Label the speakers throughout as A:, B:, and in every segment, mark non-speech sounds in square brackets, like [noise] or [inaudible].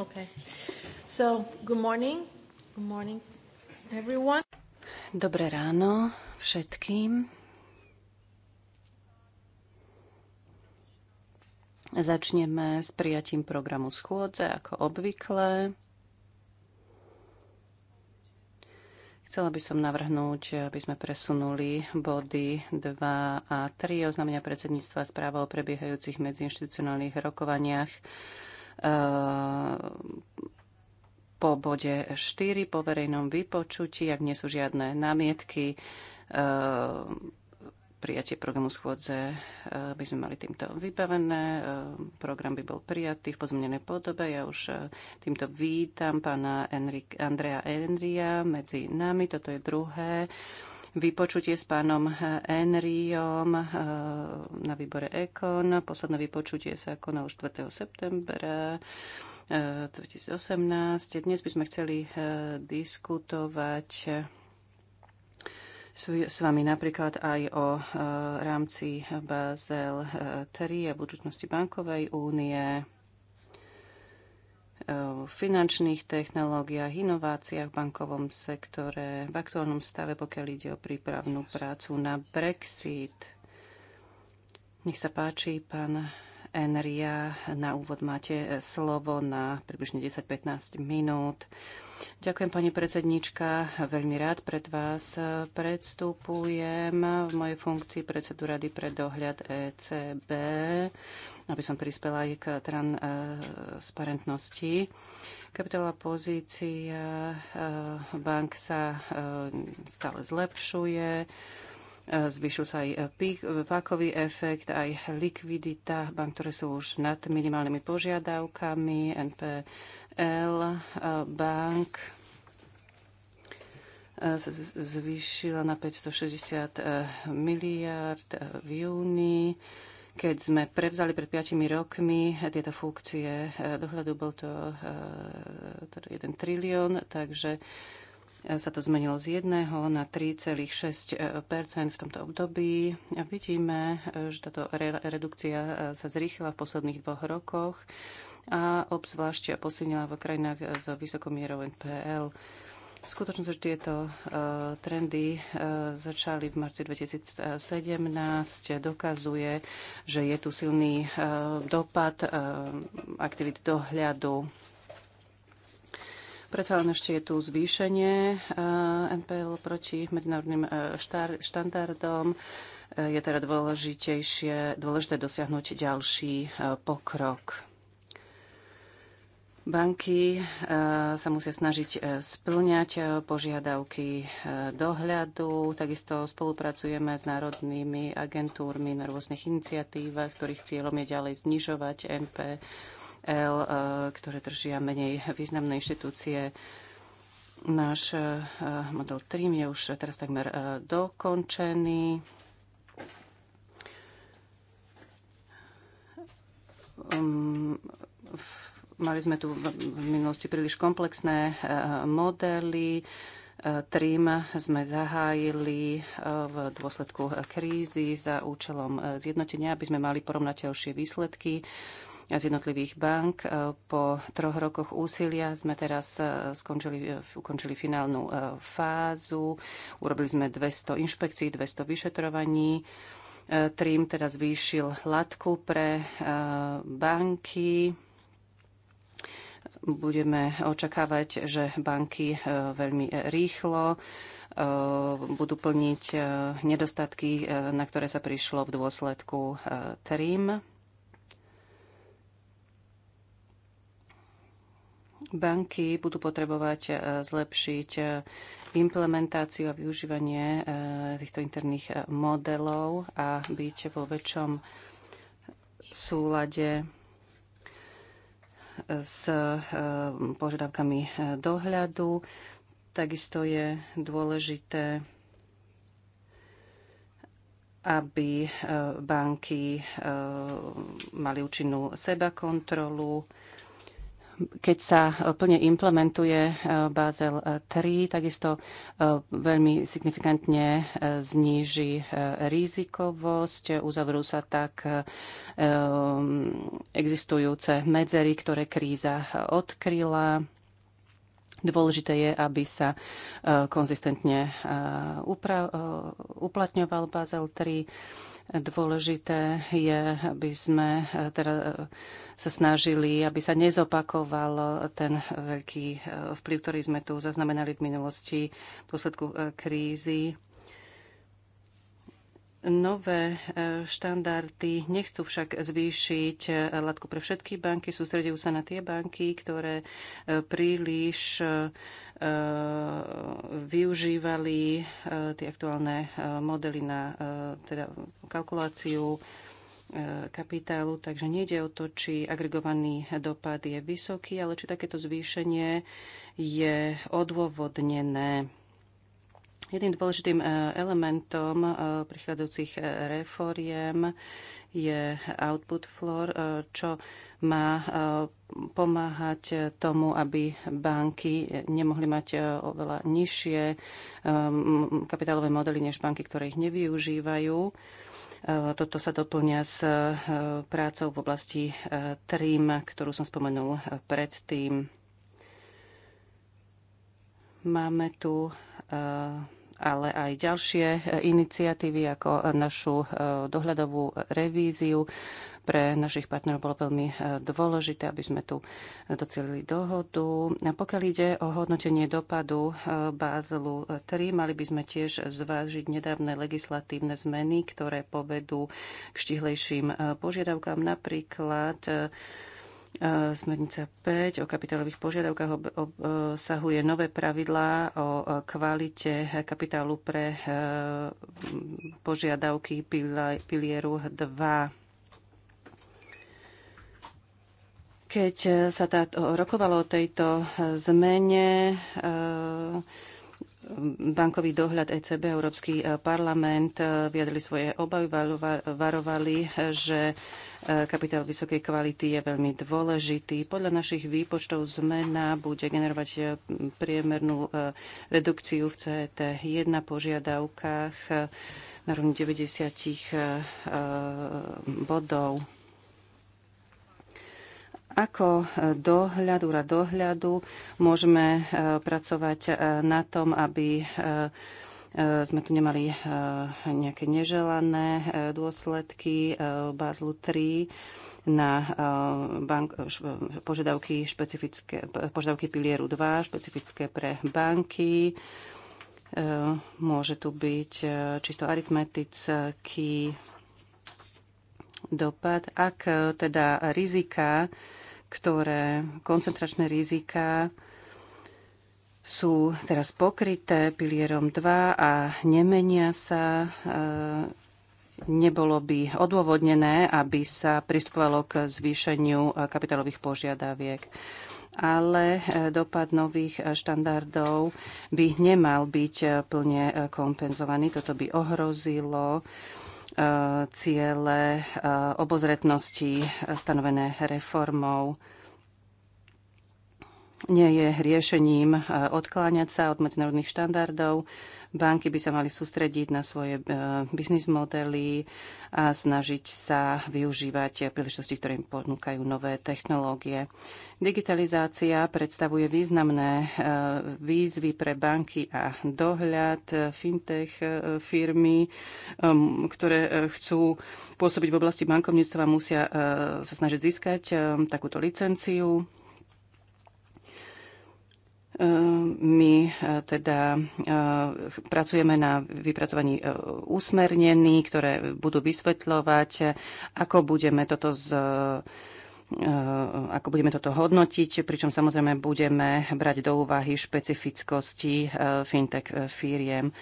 A: Okay. So, good morning. Good morning, everyone.
B: Dobré ráno všetkým. Začneme s prijatím programu schôdze, ako obvykle. Chcela by som navrhnúť, aby sme presunuli body 2 a 3 oznámenia predsedníctva správa o prebiehajúcich medziinstitucionálnych rokovaniach Ehm, po bode 4 po verejnom vypočutí, ak nie sú žiadne námietky, ehm, prijatie programu schôdze ehm, by sme mali týmto vybavené. Program by bol prijatý v pozmenenej podobe. Ja už týmto vítam pána Andrea Enria medzi nami. Toto je druhé vypočutie s pánom Enriom eh, na výbore EKON. Posledné vypočutie sa konalo 4. septembra 2018. Eh, Dnes by sme chceli eh, diskutovať s vami napríklad aj o rámci Basel 3 a budúcnosti bankovej únie o finančných technológiách, inováciách v bankovom sektore, v aktuálnom stave, pokiaľ ide o prípravnú prácu na Brexit. Nech sa páči, pán Enria, na úvod máte slovo na približne 10-15 minút Ďakujem, pani predsednička. Veľmi rád pred vás predstupujem v mojej funkcii predsedu Rady pre dohľad ECB, aby som prispela aj k e, transparentnosti. Kapitálová pozícia e, bank sa e, stále zlepšuje. Zvyšil sa aj pákový efekt, aj likvidita bank, ktoré sú už nad minimálnymi požiadavkami. NP L bank e, zvýšila na 560 e, miliard e, v júni. Keď sme prevzali pred 5 rokmi tieto funkcie dohľadu, bol to 1 trilión, takže sa to zmenilo z 1 na 3,6 v tomto období. A vidíme, že táto redukcia sa zrýchla v posledných dvoch rokoch a obzvlášť posilnila v krajinách s vysokou mierou NPL. V skutočnosti tieto e, trendy e, začali v marci 2017. Dokazuje, že je tu silný e, dopad aktivít dohľadu. Predsa len ešte je tu zvýšenie NPL proti medzinárodným štandardom. Je teda dôležitejšie, dôležité dosiahnuť ďalší pokrok. Banky eh, sa musia snažiť eh, splňať eh, požiadavky dohľadu. Takisto spolupracujeme s národnými agentúrmi na rôznych iniciatívach, ktorých cieľom je ďalej znižovať NPL, ktoré držia menej významné inštitúcie. Náš model 3 je už teraz takmer dokončený. Ehm, v Mali sme tu v minulosti príliš komplexné eh, modely. Eh, Trim sme zahájili eh, v dôsledku krízy za účelom zjednotenia, aby sme mali porovnateľšie výsledky z jednotlivých bank. Po troch rokoch úsilia sme teraz skončili, ukončili finálnu fázu. Urobili sme 200 inšpekcií, 200 vyšetrovaní. Trím teraz zvýšil latku pre banky budeme očakávať, že banky e, veľmi e, rýchlo e, budú plniť nedostatky, na ktoré sa prišlo v dôsledku TRIM. Banky budú potrebovať zlepšiť implementáciu a využívanie týchto interných modelov a byť vo väčšom súlade s e, požiadavkami e, dohľadu. Takisto je dôležité, aby e, banky mali účinnú seba kontrolu keď sa e, plne implementuje e, Basel 3, e, takisto veľmi signifikantne zníži rizikovosť, uzavrú sa tak existujúce medzery, ktoré kríza odkryla. Dôležité je, aby sa konzistentne uplatňoval Basel 3 Dôležité je, aby sme e, teda e, sa snažili, aby sa nezopakoval ten veľký e, vplyv, ktorý sme tu zaznamenali v minulosti v dôsledku krízy. Nové štandardy nechcú však zvýšiť látku pre všetky banky, sústredujú sa na tie banky, ktoré príliš Eh, využívali eh, tie aktuálne eh, modely na teda kalkuláciu kapitálu, takže nejde o to, či agregovaný dopad je vysoký, ale či takéto zvýšenie je odôvodnené. Jedným dôležitým e, elementom e, prichádzajúcich e, reforiem je output floor, čo má pomáhať tomu, aby banky nemohli mať oveľa nižšie kapitálové modely než banky, ktoré ich nevyužívajú. Toto sa doplňa s prácou v oblasti TRIM, ktorú som spomenul predtým. Máme tu ale aj ďalšie e, iniciatívy ako našu e, dohľadovú revíziu pre našich partnerov bolo veľmi e, dôležité, aby sme tu docelili dohodu. A pokiaľ ide o hodnotenie dopadu Bázelu 3, mali by sme tiež zvážiť nedávne legislatívne zmeny, ktoré povedú k štihlejším požiadavkám. Napríklad E, smernica 5 o kapitálových požiadavkách obsahuje nové pravidlá o e, kvalite kapitálu pre e, požiadavky pilieru 2. Keď sa tá, rokovalo o tejto zmene, bankový dohľad ECB, Európsky parlament vyjadrili svoje obavy, varovali, že Eh, kapitál vysokej kvality je veľmi dôležitý. Podľa našich výpočtov zmena bude generovať eh, priemernú eh, redukciu v CET1 požiadavkách na rovni 90 bodov ako dohľadu, dohľadu môžeme pracovať na tom, aby Eh, sme tu nemali eh, nejaké neželané eh, dôsledky Bázlu 3 na bank, požiadavky, špecifické, požiadavky pilieru 2, špecifické pre banky. Môže tu byť čisto aritmetický dopad, ak teda rizika, ktoré koncentračné rizika, sú teraz pokryté pilierom 2 a nemenia sa. E, nebolo by odôvodnené, aby sa pristupovalo k zvýšeniu e, kapitálových požiadaviek ale e, dopad nových štandardov by nemal byť plne kompenzovaný. Toto by ohrozilo ciele obozretnosti stanovené reformou nie je riešením e, odkláňať sa od medzinárodných štandardov. Banky by sa mali sústrediť na svoje e, biznis modely a snažiť sa využívať príležitosti, ktoré im ponúkajú nové technológie. Digitalizácia predstavuje významné e, výzvy pre banky a dohľad fintech firmy, ktoré chcú pôsobiť v oblasti bankovníctva, musia sa snažiť získať takúto licenciu my e, teda e, pracujeme na vypracovaní úsmernení, e, ktoré budú vysvetľovať, ako budeme toto z ako budeme toto hodnotiť, pričom samozrejme budeme brať do úvahy špecifickosti fintech firiem.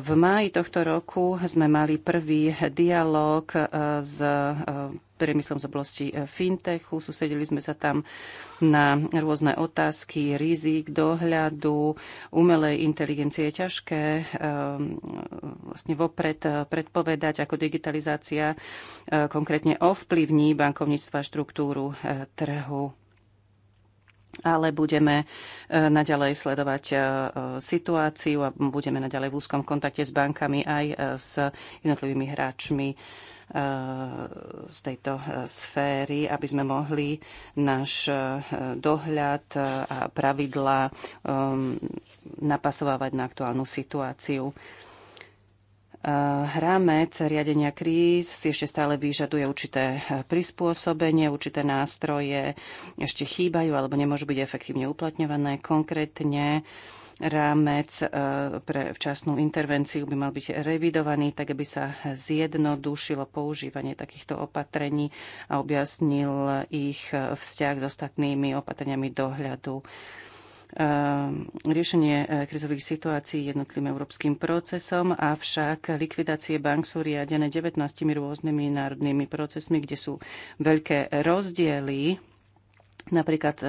B: V máji tohto roku sme mali prvý dialog e, s e, priemyslom z oblasti e, fintechu. susedili sme sa tam na rôzne otázky, rizik, dohľadu, umelej inteligencie. Je ťažké vlastne vopred predpovedať, ako digitalizácia konkrétne ovplyvní bankovníctva štruktúru trhu ale budeme e, naďalej sledovať e, e, situáciu a budeme naďalej v úzkom kontakte s bankami aj s jednotlivými hráčmi z tejto sféry, aby sme mohli náš dohľad a pravidlá napasovávať na aktuálnu situáciu hramec riadenia kríz si ešte stále vyžaduje určité eh, prispôsobenie, určité nástroje ešte chýbajú alebo nemôžu byť efektívne uplatňované. Konkrétne rámec eh, pre včasnú intervenciu by mal byť revidovaný, tak aby sa zjednodušilo používanie takýchto opatrení a objasnil ich eh, vzťah s ostatnými opatreniami dohľadu Ehm, riešenie e, krizových situácií jednotlivým európskym procesom, avšak likvidácie bank sú riadené 19 rôznymi národnými procesmi, kde sú veľké rozdiely Napríklad e,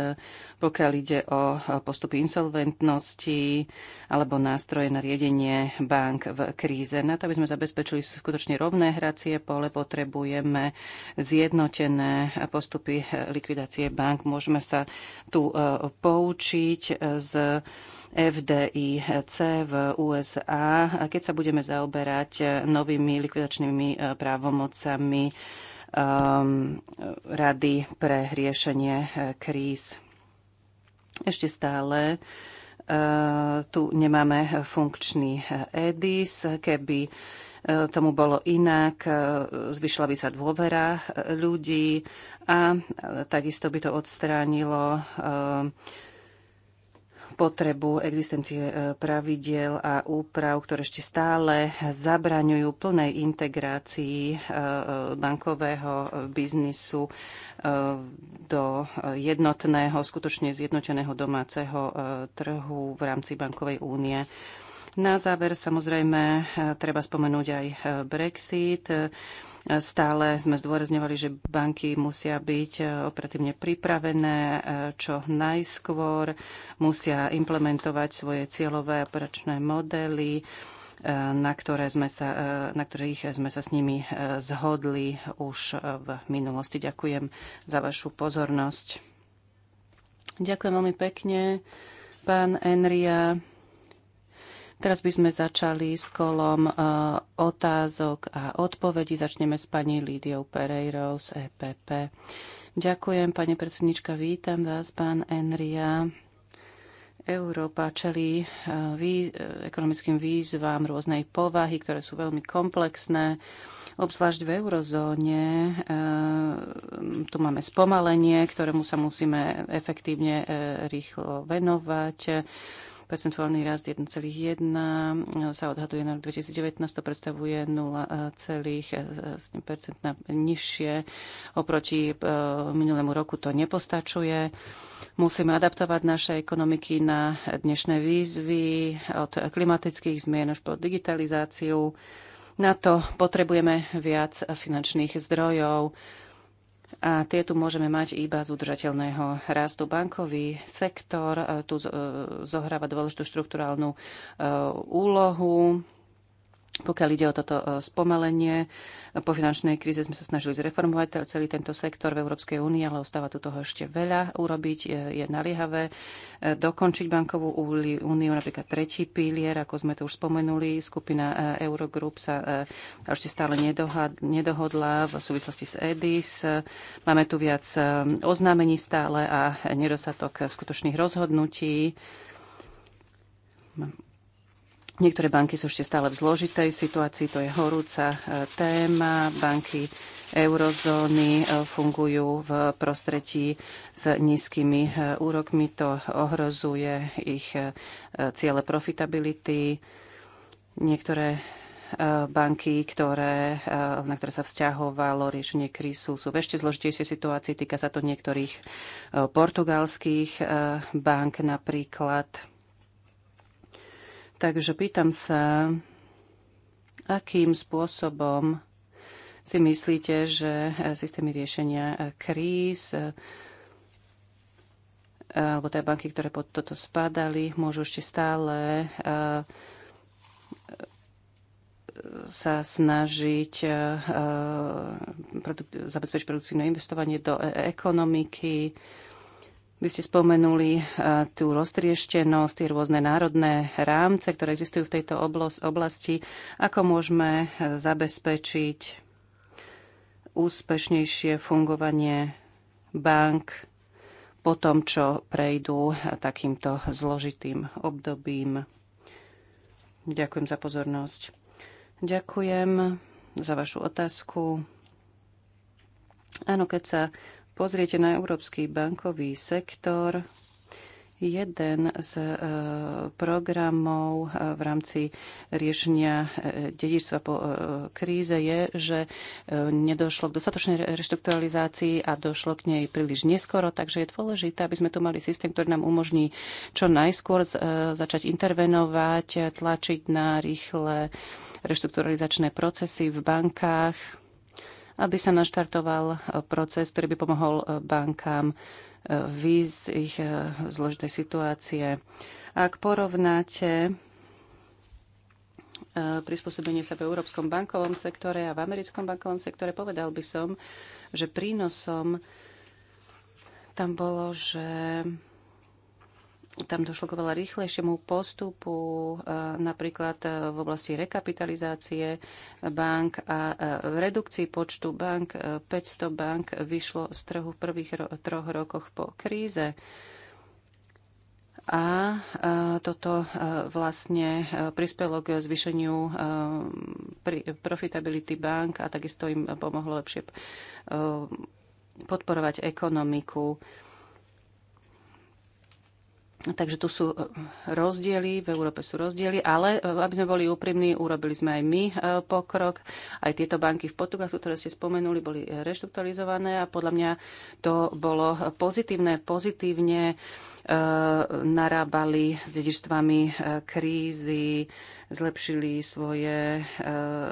B: pokiaľ ide o e, postupy insolventnosti alebo nástroje na riedenie bank v kríze. Na to, aby sme zabezpečili skutočne rovné hracie pole, potrebujeme zjednotené postupy e, likvidácie bank. Môžeme sa tu poučiť z FDIC v USA, keď sa budeme zaoberať novými likvidačnými právomocami um, rady pre riešenie eh, kríz. Ešte stále eh, tu nemáme funkčný eh, EDIS. Keby tomu bolo inak, zvyšila by sa dôvera ľudí a takisto by to odstránilo potrebu existencie e, pravidiel a úprav, ktoré ešte stále zabraňujú plnej integrácii e, e, bankového biznisu do jednotného, skutočne zjednoteného domáceho trhu v rámci bankovej únie. Na záver samozrejme treba spomenúť aj Brexit. Stále sme zdôrazňovali, že banky musia byť e, operatívne pripravené e, čo najskôr, musia implementovať svoje cieľové operačné modely, e, na, ktoré sme sa, na ktorých sme sa s nimi zhodli už v minulosti. Ďakujem za vašu pozornosť. Ďakujem veľmi pekne, pán Enria. Teraz by sme začali s kolom e, otázok a odpovedí. Začneme s pani Lídiou Pereirou z EPP. Ďakujem, pani predsednička. Vítam vás, pán Enria. Európa čelí e, vý, e, ekonomickým výzvam rôznej povahy, ktoré sú veľmi komplexné obzvlášť v eurozóne. Tu máme spomalenie, ktorému sa musíme efektívne rýchlo venovať. Percentuálny rast 1,1 sa odhaduje na rok 2019, to predstavuje 0,1 nižšie. Oproti eh, minulému roku to nepostačuje. Musíme adaptovať naše ekonomiky na dnešné výzvy od klimatických zmien až po digitalizáciu. Na to potrebujeme viac finančných zdrojov a tie tu môžeme mať iba z udržateľného rastu. Bankový sektor e, tu e, zohráva dôležitú štruktúrálnu e, úlohu pokiaľ ide o toto e, spomalenie, po finančnej kríze sme sa snažili zreformovať celý tento sektor v Európskej únii, ale ostáva tu toho ešte veľa urobiť. E, je naliehavé e, dokončiť bankovú úniu, napríklad tretí pilier, ako sme to už spomenuli. Skupina Eurogroup sa ešte stále nedohodla v súvislosti s EDIS. Máme tu viac oznámení stále a nedostatok skutočných rozhodnutí Niektoré banky sú ešte stále v zložitej situácii, to je horúca e, téma. Banky eurozóny e, fungujú v prostredí s nízkymi e, úrokmi, to ohrozuje ich ciele profitability. Niektoré banky, ktoré, na ktoré sa vzťahovalo riešenie krízu, sú v ešte zložitejšej situácii. Týka sa to niektorých portugalských bank napríklad Takže pýtam sa, akým spôsobom si myslíte, že eh, systémy riešenia eh, kríz eh, alebo tie banky, ktoré pod toto spadali, môžu ešte stále sa snažiť zabezpečiť na investovanie do ekonomiky, vy ste spomenuli e, tú roztrieštenosť, tie rôzne národné rámce, ktoré existujú v tejto oblasti. Ako môžeme e, zabezpečiť úspešnejšie fungovanie bank po tom, čo prejdú e, takýmto zložitým obdobím. Ďakujem za pozornosť. Ďakujem za vašu otázku. Áno, keď sa pozriete na európsky bankový sektor, jeden z e, programov e, v rámci riešenia e, dedičstva po kríze je, že nedošlo k dostatočnej reštrukturalizácii a došlo k nej príliš neskoro, takže je dôležité, aby sme tu mali systém, ktorý nám umožní čo najskôr začať intervenovať, tlačiť na rýchle reštrukturalizačné procesy v bankách aby sa naštartoval e, proces, ktorý by pomohol e, bankám e, výjsť z ich zložitej situácie. Ak porovnáte prispôsobenie sa v európskom bankovom sektore a v americkom bankovom sektore, povedal by som, že prínosom tam bolo, že tam došlo k veľa rýchlejšiemu postupu, e, napríklad e, v oblasti rekapitalizácie bank a e, v redukcii počtu bank. 500 bank vyšlo z trhu v prvých ro- troch rokoch po kríze. A toto vlastne prispelo k zvýšeniu profitability bank a takisto im pomohlo lepšie podporovať ekonomiku. Takže tu sú e, rozdiely, v Európe sú rozdiely, ale e, aby sme boli úprimní, urobili sme aj my e, pokrok. Aj tieto banky v Portugalsku, ktoré ste spomenuli, boli reštrukturalizované a podľa mňa to bolo pozitívne, pozitívne narábali s dedičstvami krízy, zlepšili svoje,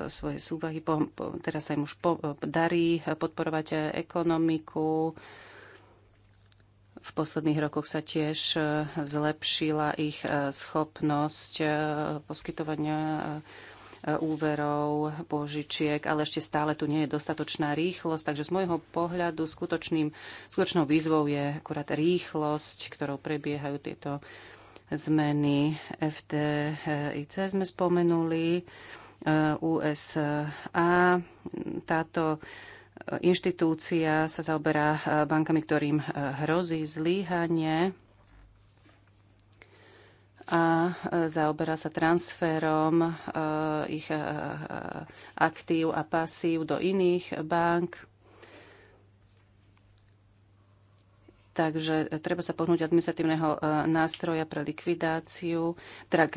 B: svoje súvahy, po, po, teraz sa im už po, darí podporovať ekonomiku, v posledných rokoch sa tiež e, zlepšila ich e, schopnosť e, poskytovania úverov, požičiek, ale ešte stále tu nie je dostatočná rýchlosť. Takže z môjho pohľadu skutočným, skutočnou výzvou je akurát rýchlosť, ktorou prebiehajú tieto zmeny. FDIC sme spomenuli, USA. Táto inštitúcia sa zaoberá eh, bankami, ktorým eh, hrozí zlíhanie a eh, zaoberá sa transferom ich aktív a pasív do iných bank. Takže e, treba sa pohnúť administratívneho e, nástroja pre likvidáciu, teda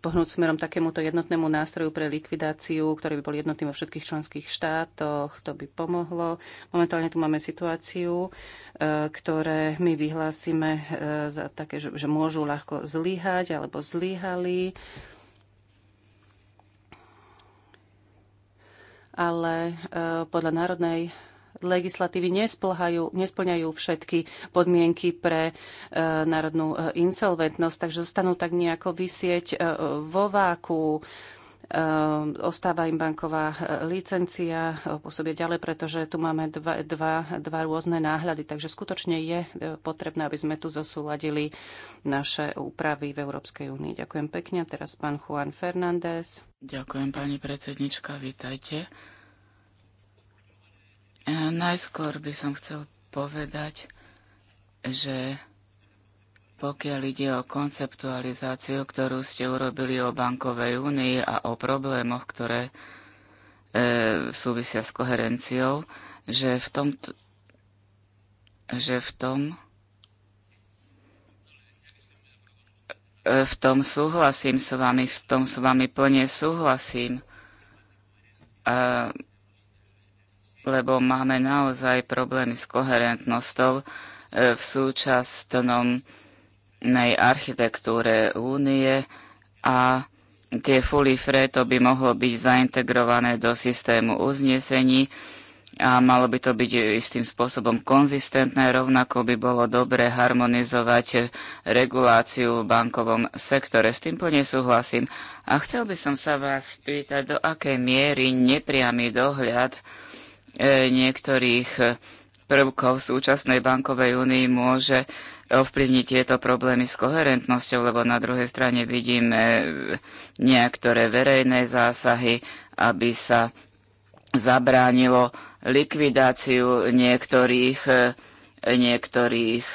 B: pohnúť smerom takémuto jednotnému nástroju pre likvidáciu, ktorý by bol jednotný vo všetkých členských štátoch, to by pomohlo. Momentálne tu máme situáciu, e, ktoré my vyhlásime za také, že môžu ľahko zlyhať alebo zlyhali. Ale podľa národnej legislatívy nesplňajú všetky podmienky pre e, národnú e, insolventnosť, takže zostanú tak nejako vysieť e, vo váku. E, ostáva im banková e, licencia, e, pôsobia ďalej, pretože tu máme dva, dva, dva rôzne náhľady, takže skutočne je potrebné, aby sme tu zosúladili naše úpravy v Európskej únii. Ďakujem pekne. Teraz pán Juan Fernández.
C: Ďakujem, pani predsednička, vítajte. E, najskôr by som chcel povedať, že pokiaľ ide o konceptualizáciu, ktorú ste urobili o bankovej únii a o problémoch, ktoré e, súvisia s koherenciou, že v tom, že v tom, e, v tom súhlasím s vami, v tom s vami plne súhlasím. E, lebo máme naozaj problémy s koherentnosťou e, v súčasnom architektúre únie a tie fully free to by mohlo byť zaintegrované do systému uznesení a malo by to byť istým spôsobom konzistentné. Rovnako by bolo dobre harmonizovať reguláciu v bankovom sektore. S tým plne súhlasím. A chcel by som sa vás spýtať, do akej miery nepriamy dohľad E, niektorých e, prvkov súčasnej bankovej únii môže ovplyvniť tieto problémy s koherentnosťou, lebo na druhej strane vidíme e, niektoré verejné zásahy, aby sa zabránilo likvidáciu niektorých, niektorých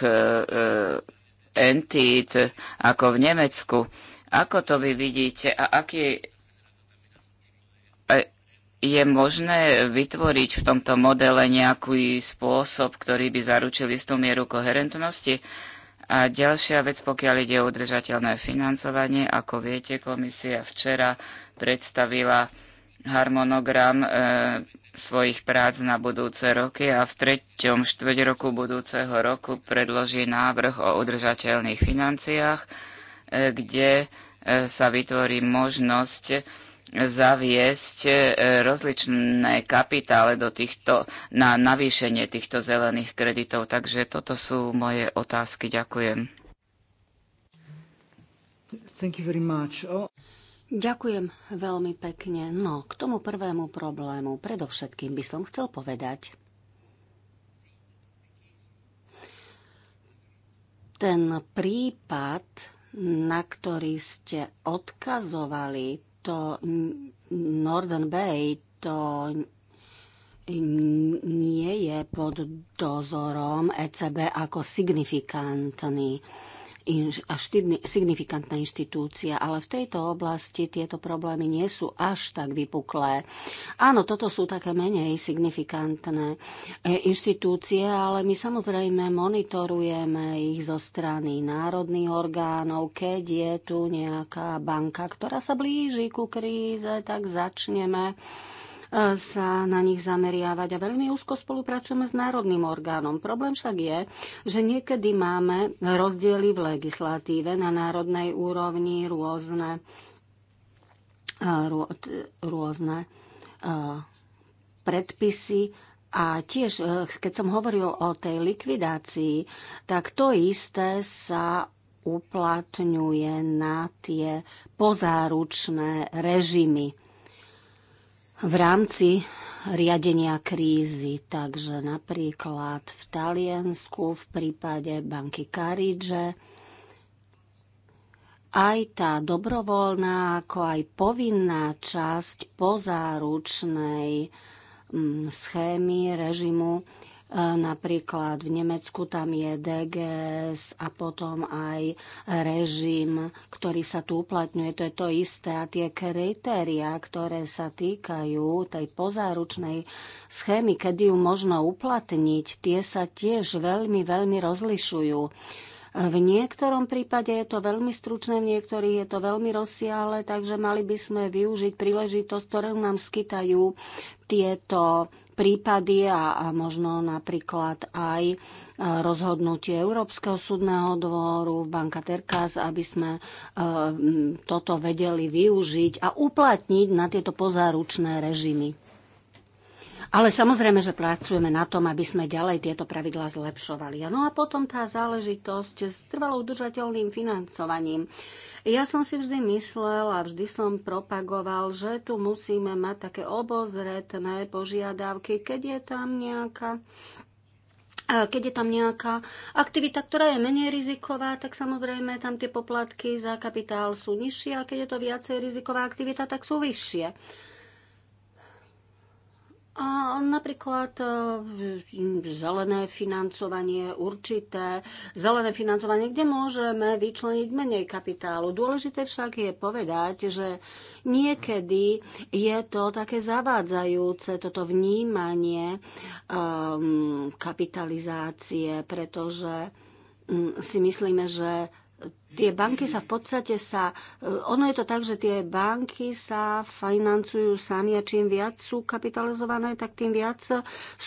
C: entít, ako v Nemecku. Ako to vy vidíte a aký je možné vytvoriť v tomto modele nejaký spôsob, ktorý by zaručil istú mieru koherentnosti? A ďalšia vec, pokiaľ ide o udržateľné financovanie, ako viete, komisia včera predstavila harmonogram e, svojich prác na budúce roky a v treťom štvrť roku budúceho roku predloží návrh o udržateľných financiách, e, kde e, sa vytvorí možnosť zaviesť e, rozličné kapitále do týchto, na navýšenie týchto zelených kreditov. Takže toto sú moje otázky. Ďakujem.
D: Thank you very much. Oh. Ďakujem veľmi pekne. No, k tomu prvému problému predovšetkým by som chcel povedať, ten prípad, na ktorý ste odkazovali, to Northern Bay, to nie je pod dozorom ECB ako signifikantný inž, až signifikantná inštitúcia, ale v tejto oblasti tieto problémy nie sú až tak vypuklé. Áno, toto sú také menej signifikantné e, inštitúcie, ale my samozrejme monitorujeme ich zo strany národných orgánov. Keď je tu nejaká banka, ktorá sa blíži ku kríze, tak začneme E, sa na nich zameriavať a veľmi úzko spolupracujeme s národným orgánom. Problém však je, že niekedy máme rozdiely v legislatíve na národnej úrovni rôzne e, rôzne e, predpisy a tiež, keď som hovoril o tej likvidácii, tak to isté sa uplatňuje na tie pozáručné režimy v rámci riadenia krízy. Takže napríklad v Taliansku v prípade banky Carige aj tá dobrovoľná, ako aj povinná časť pozáručnej mm, schémy režimu E, napríklad v Nemecku tam je DGS a potom aj režim, ktorý sa tu uplatňuje. To je to isté a tie kritériá, ktoré sa týkajú tej pozáručnej schémy, kedy ju možno uplatniť, tie sa tiež veľmi, veľmi rozlišujú. V niektorom prípade je to veľmi stručné, v niektorých je to veľmi rozsiahle, takže mali by sme využiť príležitosť, ktorú nám skytajú tieto prípady a, a možno napríklad aj e, rozhodnutie Európskeho súdneho dvoru v Banka Terkaz, aby sme e, toto vedeli využiť a uplatniť na tieto pozáručné režimy. Ale samozrejme, že pracujeme na tom, aby sme ďalej tieto pravidlá zlepšovali. No a potom tá záležitosť s trvalou udržateľným financovaním. Ja som si vždy myslel a vždy som propagoval, že tu musíme mať také obozretné požiadavky, keď je tam nejaká keď je tam nejaká aktivita, ktorá je menej riziková, tak samozrejme tam tie poplatky za kapitál sú nižšie a keď je to viacej riziková aktivita, tak sú vyššie. A napríklad e, zelené financovanie určité, zelené financovanie, kde môžeme vyčleniť menej kapitálu. Dôležité však je povedať, že niekedy je to také zavádzajúce, toto vnímanie um, kapitalizácie, pretože um, si myslíme, že tie banky sa v podstate sa, e, ono je to tak, že tie banky sa financujú sami a čím viac sú kapitalizované, tak tým viac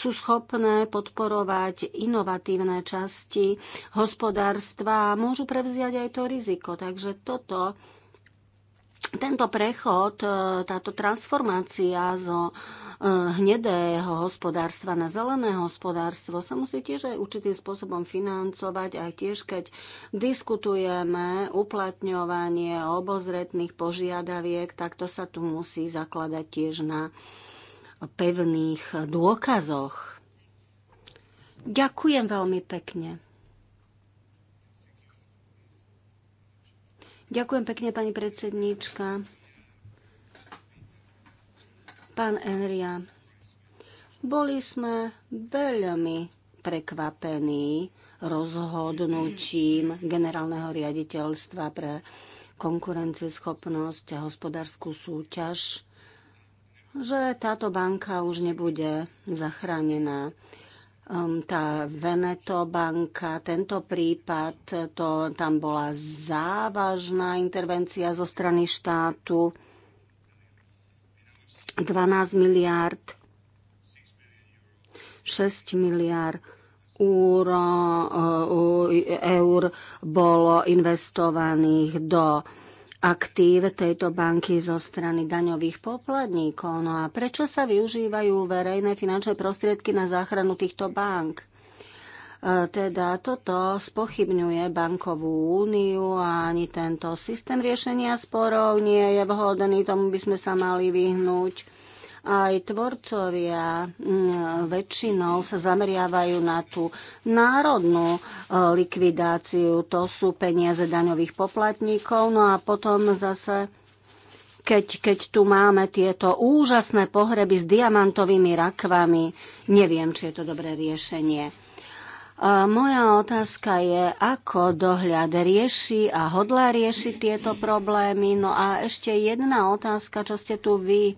D: sú schopné podporovať inovatívne časti hospodárstva a môžu prevziať aj to riziko. Takže toto tento prechod, e, táto transformácia zo e, hnedého hospodárstva na zelené hospodárstvo sa musí tiež aj určitým spôsobom financovať a tiež keď diskutujeme uplatňovanie obozretných požiadaviek, tak to sa tu musí zakladať tiež na pevných dôkazoch. Ďakujem veľmi pekne. Ďakujem pekne, pani predsedníčka. Pán Enria, boli sme veľmi prekvapení rozhodnutím generálneho riaditeľstva pre konkurencieschopnosť a hospodárskú súťaž, že táto banka už nebude zachránená. Um, tá Veneto banka, tento prípad, to, tam bola závažná intervencia zo strany štátu, 12 miliárd, 6 miliárd eur, uh, eur bolo investovaných do aktív tejto banky zo strany daňových poplatníkov. No a prečo sa využívajú verejné finančné prostriedky na záchranu týchto bank? E, teda toto spochybňuje bankovú úniu a ani tento systém riešenia sporov nie je vhodný, tomu by sme sa mali vyhnúť aj tvorcovia mm, väčšinou sa zameriavajú na tú národnú e, likvidáciu. To sú peniaze daňových poplatníkov. No a potom zase keď, keď tu máme tieto úžasné pohreby s diamantovými rakvami. Neviem, či je to dobré riešenie. A e, moja otázka je, ako dohľad rieši a hodlá riešiť tieto problémy. No a ešte jedna otázka, čo ste tu vy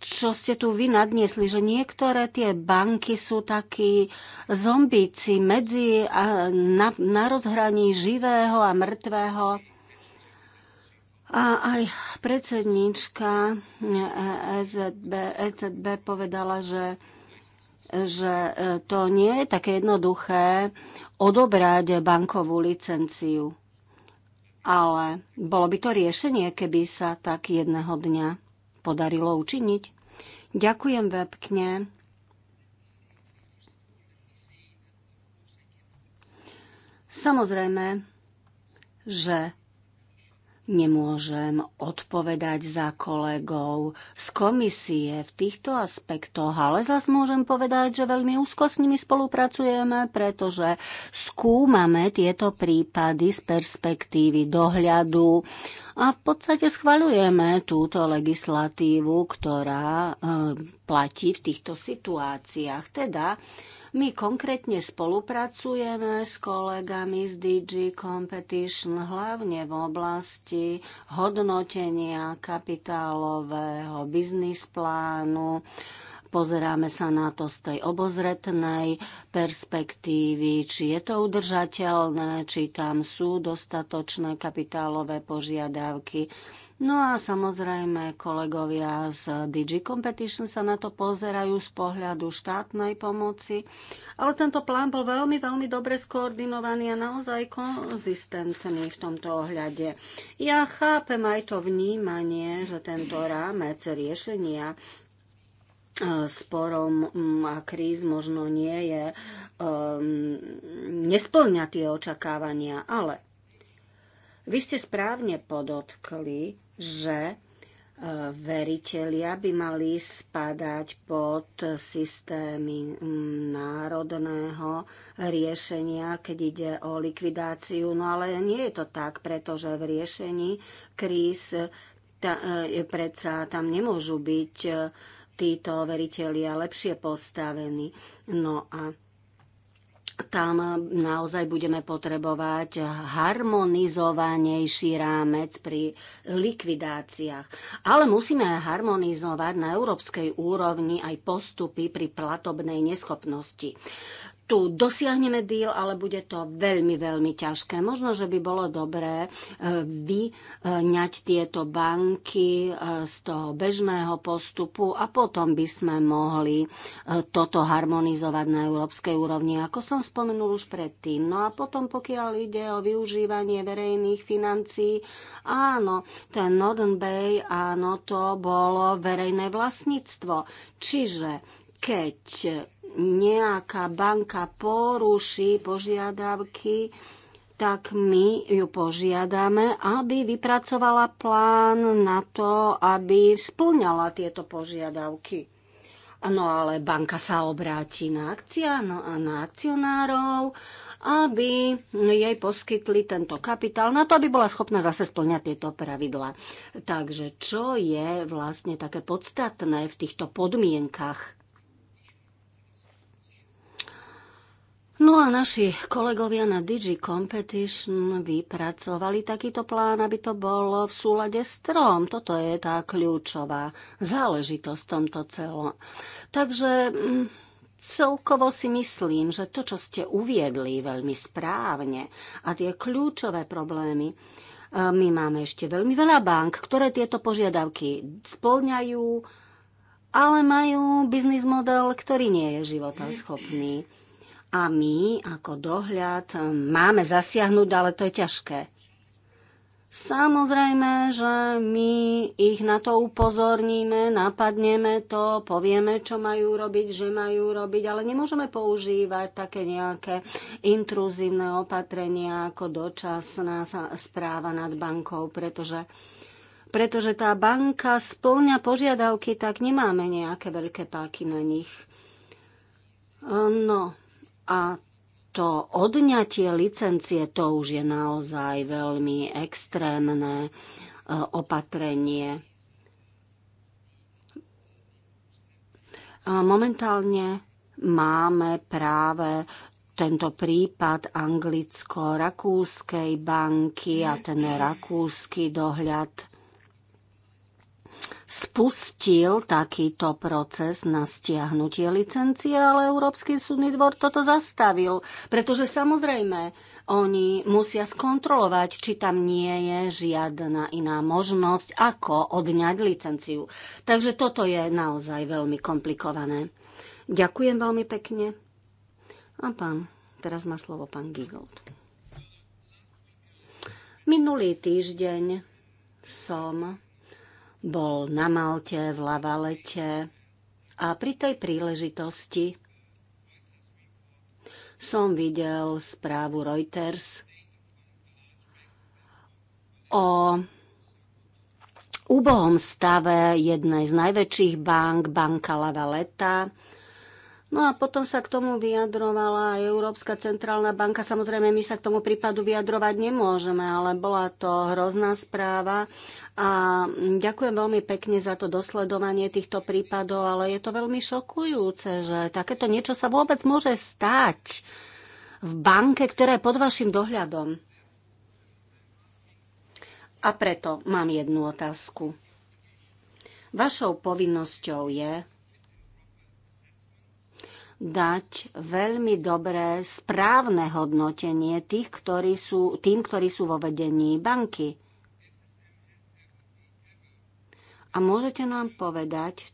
D: čo ste tu vy nadniesli, že niektoré tie banky sú takí zombíci medzi a na, na rozhraní živého a mŕtvého. A aj predsednička EZB, EZB povedala, že, že e, to nie je také jednoduché odobrať bankovú licenciu. Ale bolo by to riešenie, keby sa tak jedného dňa podarilo učiniť. Ďakujem webkne. Samozrejme, že nemôžem odpovedať za kolegov z komisie v týchto aspektoch, ale zas môžem povedať, že veľmi úzko s nimi spolupracujeme, pretože skúmame tieto prípady z perspektívy dohľadu a v podstate schvaľujeme túto legislatívu, ktorá eh, platí v týchto situáciách. Teda my konkrétne spolupracujeme s kolegami z DG Competition, hlavne v oblasti hodnotenia kapitálového biznis plánu, pozeráme sa na to z tej obozretnej perspektívy, či je to udržateľné, či tam sú dostatočné kapitálové požiadavky. No a samozrejme kolegovia z DG Competition sa na to pozerajú z pohľadu štátnej pomoci. Ale tento plán bol veľmi, veľmi dobre skoordinovaný a naozaj konzistentný v tomto ohľade. Ja chápem aj to vnímanie, že tento rámec riešenia e, sporom mm, a kríz možno nie je, um, nesplňa tie očakávania, ale vy ste správne podotkli, že e, veriteľia by mali spadať pod systémy mm, národného riešenia, keď ide o likvidáciu. No ale nie je to tak, pretože v riešení kríz ta, e, predsa tam nemôžu byť e, títo veriteľia lepšie postavení. No a tam naozaj budeme potrebovať harmonizovanejší rámec pri likvidáciách. Ale musíme harmonizovať na európskej úrovni aj postupy pri platobnej neschopnosti tu dosiahneme deal, ale bude to veľmi, veľmi ťažké. Možno, že by bolo dobré e, vyňať tieto banky e, z toho bežného postupu a potom by sme mohli e, toto harmonizovať na európskej úrovni, ako som spomenul už predtým. No a potom, pokiaľ ide o využívanie verejných financií, áno, ten Northern Bay, áno, to bolo verejné vlastníctvo. Čiže keď nejaká banka poruší požiadavky, tak my ju požiadame, aby vypracovala plán na to, aby splňala tieto požiadavky. No ale banka sa obráti na, akcia, no a na akcionárov, aby jej poskytli tento kapitál na to, aby bola schopná zase splňať tieto pravidla. Takže čo je vlastne také podstatné v týchto podmienkach? No a naši kolegovia na Digi Competition vypracovali takýto plán, aby to bolo v súlade s trom. Toto je tá kľúčová záležitosť v tomto celom. Takže mm, celkovo si myslím, že to, čo ste uviedli veľmi správne a tie kľúčové problémy, e, my máme ešte veľmi veľa bank, ktoré tieto požiadavky spĺňajú, ale majú biznis model, ktorý nie je životoschopný. A my ako dohľad um, máme zasiahnuť, ale to je ťažké. Samozrejme, že my ich na to upozorníme, napadneme to, povieme, čo majú robiť, že majú robiť, ale nemôžeme používať také nejaké intruzívne opatrenia ako dočasná správa nad bankou, pretože pretože tá banka splňa požiadavky, tak nemáme nejaké veľké páky na nich. Um, no, a to odňatie licencie to už je naozaj veľmi extrémne e, opatrenie. Momentálne máme práve tento prípad anglicko-rakúskej banky a ten rakúsky dohľad spustil takýto proces na stiahnutie licencie, ale Európsky súdny dvor toto zastavil, pretože samozrejme oni musia skontrolovať, či tam nie je žiadna iná možnosť, ako odňať licenciu. Takže toto je naozaj veľmi komplikované. Ďakujem veľmi pekne. A pán, teraz má slovo pán Gigold. Minulý týždeň som bol na Malte, v Lavalete a pri tej príležitosti som videl správu Reuters o úbohom stave jednej z najväčších bank, banka Lavaleta, No a potom sa k tomu vyjadrovala aj Európska centrálna banka. Samozrejme, my sa k tomu prípadu vyjadrovať nemôžeme, ale bola to hrozná správa. A ďakujem veľmi pekne za to dosledovanie týchto prípadov, ale je to veľmi šokujúce, že takéto niečo sa vôbec môže stať v banke, ktorá je pod vašim dohľadom. A preto mám jednu otázku. Vašou povinnosťou je dať veľmi dobré správne hodnotenie tých, ktorí sú, tým, ktorí sú vo vedení banky. A môžete nám povedať,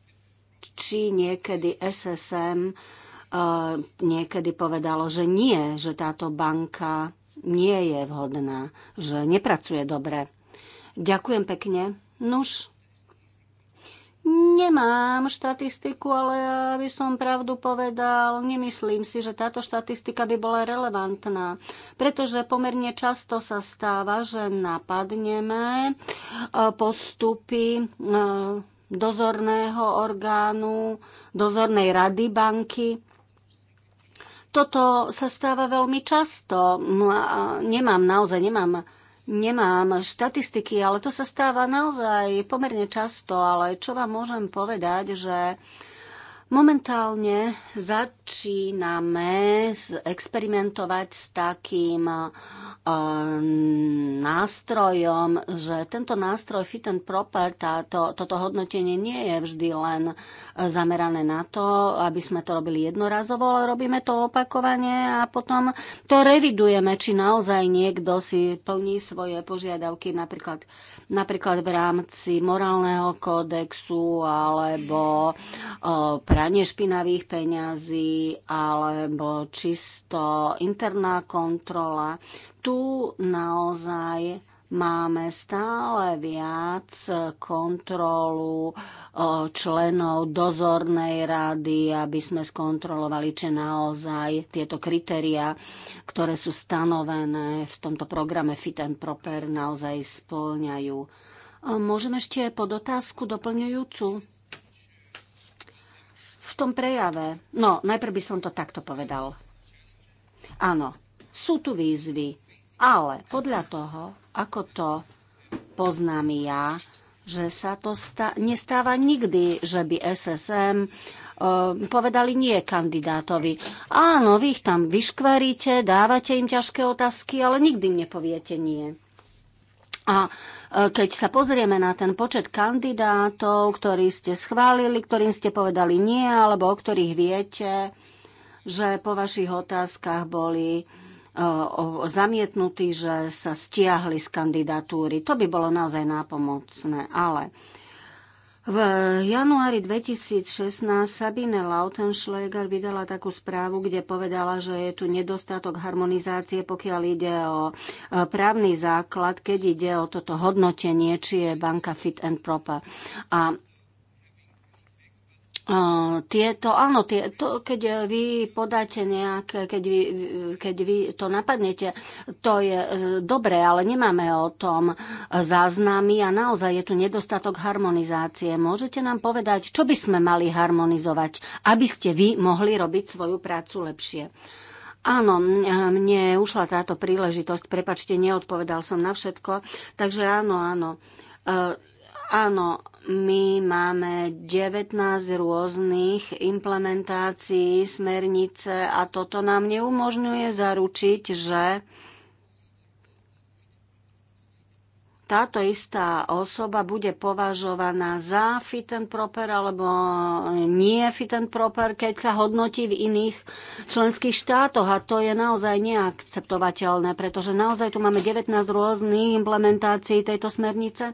D: či niekedy SSM uh, eh, niekedy povedalo, že nie, že táto banka nie je vhodná, že nepracuje dobre. Ďakujem pekne. Nuž, Nemám štatistiku, ale aby som pravdu povedal, nemyslím si, že táto štatistika by bola relevantná, pretože pomerne často sa stáva, že napadneme e, postupy e, dozorného orgánu, dozornej rady banky, toto sa stáva veľmi často. Nemám, naozaj nemám Nemám štatistiky, ale to sa stáva naozaj pomerne často, ale čo vám môžem povedať, že Momentálne začíname experimentovať s takým eh, nástrojom, že tento nástroj Fit and Proper, táto, toto hodnotenie nie je vždy len eh, zamerané na to, aby sme to robili jednorazovo, ale robíme to opakovane a potom to revidujeme, či naozaj niekto si plní svoje požiadavky napríklad, napríklad v rámci morálneho kódexu alebo o, eh, pranie špinavých peňazí alebo čisto interná kontrola. Tu naozaj máme stále viac kontrolu členov dozornej rady, aby sme skontrolovali, či naozaj tieto kritéria, ktoré sú stanovené v tomto programe Fit and Proper, naozaj splňajú. Môžeme ešte pod otázku doplňujúcu? v tom prejave. No, najprv by som to takto povedal. Áno, sú tu výzvy, ale podľa toho, ako to poznám ja, že sa to nestáva nikdy, že by SSM e, povedali nie kandidátovi. Áno, vy ich tam vyškveríte, dávate im ťažké otázky, ale nikdy im nepoviete nie. A e, keď sa pozrieme na ten počet kandidátov, ktorí ste schválili, ktorým ste povedali nie, alebo o ktorých viete, že po vašich otázkach boli e, zamietnutí, že sa stiahli z kandidatúry. To by bolo naozaj nápomocné, ale v januári 2016 Sabine Lautenschläger vydala takú správu, kde povedala, že je tu nedostatok harmonizácie, pokiaľ ide o e, právny základ, keď ide o toto hodnotenie, či je banka fit and proper. A tieto, áno, tie, to, keď vy podáte nejaké, keď vy, keď vy to napadnete, to je e, dobré, ale nemáme o tom záznamy a naozaj je tu nedostatok harmonizácie. Môžete nám povedať, čo by sme mali harmonizovať, aby ste vy mohli robiť svoju prácu lepšie? Áno, mne ušla táto príležitosť, prepačte, neodpovedal som na všetko, takže áno, áno. Uh, Áno, my máme 19 rôznych implementácií smernice a toto nám neumožňuje zaručiť, že táto istá osoba bude považovaná za fit and proper alebo nie fit and proper, keď sa hodnotí v iných členských štátoch. A to je naozaj neakceptovateľné, pretože naozaj tu máme 19 rôznych implementácií tejto smernice.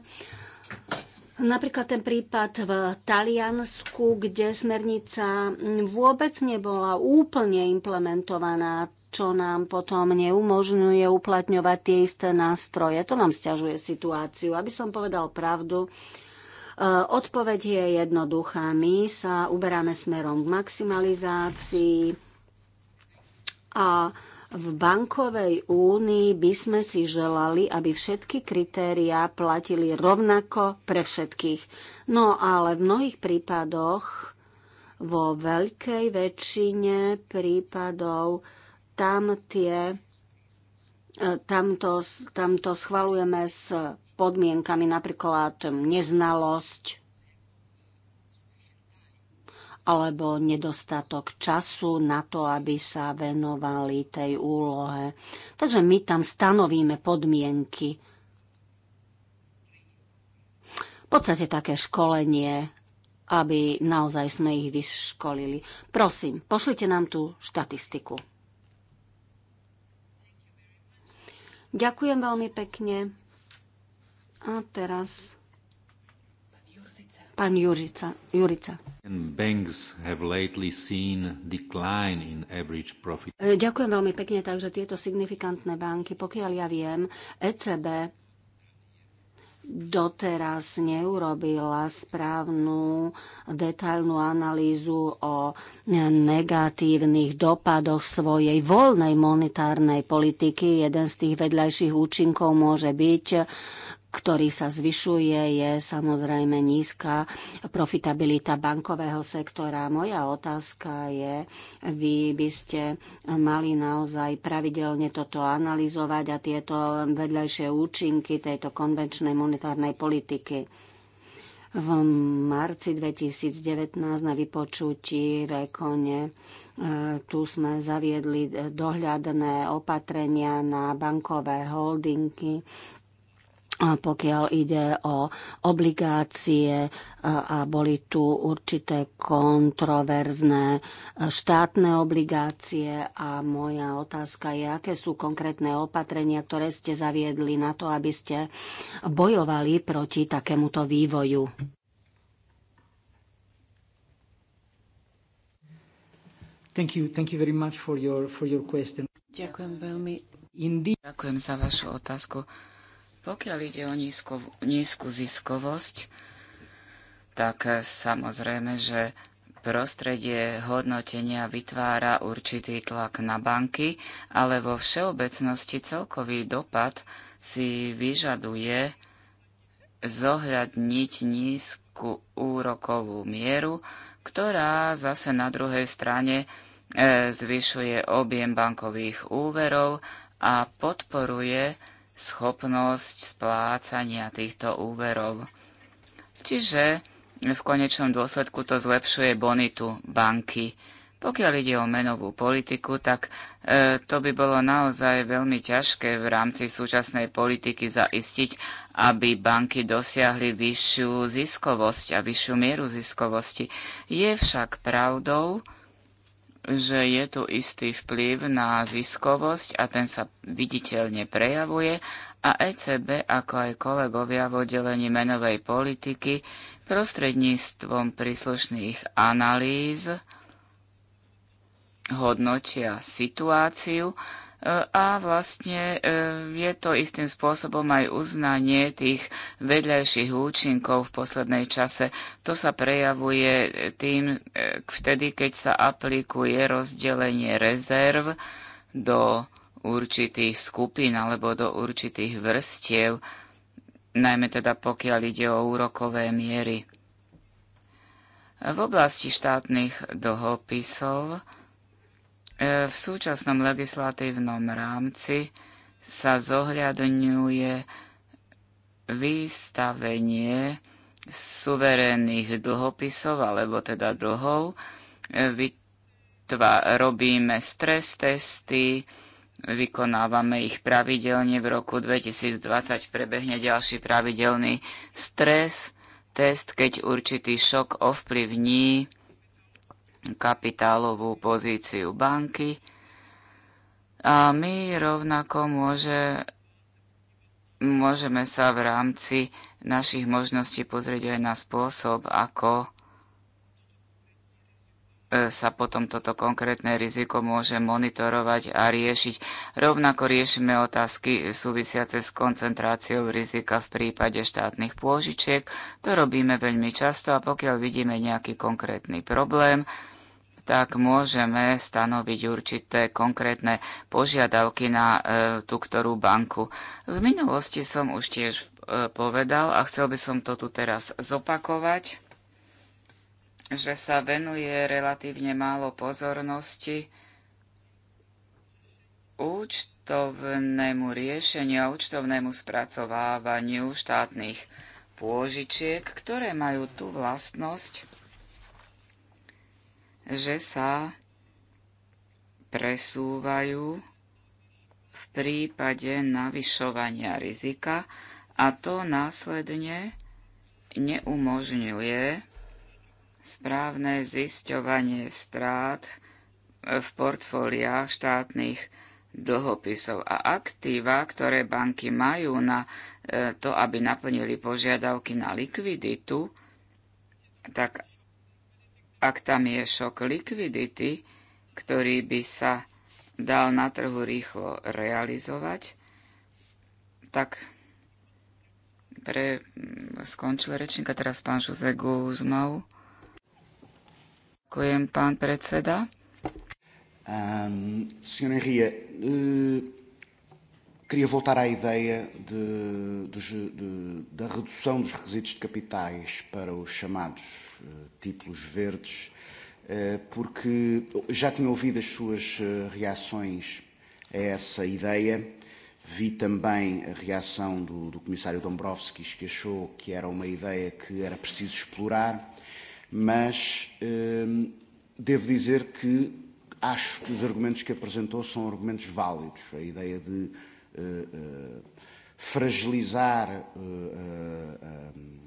D: Napríklad ten prípad v Taliansku, kde smernica vôbec nebola úplne implementovaná, čo nám potom neumožňuje uplatňovať tie isté nástroje. To nám stiažuje situáciu. Aby som povedal pravdu, e, odpoveď je jednoduchá. My sa uberáme smerom k maximalizácii a v bankovej únii by sme si želali, aby všetky kritériá platili rovnako pre všetkých. No ale v mnohých prípadoch, vo veľkej väčšine prípadov, tam tie tamto, e, tamto schvalujeme s podmienkami, napríklad neznalosť alebo nedostatok času na to, aby sa venovali tej úlohe. Takže my tam stanovíme podmienky. V podstate také školenie, aby naozaj sme ich vyškolili. Prosím, pošlite nám tú štatistiku. Ďakujem veľmi pekne. A teraz Pán Jurica. Jurica. E, ďakujem veľmi pekne, takže tieto signifikantné banky, pokiaľ ja viem, ECB doteraz neurobila správnu detailnú analýzu o negatívnych dopadoch svojej voľnej monetárnej politiky. Jeden z tých vedľajších účinkov môže byť ktorý sa zvyšuje, je samozrejme nízka profitabilita bankového sektora. Moja otázka je, vy by ste mali naozaj pravidelne toto analyzovať a tieto vedľajšie účinky tejto konvenčnej monetárnej politiky v marci 2019 na vypočutí v Ekone. E, tu sme zaviedli dohľadné opatrenia na bankové holdingy pokiaľ ide o obligácie a boli tu určité kontroverzné štátne obligácie a moja otázka je, aké sú konkrétne opatrenia, ktoré ste zaviedli na to, aby ste bojovali proti takémuto vývoju. Thank you. Thank you very much for your,
B: for your question. Ďakujem veľmi.
C: Indeed. Ďakujem za vašu otázku. Pokiaľ ide o nízko, nízku ziskovosť, tak eh, samozrejme, že prostredie hodnotenia vytvára určitý tlak na banky, ale vo všeobecnosti celkový dopad si vyžaduje zohľadniť nízku úrokovú mieru, ktorá zase na druhej strane eh, zvyšuje objem bankových úverov a podporuje schopnosť splácania týchto úverov. Čiže v konečnom dôsledku to zlepšuje bonitu banky. Pokiaľ ide o menovú politiku, tak e, to by bolo naozaj veľmi ťažké v rámci súčasnej politiky zaistiť, aby banky dosiahli vyššiu ziskovosť a vyššiu mieru ziskovosti. Je však pravdou, že je tu istý vplyv na ziskovosť a ten sa viditeľne prejavuje a ECB, ako aj kolegovia v oddelení menovej politiky, prostredníctvom príslušných analýz hodnotia situáciu a vlastne e, je to istým spôsobom aj uznanie tých vedľajších účinkov v poslednej čase. To sa prejavuje tým e, vtedy, keď sa aplikuje rozdelenie rezerv do určitých skupín alebo do určitých vrstiev, najmä teda pokiaľ ide o úrokové miery. V oblasti štátnych dlhopisov E, v súčasnom legislatívnom rámci sa zohľadňuje výstavenie suverénnych dlhopisov, alebo teda dlhov. E, vytva, robíme stres testy, vykonávame ich pravidelne. V roku 2020 prebehne ďalší pravidelný stres test, keď určitý šok ovplyvní kapitálovú pozíciu banky a my rovnako môže, môžeme sa v rámci našich možností pozrieť aj na spôsob, ako e, sa potom toto konkrétne riziko môže monitorovať a riešiť. Rovnako riešime otázky súvisiace s koncentráciou rizika v prípade štátnych pôžičiek. To robíme veľmi často a pokiaľ vidíme nejaký konkrétny problém, tak môžeme stanoviť určité konkrétne požiadavky na e, tú ktorú banku. V minulosti som už tiež e, povedal a chcel by som to tu teraz zopakovať, že sa venuje relatívne málo pozornosti účtovnému riešeniu a účtovnému spracovávaniu štátnych pôžičiek, ktoré majú tú vlastnosť, že sa presúvajú v prípade navyšovania rizika a to následne neumožňuje správne zisťovanie strát v portfóliách štátnych dlhopisov a aktíva, ktoré banky majú na e, to, aby naplnili požiadavky na likviditu, tak ak tam je šok likvidity, ktorý by sa dal na trhu rýchlo realizovať, tak pre, mm, skončil rečníka teraz pán Žuze Guzmov. Ďakujem, pán predseda.
A: Um, uh, Queria voltar à ideia de, de, de, da redução dos requisitos de capitais para os chamados eh, títulos verdes, eh, porque já tinha ouvido as suas eh, reações a essa ideia. Vi também a reação do, do comissário Dombrovskis, que achou que era uma ideia que era preciso explorar, mas ehm, devo dizer que acho que os argumentos que apresentou são argumentos válidos. A ideia de E, e, fragilizar, e,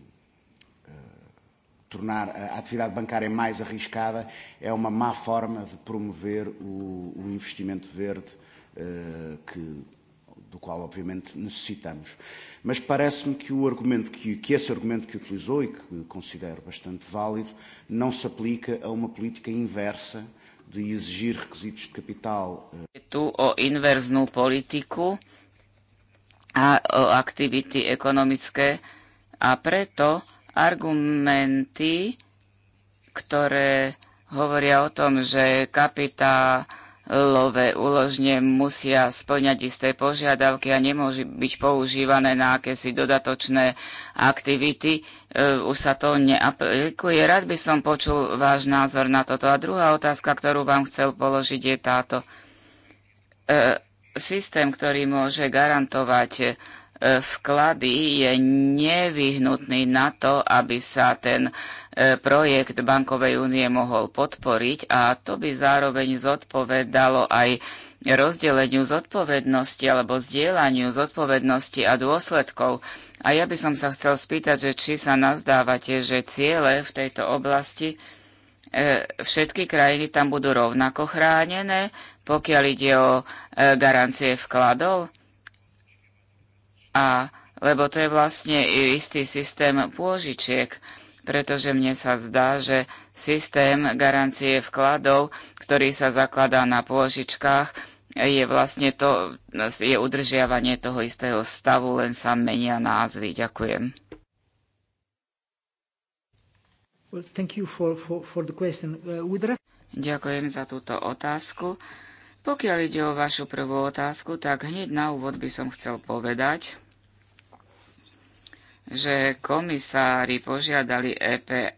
A: tornar a atividade bancária mais arriscada, é uma má forma de promover o, o investimento verde que do qual obviamente necessitamos. Mas parece-me que que, que esse argumento que utilizou e que considero bastante válido não se aplica a uma política inversa de exigir requisitos de capital.
C: Tu o inverso no político a o aktivity ekonomické. A preto argumenty, ktoré hovoria o tom, že kapitálové úložne musia splňať isté požiadavky a nemôžu byť používané na akési dodatočné aktivity, e, už sa to neaplikuje. Rád by som počul váš názor na toto. A druhá otázka, ktorú vám chcel položiť, je táto. E systém, ktorý môže garantovať e, vklady, je nevyhnutný na to, aby sa ten e, projekt bankovej únie mohol podporiť a to by zároveň zodpovedalo aj rozdeleniu zodpovednosti alebo zdieľaniu zodpovednosti a dôsledkov. A ja by som sa chcel spýtať, že či sa nazdávate, že ciele v tejto oblasti E, všetky krajiny tam budú rovnako chránené, pokiaľ ide o e, garancie vkladov. A lebo to je vlastne istý systém pôžičiek, pretože mne sa zdá, že systém garancie vkladov, ktorý sa zakladá na pôžičkách, je vlastne to, je udržiavanie toho istého stavu, len sa menia názvy. Ďakujem. Uh, Ďakujem za túto otázku. Pokiaľ ide o vašu prvú otázku, tak hneď na úvod by som chcel povedať, že komisári požiadali EPA,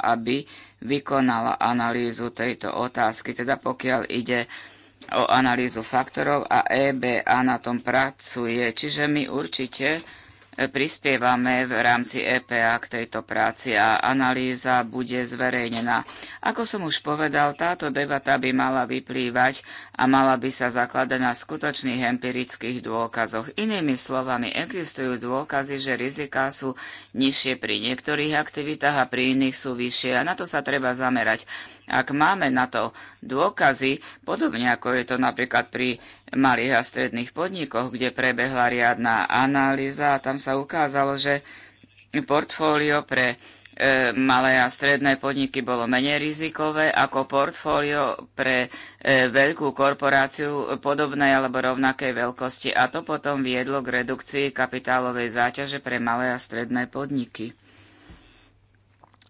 C: aby vykonala analýzu tejto otázky, teda pokiaľ ide o analýzu faktorov a EBA na tom pracuje. Čiže my určite prispievame v rámci EPA k tejto práci a analýza bude zverejnená. Ako som už povedal, táto debata by mala vyplývať a mala by sa zakladať na skutočných empirických dôkazoch. Inými slovami, existujú dôkazy, že riziká sú nižšie pri niektorých aktivitách a pri iných sú vyššie a na to sa treba zamerať. Ak máme na to dôkazy, podobne ako je to napríklad pri malých a stredných podnikoch, kde prebehla riadna analýza a tam sa ukázalo, že portfólio pre e, malé a stredné podniky bolo menej rizikové ako portfólio pre e, veľkú korporáciu podobnej alebo rovnakej veľkosti a to potom viedlo k redukcii kapitálovej záťaže pre malé a stredné podniky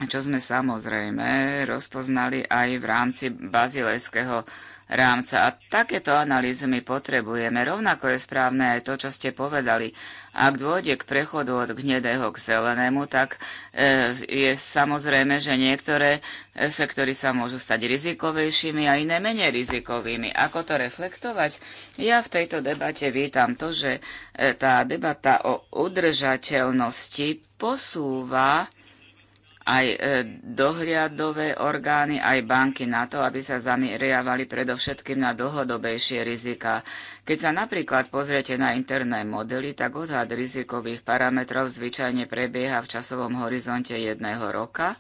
C: čo sme samozrejme rozpoznali aj v rámci bazilejského rámca. A takéto analýzy my potrebujeme. Rovnako je správne aj to, čo ste povedali. Ak dôjde k prechodu od hnedého k zelenému, tak e, je samozrejme, že niektoré sektory sa môžu stať rizikovejšími a iné menej rizikovými. Ako to reflektovať? Ja v tejto debate vítam to, že e, tá debata o udržateľnosti posúva aj e, dohliadové orgány, aj banky na to, aby sa zameriavali predovšetkým na dlhodobejšie rizika. Keď sa napríklad pozriete na interné modely, tak odhad rizikových parametrov zvyčajne prebieha v časovom horizonte jedného roka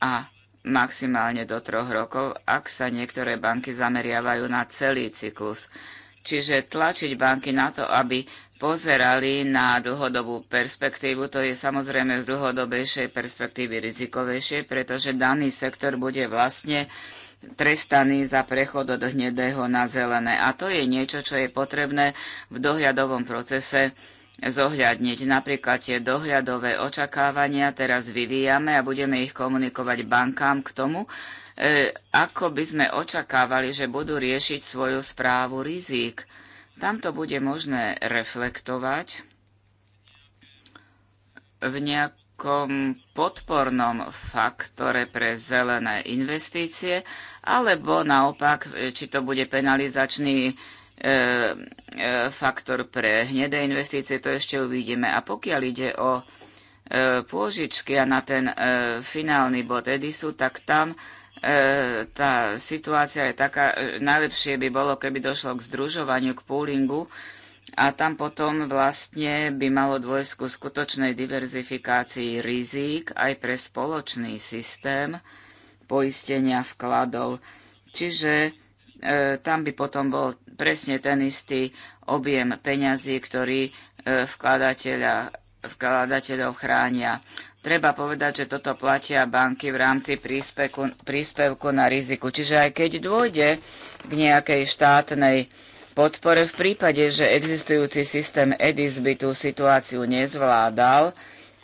C: a maximálne do troch rokov, ak sa niektoré banky zameriavajú na celý cyklus. Čiže tlačiť banky na to, aby pozerali na dlhodobú perspektívu, to je samozrejme z dlhodobejšej perspektívy rizikovejšie, pretože daný sektor bude vlastne trestaný za prechod od hnedého na zelené. A to je niečo, čo je potrebné v dohľadovom procese zohľadniť. Napríklad tie dohľadové očakávania teraz vyvíjame a budeme ich komunikovať bankám k tomu, E, ako by sme očakávali, že budú riešiť svoju správu rizík. Tam to bude možné reflektovať v nejakom podpornom faktore pre zelené investície, alebo naopak, e, či to bude penalizačný e, faktor pre hnedé investície, to ešte uvidíme. A pokiaľ ide o pôžičky a na ten finálny bod Edisu, tak tam E, tá situácia je taká, e, najlepšie by bolo, keby došlo k združovaniu, k poolingu a tam potom vlastne by malo dôjsť ku skutočnej diverzifikácii rizík aj pre spoločný systém poistenia vkladov. Čiže e, tam by potom bol presne ten istý objem peňazí, ktorý e, vkladateľa, vkladateľov chránia. Treba povedať, že toto platia banky v rámci príspevku, príspevku na riziku. Čiže aj keď dôjde k nejakej štátnej podpore, v prípade, že existujúci systém EDIS by tú situáciu nezvládal,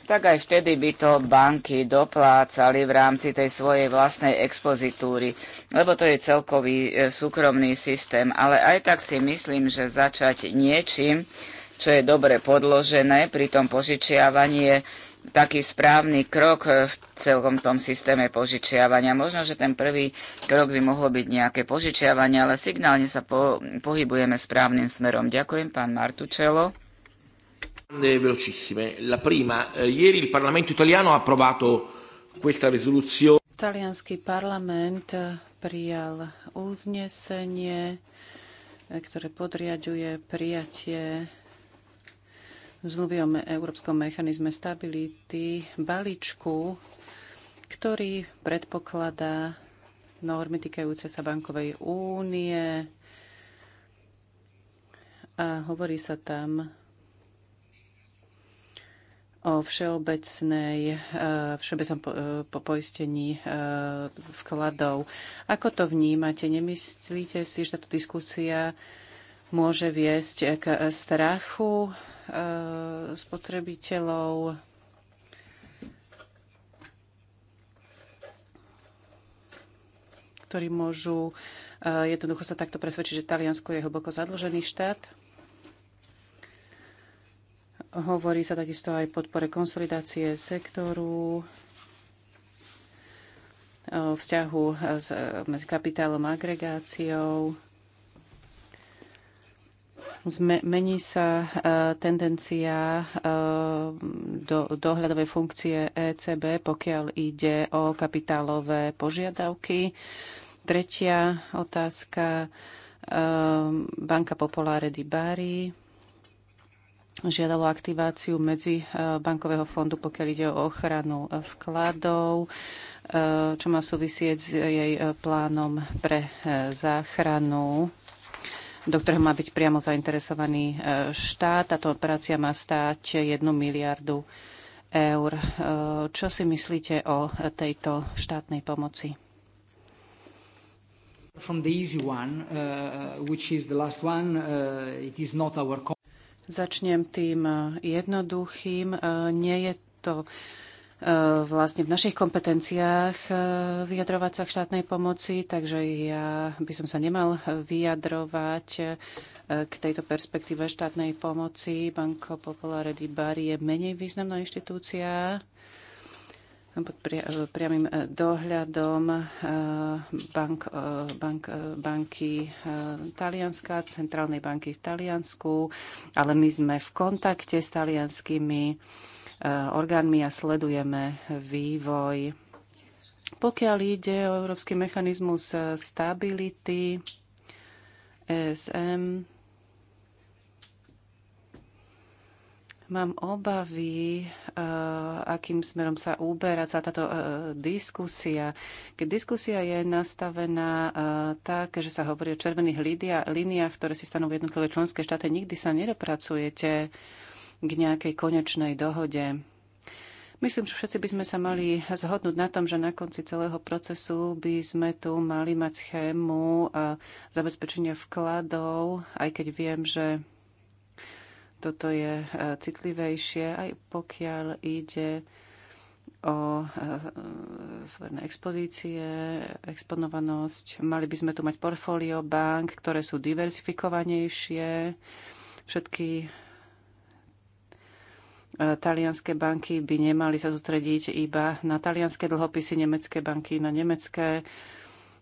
C: tak aj vtedy by to banky doplácali v rámci tej svojej vlastnej expozitúry, lebo to je celkový e, súkromný systém. Ale aj tak si myslím, že začať niečím, čo je dobre podložené pri tom požičiavaní, je taký správny krok e, v celkom tom systéme požičiavania. Možno, že ten prvý krok by mohlo byť nejaké požičiavanie, ale signálne sa po, pohybujeme správnym smerom. Ďakujem, pán Martučelo.
A: Velocissime. La prima, eh, ieri il Parlamento italiano ha approvato questa risoluzione.
B: parlament eh, prijal uznesenie, eh, ktoré podriaduje prijatie zmluvy o Európskom mechanizme stability balíčku, ktorý predpokladá normy týkajúce sa bankovej únie a hovorí sa tam o všeobecnej, e, všeobecnom po, e, poistení e, vkladov. Ako to vnímate? Nemyslíte si, že táto diskusia môže viesť k strachu eh, spotrebiteľov. ktorí môžu eh, jednoducho sa takto presvedčiť, že Taliansko je hlboko zadlžený štát. Hovorí sa takisto aj podpore konsolidácie sektoru, eh, vzťahu medzi kapitálom a agregáciou mení sa e, tendencia e, do dohľadovej funkcie ECB, pokiaľ ide o kapitálové požiadavky. Tretia otázka. E, Banka Popolare di Bari žiadalo aktiváciu medzi bankového fondu, pokiaľ ide o ochranu vkladov, čo má súvisieť s jej plánom pre záchranu do ktorého má byť priamo zainteresovaný e, štát. Táto operácia má stáť 1 miliardu eur. E, čo si myslíte o tejto štátnej pomoci? Uh, uh, Začnem tým uh, jednoduchým. Nie je to Eh, vlastne v našich kompetenciách eh, vyjadrovať sa k štátnej pomoci, takže ja by som sa nemal vyjadrovať eh, k tejto perspektíve štátnej pomoci. Banko Popolare di Bari je menej významná inštitúcia pod priamým dohľadom bank, bank, banky Talianska, Centrálnej banky v Taliansku, ale my sme v kontakte s talianskými Eh, orgánmi a sledujeme vývoj. Pokiaľ ide o Európsky mechanizmus eh, stability, ESM, mám obavy, eh, akým smerom sa úberá sa táto diskusia. Keď diskusia je nastavená tak, že sa hovorí o červených líniách, ktoré si stanovú jednotlivé členské štáty, nikdy sa nedopracujete k nejakej konečnej dohode. Myslím, že všetci by sme sa mali zhodnúť na tom, že na konci celého procesu by sme tu mali mať schému a zabezpečenie vkladov, aj keď viem, že toto je e, citlivejšie, aj pokiaľ ide o svoje expozície, exponovanosť. Mali by sme tu mať portfólio bank, ktoré sú diverzifikovanejšie. Všetky E, talianské banky by nemali sa sústrediť iba na talianské dlhopisy, nemecké banky na nemecké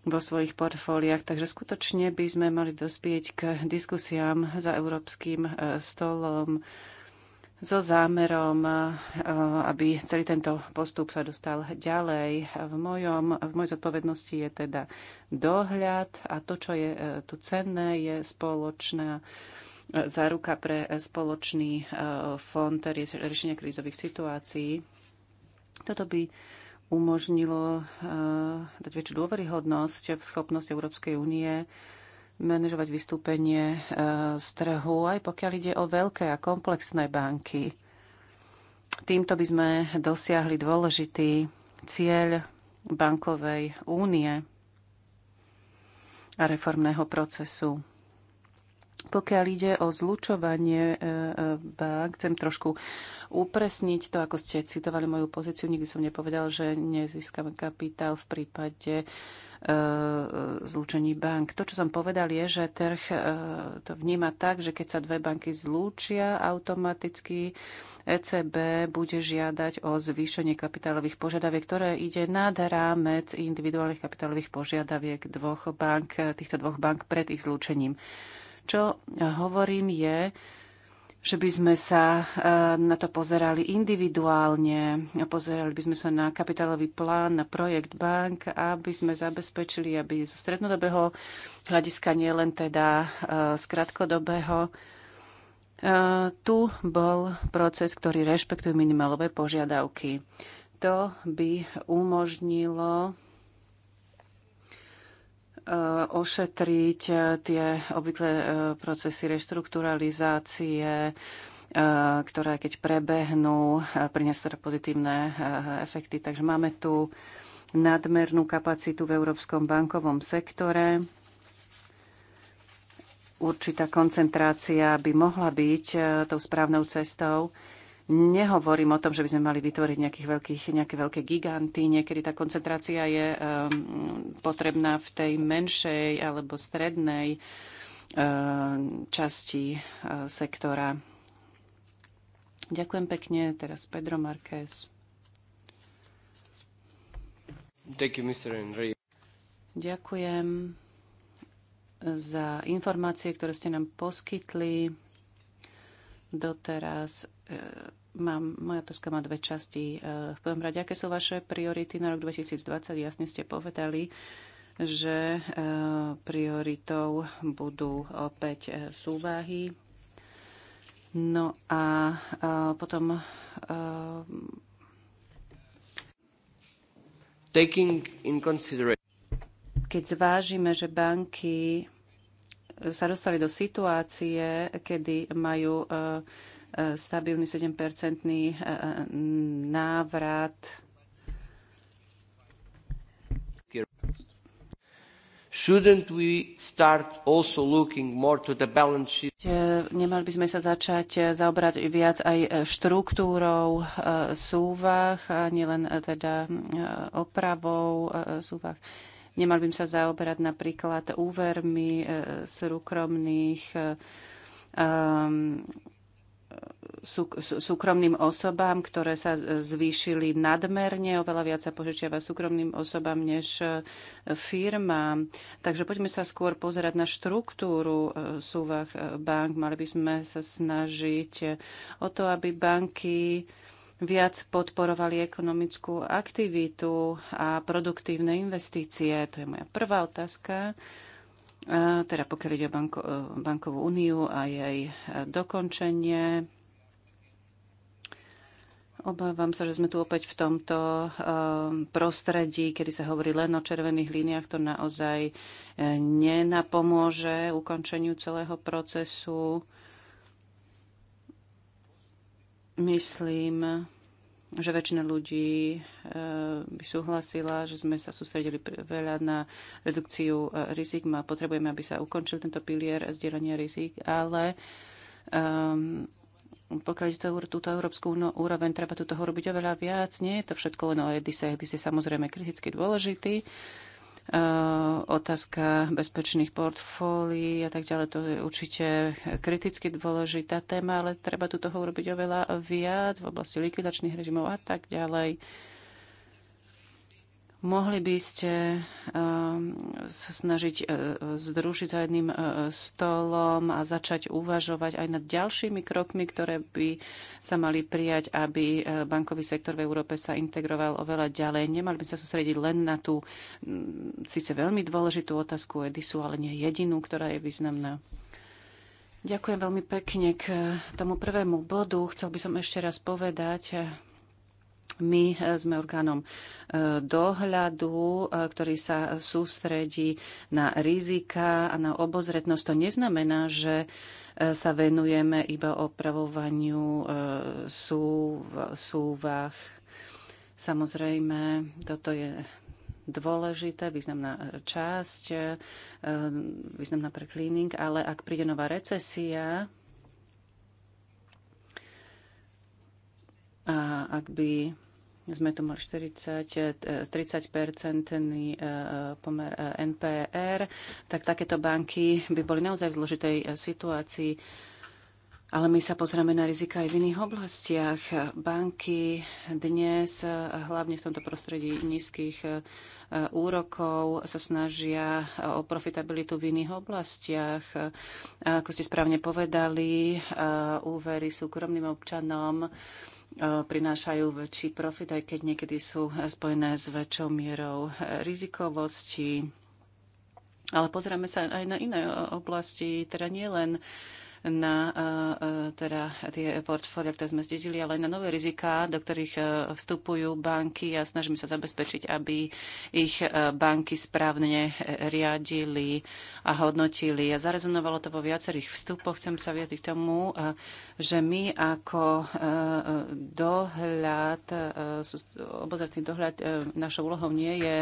B: vo svojich portfóliách. Takže skutočne by sme mali dospieť k diskusiám za európskym e, stolom so zámerom, e, aby celý tento postup sa dostal ďalej. V, mojom, v mojej zodpovednosti je teda dohľad a to, čo je tu cenné, je spoločná záruka pre e, spoločný e, fond riešenia krízových situácií. Toto by umožnilo e, dať väčšiu dôveryhodnosť v schopnosť Európskej únie manažovať vystúpenie z trhu, aj pokiaľ ide o veľké a komplexné banky. Týmto by sme dosiahli dôležitý cieľ bankovej únie a reformného procesu. Pokiaľ ide o zlučovanie e, e, bank, chcem trošku upresniť to, ako ste citovali moju pozíciu. Nikdy som nepovedal, že nezískame kapitál v prípade e, zlúčení bank. To, čo som povedal, je, že trh to vníma tak, že keď sa dve banky zlúčia, automaticky ECB bude žiadať o zvýšenie kapitálových požiadaviek, ktoré ide nad rámec individuálnych kapitálových požiadaviek dvoch bank, týchto dvoch bank pred ich zlúčením. Čo e, hovorím je, že by sme sa e, na to pozerali individuálne, pozerali by sme sa na kapitálový plán, na projekt bank, aby sme zabezpečili, aby zo strednodobého hľadiska, nie len teda e, z krátkodobého, tu bol proces, ktorý rešpektuje minimálové požiadavky. To by umožnilo E, ošetriť e, tie obvyklé e, procesy reštrukturalizácie, ktoré keď prebehnú, prinesú teda pozitívne efekty. Takže máme tu nadmernú kapacitu v európskom bankovom sektore. Určitá koncentrácia by mohla byť tou správnou cestou. Nehovorím o tom, že by sme mali vytvoriť nejakých veľkých, nejaké veľké giganty. Niekedy tá koncentrácia je um, potrebná v tej menšej alebo strednej um, časti ehm, sektora. Ďakujem pekne. Teraz Pedro Marquez.
D: Thank
C: you, Mr. Henry.
B: Ďakujem za informácie, ktoré ste nám poskytli. Doteraz e, mám, moja otázka má dve časti. E, v prvom rade, aké sú vaše priority na rok 2020? Jasne ste povedali, že e, prioritou budú opäť súvahy. No a potom keď zvážime, že banky sa dostali do situácie, kedy majú e, e, stabilný 7-percentný e, návrat.
C: Shouldn't we start also looking
D: more to the balance sheet?
B: Nemali by sme sa začať zaobrať viac aj štruktúrou súvah, nielen teda opravou súvah. Nemal bym sa zaoberať napríklad úvermi e, súkromných e, um, súkromným osobám, ktoré sa zvýšili nadmerne, oveľa viac sa požičiava súkromným osobám než e, firmám. Takže poďme sa skôr pozerať na štruktúru súvah bank. Mali by sme sa snažiť o to, aby banky viac podporovali ekonomickú aktivitu a produktívne investície? To je moja prvá otázka. Teda pokiaľ ide o banko, e, bankovú úniu a jej e, dokončenie, Obávam sa, že sme tu opäť v tomto e, prostredí, kedy sa hovorí len o červených líniách. To naozaj nenapomôže ukončeniu celého procesu. Myslím, že väčšina ľudí eh, by súhlasila, že sme sa sústredili veľa na redukciu eh, rizik a potrebujeme, aby sa ukončil tento pilier zdieľania rizik, ale um, pokiaľ to, túto európsku no- úroveň, treba tu toho robiť oveľa viac. Nie je to všetko len o Edise. EDISE je samozrejme kriticky dôležitý, Eh, otázka bezpečných portfólií a tak ďalej. To je určite kriticky dôležitá téma, ale treba tu toho urobiť oveľa viac v oblasti likvidačných režimov a tak ďalej. Mohli by ste ehm, sa snažiť e, e, združiť za jedným e, stolom a začať uvažovať aj nad ďalšími krokmi, ktoré by sa mali prijať, aby bankový sektor v Európe sa integroval oveľa ďalej. Nemali by sa sústrediť len na tú mm, síce veľmi dôležitú otázku Edisu, ale nie jedinú, ktorá je významná. Ďakujem veľmi pekne k tomu prvému bodu. Chcel by som ešte raz povedať, my e, sme orgánom e, dohľadu, e, ktorý sa sústredí na rizika a na obozretnosť. To neznamená, že sa venujeme iba opravovaniu súvah. Samozrejme, toto je dôležité, významná časť, významná pre cleaning, ale ak príde nová recesia, A ak by sme tu mali 40, 30 e, e, pomer e, NPR, tak takéto banky by boli naozaj v zložitej situácii. Ale my sa pozrieme na rizika aj v iných oblastiach. Banky dnes, hlavne v tomto prostredí nízkych úrokov, sa snažia o profitabilitu v iných oblastiach. Ako ste správne povedali, úvery súkromným občanom Eh, prinášajú väčší profit, aj keď niekedy sú spojené s väčšou mierou rizikovosti. Ale pozrieme sa aj na iné oblasti, teda nie len uh, na e, e, teda tie portfólia, ktoré sme zdedili, ale aj na nové riziká, do ktorých e, vstupujú banky a snažíme sa zabezpečiť, aby ich banky správne riadili a hodnotili. A zarezonovalo to vo viacerých vstupoch. Chcem sa viedliť k tomu, že my ako dohľad, obozretný dohľad našou úlohou nie je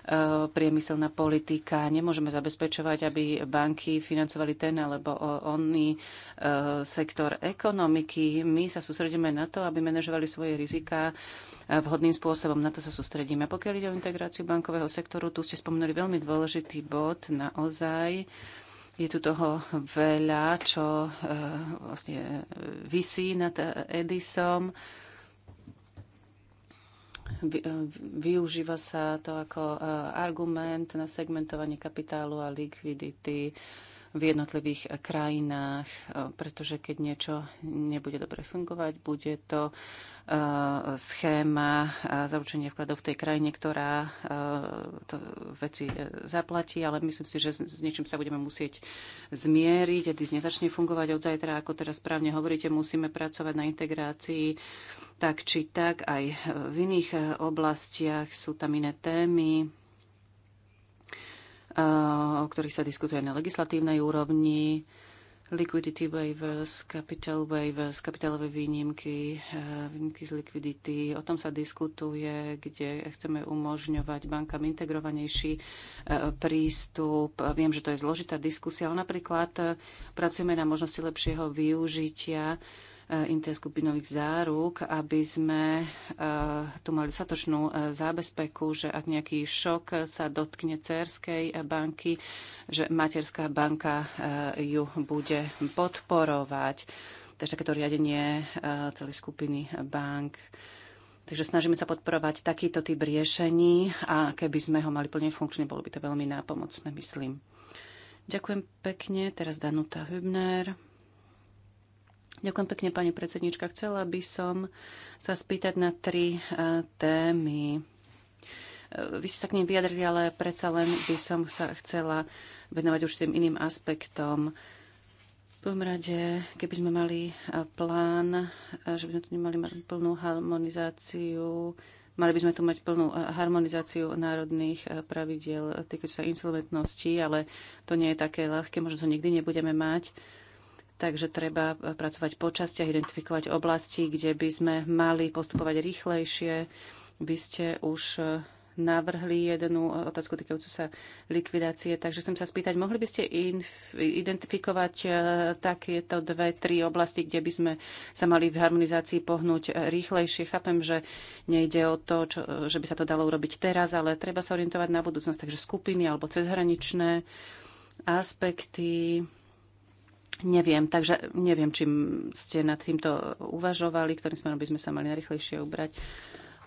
B: E, priemyselná politika. Nemôžeme zabezpečovať, aby banky financovali ten alebo onný e, sektor ekonomiky. My sa sústredíme na to, aby manažovali svoje rizika e, vhodným spôsobom. Na to sa sústredíme. Pokiaľ ide o integráciu bankového sektoru, tu ste spomenuli veľmi dôležitý bod. Naozaj je tu toho veľa, čo vlastne vysí nad Edisom. Eh, využíva sa to ako eh, argument na segmentovanie kapitálu a likvidity v jednotlivých krajinách, e, pretože keď niečo nebude dobre fungovať, bude to e, schéma e, zaručenia vkladov v tej krajine, ktorá to veci zaplatí, ale myslím si, že s niečím sa budeme musieť zmieriť. Edis nezačne fungovať od zajtra, ako teraz správne hovoríte, musíme pracovať na integrácii tak či tak aj v iných oblastiach sú tam iné témy, o ktorých sa diskutuje na legislatívnej úrovni. Liquidity waivers, capital waivers, kapitálové výnimky, výnimky z likvidity. O tom sa diskutuje, kde chceme umožňovať bankám integrovanejší e, prístup. Viem, že to je zložitá diskusia, ale napríklad e, pracujeme na možnosti lepšieho využitia Eh, interskupinových záruk, aby sme eh, tu mali dostatočnú eh, zábezpeku, že ak nejaký šok sa dotkne cerskej banky, že materská banka ju bude podporovať. Takže takéto riadenie celej skupiny bank. Takže snažíme sa podporovať takýto typ riešení a keby sme ho mali plne funkčný, bolo by to veľmi nápomocné, myslím. Ďakujem pekne. Teraz Danuta Hübner. Ďakujem pekne, pani predsednička. Chcela by som sa spýtať na tri e, témy. E, vy ste sa k ním vyjadrili, ale predsa len by som sa chcela venovať tým iným aspektom. V prvom rade, keby sme mali e, plán, že by sme tu nemali mať plnú harmonizáciu, mali by sme tu mať plnú harmonizáciu národných pravidiel týkajúcich sa insolventnosti, ale to nie je také ľahké, možno to nikdy nebudeme mať. Takže treba e, pracovať po častiach, identifikovať oblasti, kde by sme mali postupovať rýchlejšie. Vy ste už e, navrhli jednu e, otázku týkajúcu sa likvidácie. Takže chcem sa spýtať, mohli by ste identifikovať takéto dve, tri oblasti, kde by sme sa mali v harmonizácii pohnúť rýchlejšie? Chápem, že nejde o to, čo, že by sa to dalo urobiť teraz, ale treba sa orientovať na budúcnosť. Takže skupiny alebo cezhraničné aspekty Neviem, takže neviem, či ste nad týmto uvažovali, ktorým smerom by sme sa mali najrychlejšie ubrať.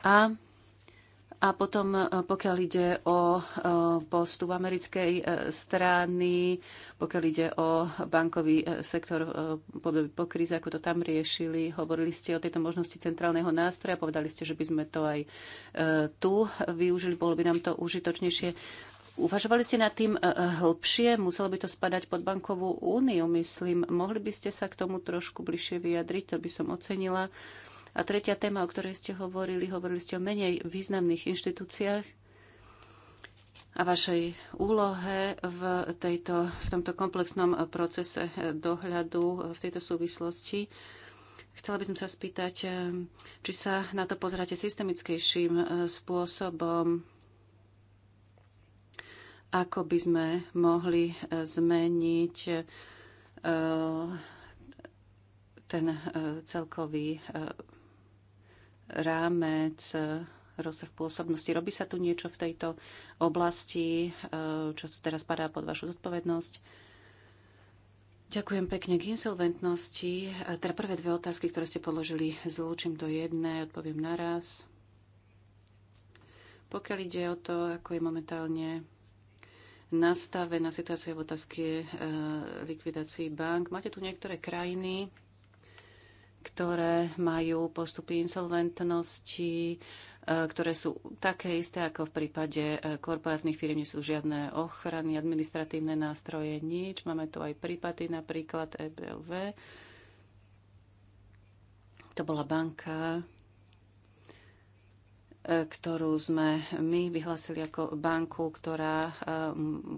B: A, a potom, e, pokiaľ ide o e, postup americkej e, strany, pokiaľ ide o bankový sektor podoby po kríze, ako to tam riešili, hovorili ste o tejto možnosti centrálneho nástroja, povedali ste, že by sme to aj tu využili, bolo by nám to užitočnejšie. Uvažovali ste nad tým e, e, hĺbšie? Muselo by to spadať pod bankovú úniu, myslím. Mohli by ste sa k tomu trošku bližšie vyjadriť? To by som ocenila. A tretia téma, o ktorej ste hovorili, hovorili ste o menej významných inštitúciách a vašej úlohe v, tejto, v tomto komplexnom procese dohľadu v tejto súvislosti. Chcela by som sa spýtať, e, či sa na to pozeráte systemickejším spôsobom, ako by sme mohli e, zmeniť e, ten e, celkový rámec rozsah pôsobnosti. Robí sa tu niečo v tejto oblasti, čo teraz padá pod vašu zodpovednosť? Ďakujem pekne k insolventnosti. Teda prvé dve otázky, ktoré ste položili, zlúčim do jednej, odpoviem naraz. Pokiaľ ide o to, ako je momentálne nastavená situácia v otázke e, likvidácií bank. Máte tu niektoré krajiny, ktoré majú postupy insolventnosti, e, ktoré sú také isté ako v prípade e, korporátnych firm, nie sú žiadne ochrany, administratívne nástroje, nič. Máme tu aj prípady, napríklad EBLV. To bola banka, E, ktorú sme my vyhlásili ako banku, ktorá e,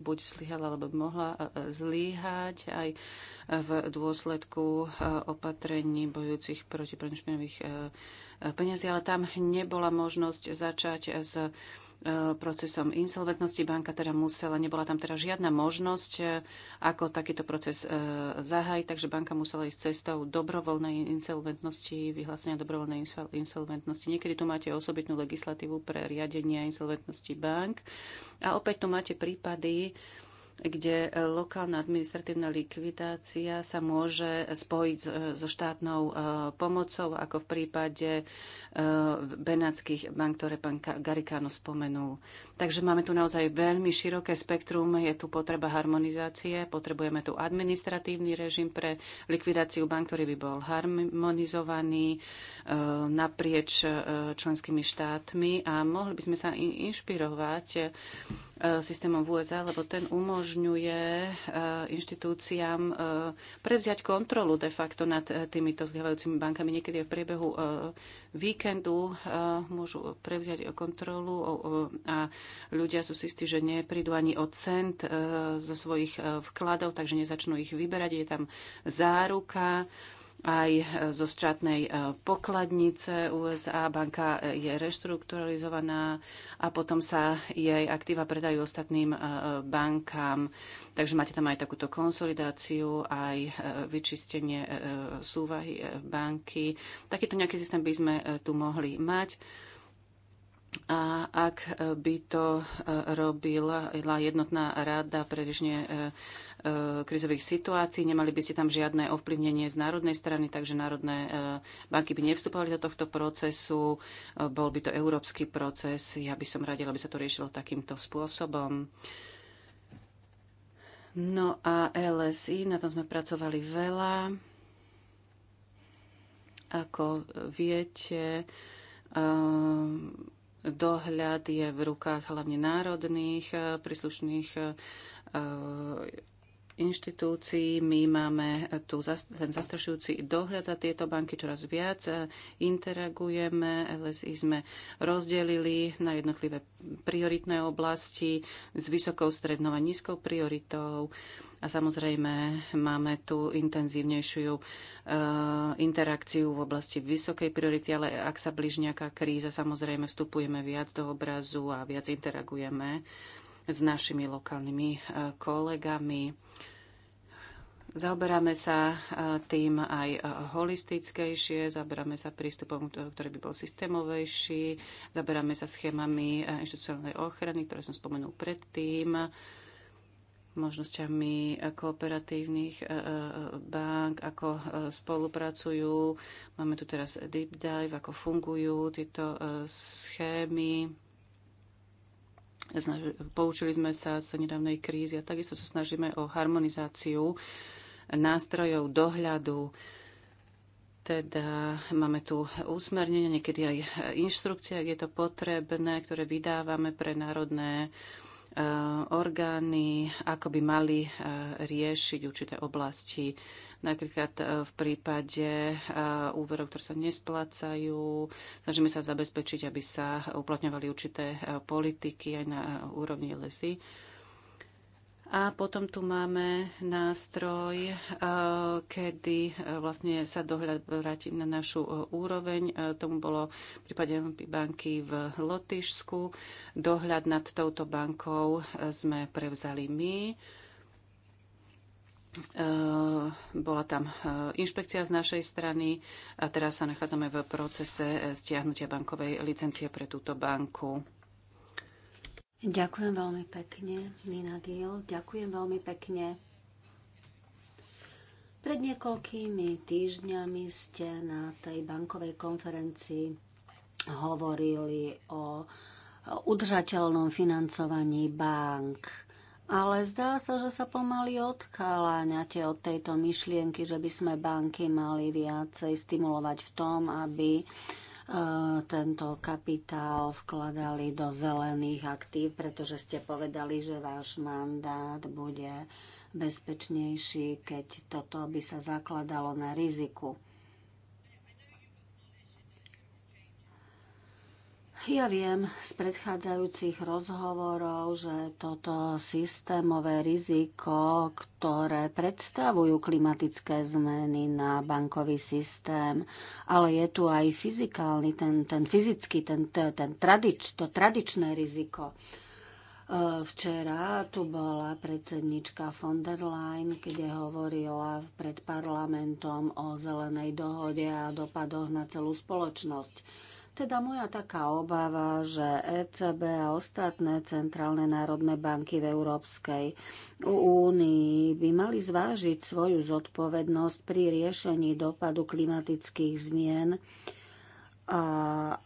B: buď zlyhala, alebo mohla e, zlyhať aj v dôsledku opatrení bojúcich proti pranišminových peniazí, ale tam nebola možnosť začať s procesom insolventnosti. Banka teda musela, nebola tam teda žiadna možnosť, e, ako takýto proces e, zahájiť, takže banka musela ísť cestou dobrovoľnej insolventnosti, vyhlásenia dobrovoľnej insolventnosti. Niekedy tu máte osobitnú legislatívu pre riadenie insolventnosti bank a opäť tu máte prípady, kde lokálna administratívna likvidácia sa môže spojiť so štátnou e, pomocou, ako v prípade e, benátskych bank, ktoré pán Garikano spomenul. Takže máme tu naozaj veľmi široké spektrum, je tu potreba harmonizácie, potrebujeme tu administratívny režim pre likvidáciu bank, ktorý by bol harmonizovaný e, naprieč členskými štátmi a mohli by sme sa inšpirovať systémom v USA, lebo ten umožňuje umožňuje eh, inštitúciám eh, prevziať kontrolu de facto nad eh, týmito zlyhávajúcimi bankami. Niekedy v priebehu víkendu môžu prevziať kontrolu a ľudia sú si istí, že neprídu ani o cent zo svojich vkladov, takže nezačnú ich vyberať. Je tam záruka aj e, zo štátnej e, pokladnice USA. Banka e, je reštrukturalizovaná a potom sa jej aktíva predajú ostatným bankám. Takže máte tam aj takúto konsolidáciu, aj vyčistenie súvahy banky. Takýto nejaký systém by sme tu mohli mať. A ak by to robila jednotná rada, prebežne E, krizových situácií. Nemali by ste tam žiadne ovplyvnenie z národnej strany, takže národné e, banky by nevstupovali do tohto procesu. E, bol by to európsky proces. Ja by som radila, aby sa to riešilo takýmto spôsobom. No a LSI, na tom sme pracovali veľa. Ako viete, dohľad je v rukách hlavne národných príslušných inštitúcií. My máme tu ten zastrašujúci dohľad za tieto banky čoraz viac. E, interagujeme, LSI e, sme rozdelili na jednotlivé prioritné oblasti s vysokou, strednou a nízkou prioritou. A samozrejme máme tu intenzívnejšiu e, interakciu v oblasti vysokej priority, ale ak sa blíži nejaká kríza, samozrejme vstupujeme viac do obrazu a viac interagujeme s našimi lokálnymi e, kolegami. Zaoberáme sa e, tým aj e, holistickejšie, zaoberáme sa prístupom, ktorý by bol systémovejší, zaoberáme sa schémami inštitucionálnej ochrany, ktoré som spomenul predtým, možnosťami kooperatívnych bank, ako spolupracujú. Máme tu teraz deep dive, ako fungujú tieto schémy. Poučili sme sa z nedávnej krízy a takisto sa snažíme o harmonizáciu nástrojov dohľadu. Teda máme tu usmernenie, niekedy aj inštrukcie, ak je to potrebné, ktoré vydávame pre národné e, orgány, ako by mali e, riešiť určité oblasti Napríklad e, v prípade e, úverov, ktoré sa nesplácajú, snažíme sa zabezpečiť, aby sa uplatňovali určité e, politiky aj na úrovni lesy. A potom tu máme nástroj, kedy vlastne sa dohľad vráti na našu úroveň. Tomu bolo v prípade banky v Lotyšsku. Dohľad nad touto bankou sme prevzali my. Eh, bola tam eh, inšpekcia z našej strany a teraz sa nachádzame v procese eh, stiahnutia bankovej licencie pre túto banku.
D: Ďakujem veľmi pekne, Nina Gil. Ďakujem veľmi pekne. Pred niekoľkými týždňami ste na tej bankovej konferencii hovorili o udržateľnom financovaní bank ale zdá sa, že sa pomaly odkáľaňate od tejto myšlienky, že by sme banky mali viacej stimulovať v tom, aby e, tento kapitál vkladali do zelených aktív, pretože ste povedali, že váš mandát bude bezpečnejší, keď toto by sa zakladalo na riziku. Ja viem z predchádzajúcich rozhovorov, že toto systémové riziko, ktoré predstavujú klimatické zmeny na bankový systém, ale je tu aj fyzikálny, ten, ten fyzický, ten, ten tradič, to tradičné riziko. E, včera tu bola predsednička von der Leyen, kde hovorila pred parlamentom o zelenej dohode a dopadoch na celú spoločnosť teda moja taká obava, že ECB a ostatné centrálne národné banky v Európskej únii by mali zvážiť svoju zodpovednosť pri riešení dopadu klimatických zmien a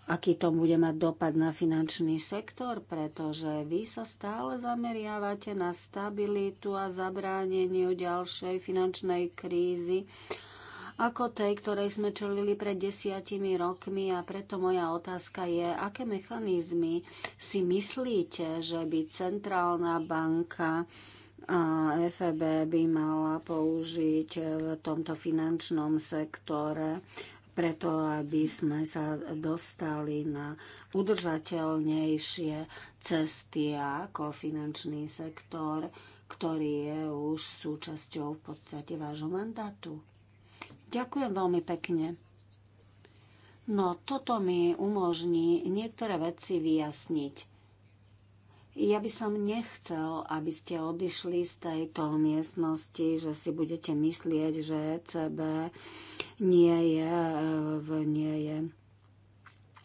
D: aký to bude mať dopad na finančný sektor, pretože vy sa stále zameriavate na stabilitu a zabráneniu ďalšej finančnej krízy ako tej, ktorej sme čelili pred desiatimi rokmi a preto moja otázka je, aké mechanizmy si myslíte, že by centrálna banka a FEB by mala použiť v tomto finančnom sektore preto, aby sme sa dostali na udržateľnejšie cesty ako finančný sektor, ktorý je už súčasťou v podstate vášho mandátu. Ďakujem veľmi pekne. No toto mi umožní niektoré veci vyjasniť. Ja by som nechcel, aby ste odišli z tejto miestnosti, že si budete myslieť, že e CB nie je, e, nie je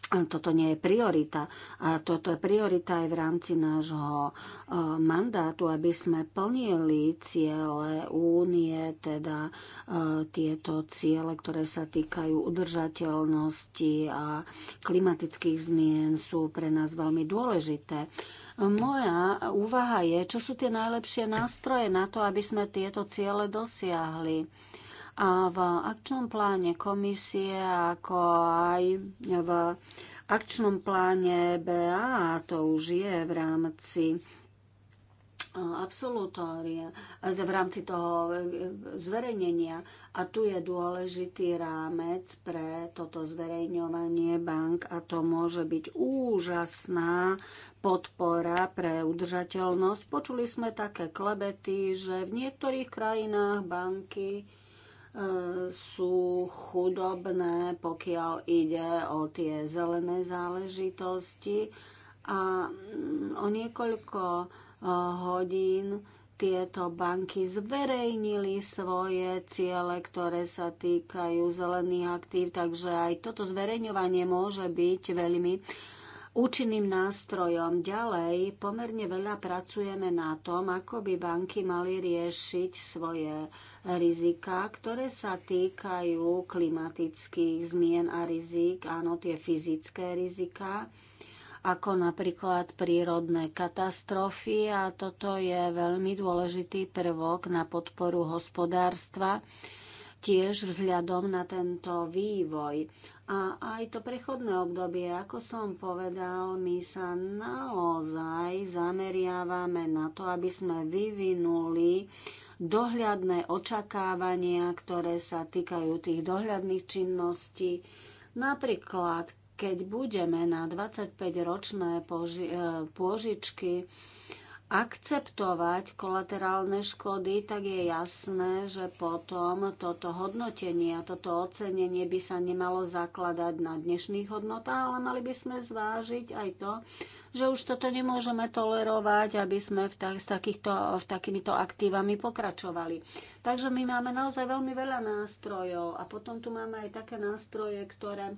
D: toto nie je priorita. A toto je priorita aj v rámci nášho e, mandátu, aby sme plnili ciele únie, teda e, tieto ciele, ktoré sa týkajú udržateľnosti a klimatických zmien sú pre nás veľmi dôležité. Moja úvaha je, čo sú tie najlepšie nástroje na to, aby sme tieto ciele dosiahli. A v akčnom pláne komisie, ako aj v akčnom pláne BA, a to už je v rámci e, absolutória, e, v rámci toho e, zverejnenia. A tu je dôležitý rámec pre toto zverejňovanie bank a to môže byť úžasná podpora pre udržateľnosť. Počuli sme také klebety, že v niektorých krajinách banky sú chudobné, pokiaľ ide o tie zelené záležitosti. A mm, o niekoľko eh, hodín tieto banky zverejnili svoje ciele, ktoré sa týkajú zelených aktív, takže aj toto zverejňovanie môže byť veľmi účinným nástrojom. Ďalej pomerne veľa pracujeme na tom, ako by banky mali riešiť svoje rizika, ktoré sa týkajú klimatických zmien a rizik, áno, tie fyzické rizika ako napríklad prírodné katastrofy a toto je veľmi dôležitý prvok na podporu hospodárstva tiež vzhľadom na tento vývoj a aj to prechodné obdobie, ako som povedal, my sa naozaj zameriavame na to, aby sme vyvinuli dohľadné očakávania, ktoré sa týkajú tých dohľadných činností. Napríklad, keď budeme na 25-ročné poži- e, pôžičky, akceptovať kolaterálne škody, tak je jasné, že potom toto hodnotenie a toto ocenenie by sa nemalo zakladať na dnešných hodnotách, ale mali by sme zvážiť aj to, že už toto nemôžeme tolerovať, aby sme v, tak, s takýchto, v takýmito aktívami pokračovali. Takže my máme naozaj veľmi veľa nástrojov a potom tu máme aj také nástroje, ktoré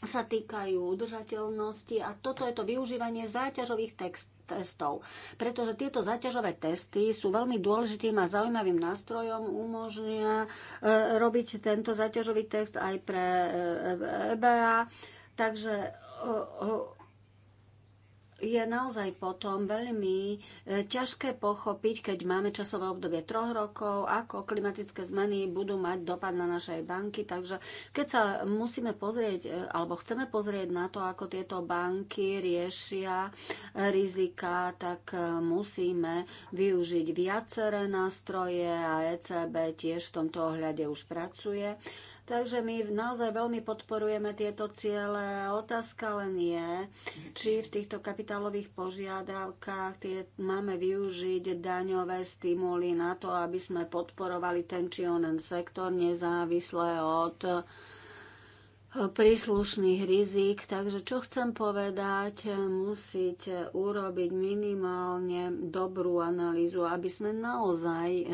D: sa týkajú udržateľnosti a toto je to využívanie záťažových text, testov. Pretože tieto zaťažové testy sú veľmi dôležitým a zaujímavým nástrojom, umožnia e, robiť tento zaťažový test aj pre EBA. E, e, Takže je naozaj potom veľmi e, ťažké pochopiť, keď máme časové obdobie troch rokov, ako klimatické zmeny budú mať dopad na naše banky. Takže keď sa musíme pozrieť, e, alebo chceme pozrieť na to, ako tieto banky riešia rizika, tak e, musíme využiť viaceré nástroje a ECB tiež v tomto ohľade už pracuje. Takže my naozaj veľmi podporujeme tieto ciele. Otázka len je, či v týchto kapitálových požiadavkách tie, máme využiť daňové stimuly na to, aby sme podporovali ten či onen sektor nezávisle od eh, príslušných rizik. Takže čo chcem povedať, musíte urobiť minimálne dobrú analýzu, aby sme naozaj eh,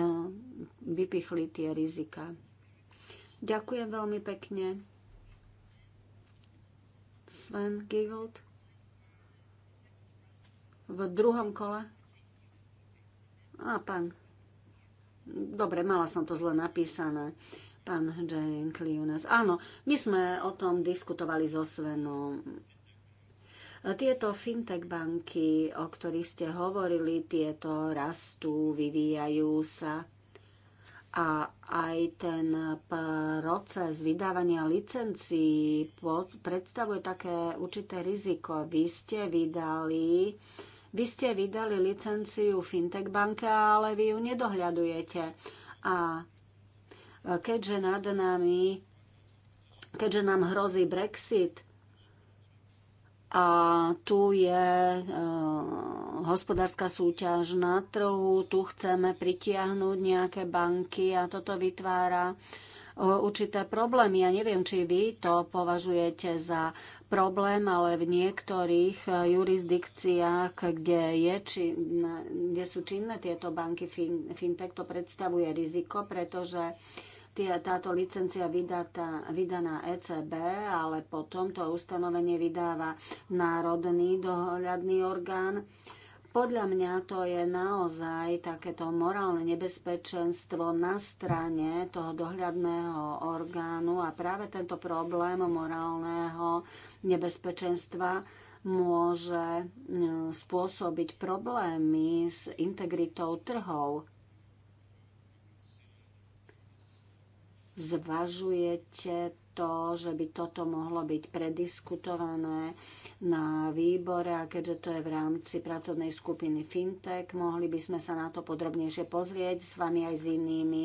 D: vypichli tie rizika. Ďakujem veľmi pekne. Sven Giggled v druhom kole. A pán, dobre, mala som to zle napísané. Pán Jane Kliunas. Áno, my sme o tom diskutovali so Svenom. Tieto fintech banky, o ktorých ste hovorili, tieto rastú, vyvíjajú sa a aj ten proces vydávania licencií predstavuje také určité riziko. Vy ste vydali vy ste vydali licenciu Fintech banke, ale vy ju nedohľadujete. A keďže nad nami, keďže nám hrozí Brexit, a tu je e, hospodárska súťaž na trhu, tu chceme pritiahnuť nejaké banky a toto vytvára e, určité problémy. Ja neviem, či vy to považujete za problém, ale v niektorých e, jurisdikciách, kde, je, či, kde sú činné tieto banky, fintech to predstavuje riziko, pretože táto licencia vydatá, vydaná ECB, ale potom to ustanovenie vydáva národný dohľadný orgán. Podľa mňa to je naozaj takéto morálne nebezpečenstvo na strane toho dohľadného orgánu a práve tento problém morálneho nebezpečenstva môže mm, spôsobiť problémy s integritou trhov Zvažujete to, že by toto mohlo byť prediskutované na výbore a keďže to je v rámci pracovnej skupiny FinTech, mohli by sme sa na to podrobnejšie pozrieť s vami aj s inými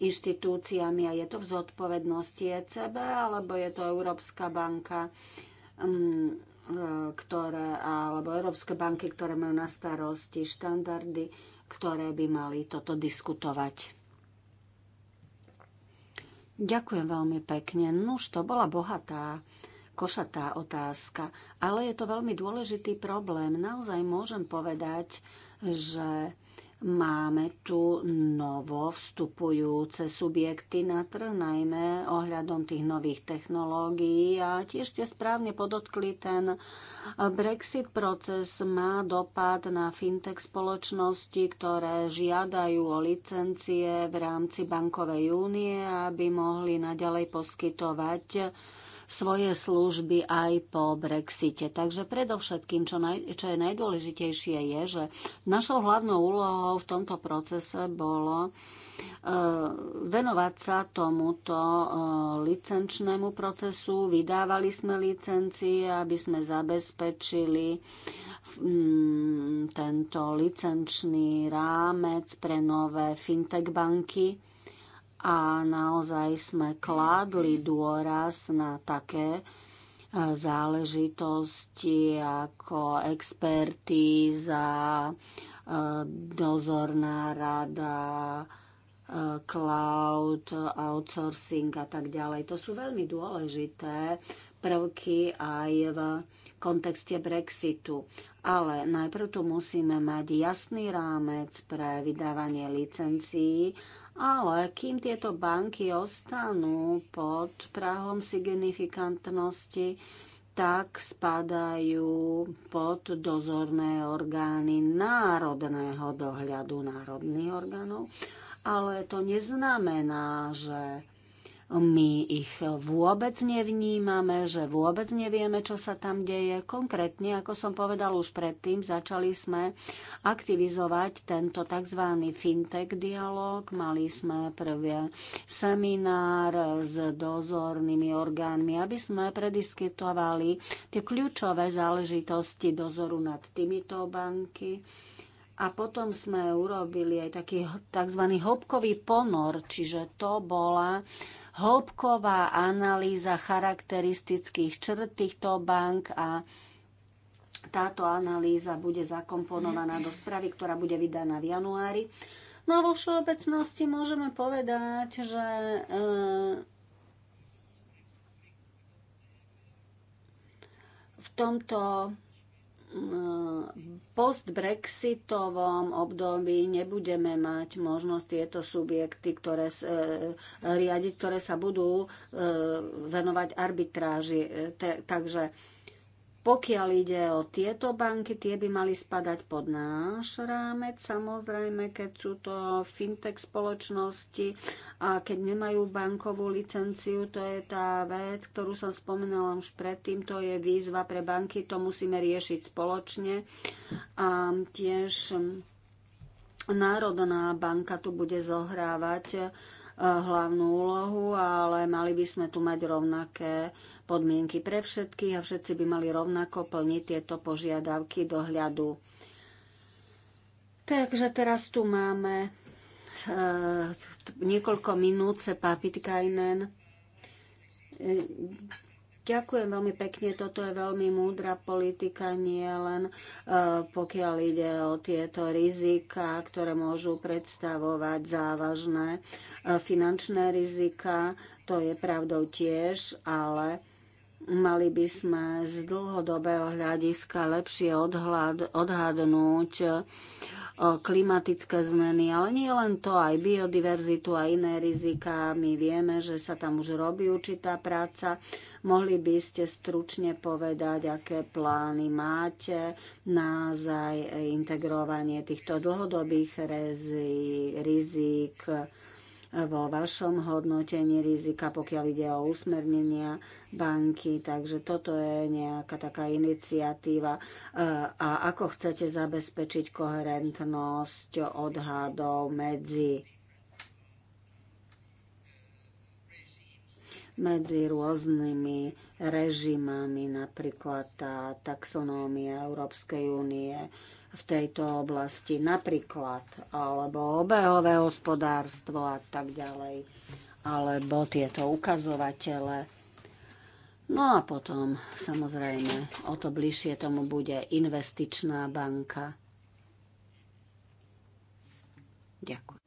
D: inštitúciami a je to v zodpovednosti ECB alebo je to Európska banka mm, e, ktoré, alebo Európske banky, ktoré majú na starosti štandardy, ktoré by mali toto diskutovať. Ďakujem veľmi pekne. Nuž, to bola bohatá košatá otázka, ale je to veľmi dôležitý problém. Naozaj môžem povedať, že Máme tu novo vstupujúce subjekty na trh, najmä ohľadom tých nových technológií. A tiež ste správne podotkli, ten Brexit proces má dopad na fintech spoločnosti, ktoré žiadajú o licencie v rámci bankovej únie, aby mohli naďalej poskytovať svoje služby aj po Brexite. Takže predovšetkým, čo, naj, čo je najdôležitejšie, je, že našou hlavnou úlohou v tomto procese bolo e, venovať sa tomuto e, licenčnému procesu. Vydávali sme licencie, aby sme zabezpečili mm, tento licenčný rámec pre nové fintech banky a naozaj sme kládli dôraz na také e, záležitosti ako expertíza, e, dozorná rada, e, cloud, outsourcing a tak ďalej. To sú veľmi dôležité prvky aj v kontexte Brexitu. Ale najprv tu musíme mať jasný rámec pre vydávanie licencií ale kým tieto banky ostanú pod prahom signifikantnosti, tak spadajú pod dozorné orgány národného dohľadu národných orgánov. Ale to neznamená, že my ich vôbec nevnímame, že vôbec nevieme, čo sa tam deje. Konkrétne, ako som povedal už predtým, začali sme aktivizovať tento tzv. fintech dialog. Mali sme prvý seminár s dozornými orgánmi, aby sme prediskutovali tie kľúčové záležitosti dozoru nad týmito banky. A potom sme urobili aj taký tzv. hopkový ponor, čiže to bola uh, hĺbková analýza charakteristických črt týchto bank a táto analýza bude zakomponovaná do správy, ktorá bude vydaná v januári. No a vo všeobecnosti môžeme povedať, že eh, v tomto post-Brexitovom období nebudeme mať možnosť tieto subjekty ktoré, e, riadiť, ktoré sa budú e, venovať arbitráži. E, takže pokiaľ ide o tieto banky, tie by mali spadať pod náš rámec, samozrejme, keď sú to fintech spoločnosti a keď nemajú bankovú licenciu, to je tá vec, ktorú som spomínala už predtým, to je výzva pre banky, to musíme riešiť spoločne. A tiež Národná banka tu bude zohrávať Eh, hlavnú úlohu, ale mali by sme tu mať rovnaké podmienky pre všetkých a všetci by mali rovnako plniť tieto požiadavky dohľadu. Takže teraz tu máme eh, niekoľko minút se papitkajnen. Ďakujem veľmi pekne, toto je veľmi múdra politika, nie len e, pokiaľ ide o tieto rizika, ktoré môžu predstavovať závažné e, finančné rizika, to je pravdou tiež, ale Mali by sme z dlhodobého hľadiska lepšie odhľad, odhadnúť eh, klimatické zmeny, ale nie len to, aj biodiverzitu a iné rizika. My vieme, že sa tam už robí určitá práca. Mohli by ste stručne povedať, aké plány máte na integrovanie týchto dlhodobých rizik, rizik vo vašom hodnotení rizika, pokiaľ ide o usmernenia banky. Takže toto je nejaká taká iniciatíva. E, a ako chcete zabezpečiť koherentnosť odhadov medzi medzi rôznymi režimami, napríklad tá taxonómia Európskej únie v tejto oblasti, napríklad, alebo obehové hospodárstvo a tak ďalej, alebo tieto ukazovatele. No a potom, samozrejme, o to bližšie tomu bude investičná banka. Ďakujem.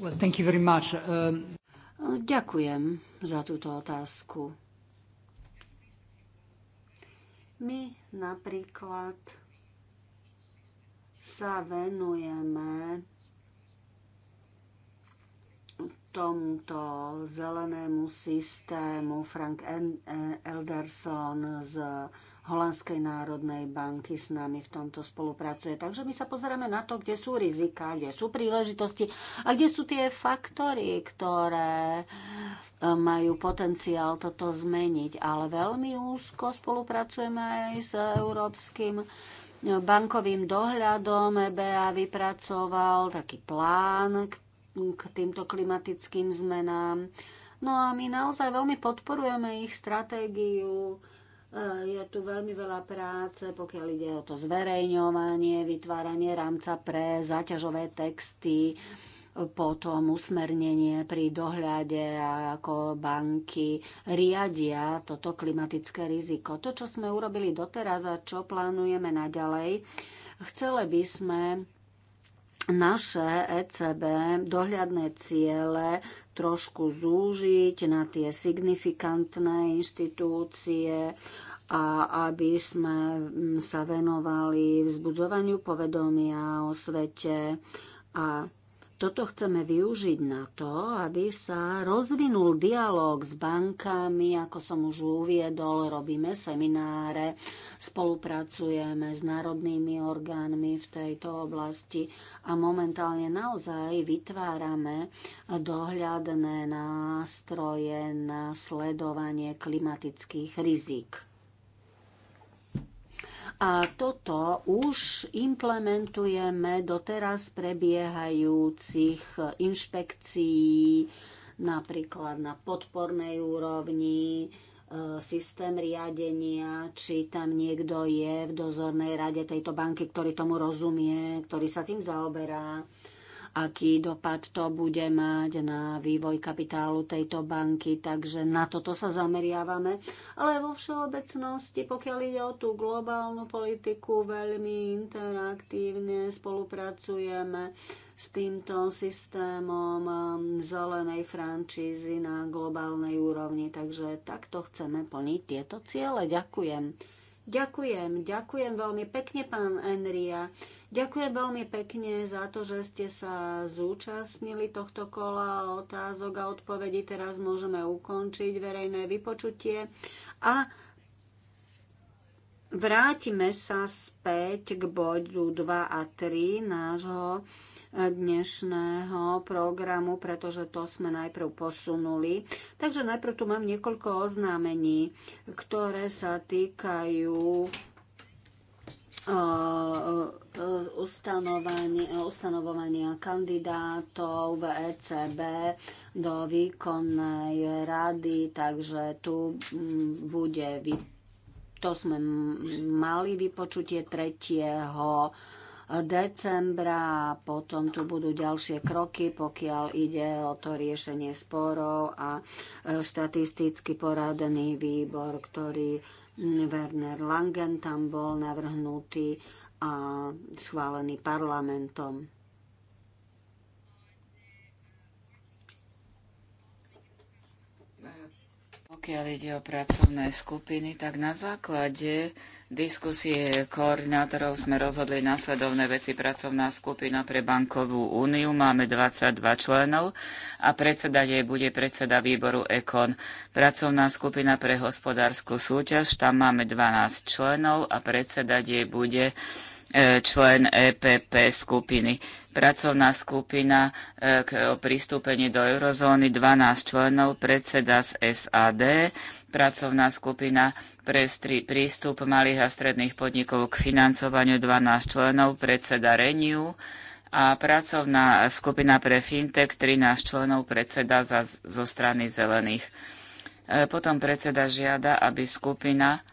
D: Well, thank you very much. Um... Ďakujem za túto otázku. My napríklad sa venujeme tomuto zelenému systému. Frank e- Elderson z Holandskej národnej banky s nami v tomto spolupracuje. Takže my sa pozeráme na to, kde sú rizika, kde sú príležitosti a kde sú tie faktory, ktoré e, majú potenciál toto zmeniť. Ale veľmi úzko spolupracujeme aj s Európskym e, bankovým dohľadom. EBA vypracoval taký plán k týmto klimatickým zmenám. No a my naozaj veľmi podporujeme ich stratégiu Eh, je tu veľmi veľa práce, pokiaľ ide o to zverejňovanie, vytváranie rámca pre záťažové texty, potom usmernenie pri dohľade, ako banky riadia toto klimatické riziko. To, čo sme urobili doteraz a čo plánujeme naďalej, chceli by sme naše ECB dohľadné ciele trošku zúžiť na tie signifikantné inštitúcie a aby sme sa venovali vzbudzovaniu povedomia o svete a toto chceme využiť na to, aby sa rozvinul dialog s bankami, ako som už uviedol, robíme semináre, spolupracujeme s národnými orgánmi v tejto oblasti a momentálne naozaj vytvárame dohľadné nástroje na sledovanie klimatických rizik. A toto už implementujeme doteraz prebiehajúcich inšpekcií, napríklad na podpornej úrovni, e, systém riadenia, či tam niekto je v dozornej rade tejto banky, ktorý tomu rozumie, ktorý sa tým zaoberá aký dopad to bude mať na vývoj kapitálu tejto banky, takže na toto sa zameriavame. Ale vo všeobecnosti, pokiaľ ide o tú globálnu politiku, veľmi interaktívne spolupracujeme s týmto systémom um, zelenej frančízy na globálnej úrovni. Takže takto chceme plniť tieto ciele. Ďakujem. Ďakujem, ďakujem veľmi pekne, pán Enria. Ďakujem veľmi pekne za to, že ste sa zúčastnili tohto kola otázok a odpovedí. Teraz môžeme ukončiť verejné vypočutie a vrátime sa späť k bodu 2 a 3 nášho dnešného programu, pretože to sme najprv posunuli. Takže najprv tu mám niekoľko oznámení, ktoré sa týkajú e, e, ustanovovania kandidátov v ECB do výkonnej rady, takže tu mm, bude, to sme mali vypočutie 3 decembra a potom tu budú ďalšie kroky, pokiaľ ide o to riešenie sporov a e, štatistický poradný výbor, ktorý Werner Langen tam bol navrhnutý a schválený
C: parlamentom. Pokiaľ ide o pracovné skupiny, tak na základe diskusie koordinátorov sme rozhodli následovné veci. Pracovná skupina pre bankovú úniu. Máme 22 členov a predseda jej bude predseda výboru EKON. Pracovná skupina pre hospodárskú súťaž. Tam máme 12 členov a predseda jej bude e, člen EPP skupiny. Pracovná skupina e, k pristúpení do eurozóny 12 členov, predseda z SAD, pracovná skupina pre prístup malých a stredných podnikov k financovaniu 12 členov, predseda RENIU a pracovná skupina pre fintech 13 členov, predseda za, zo strany zelených. E, potom predseda žiada, aby skupina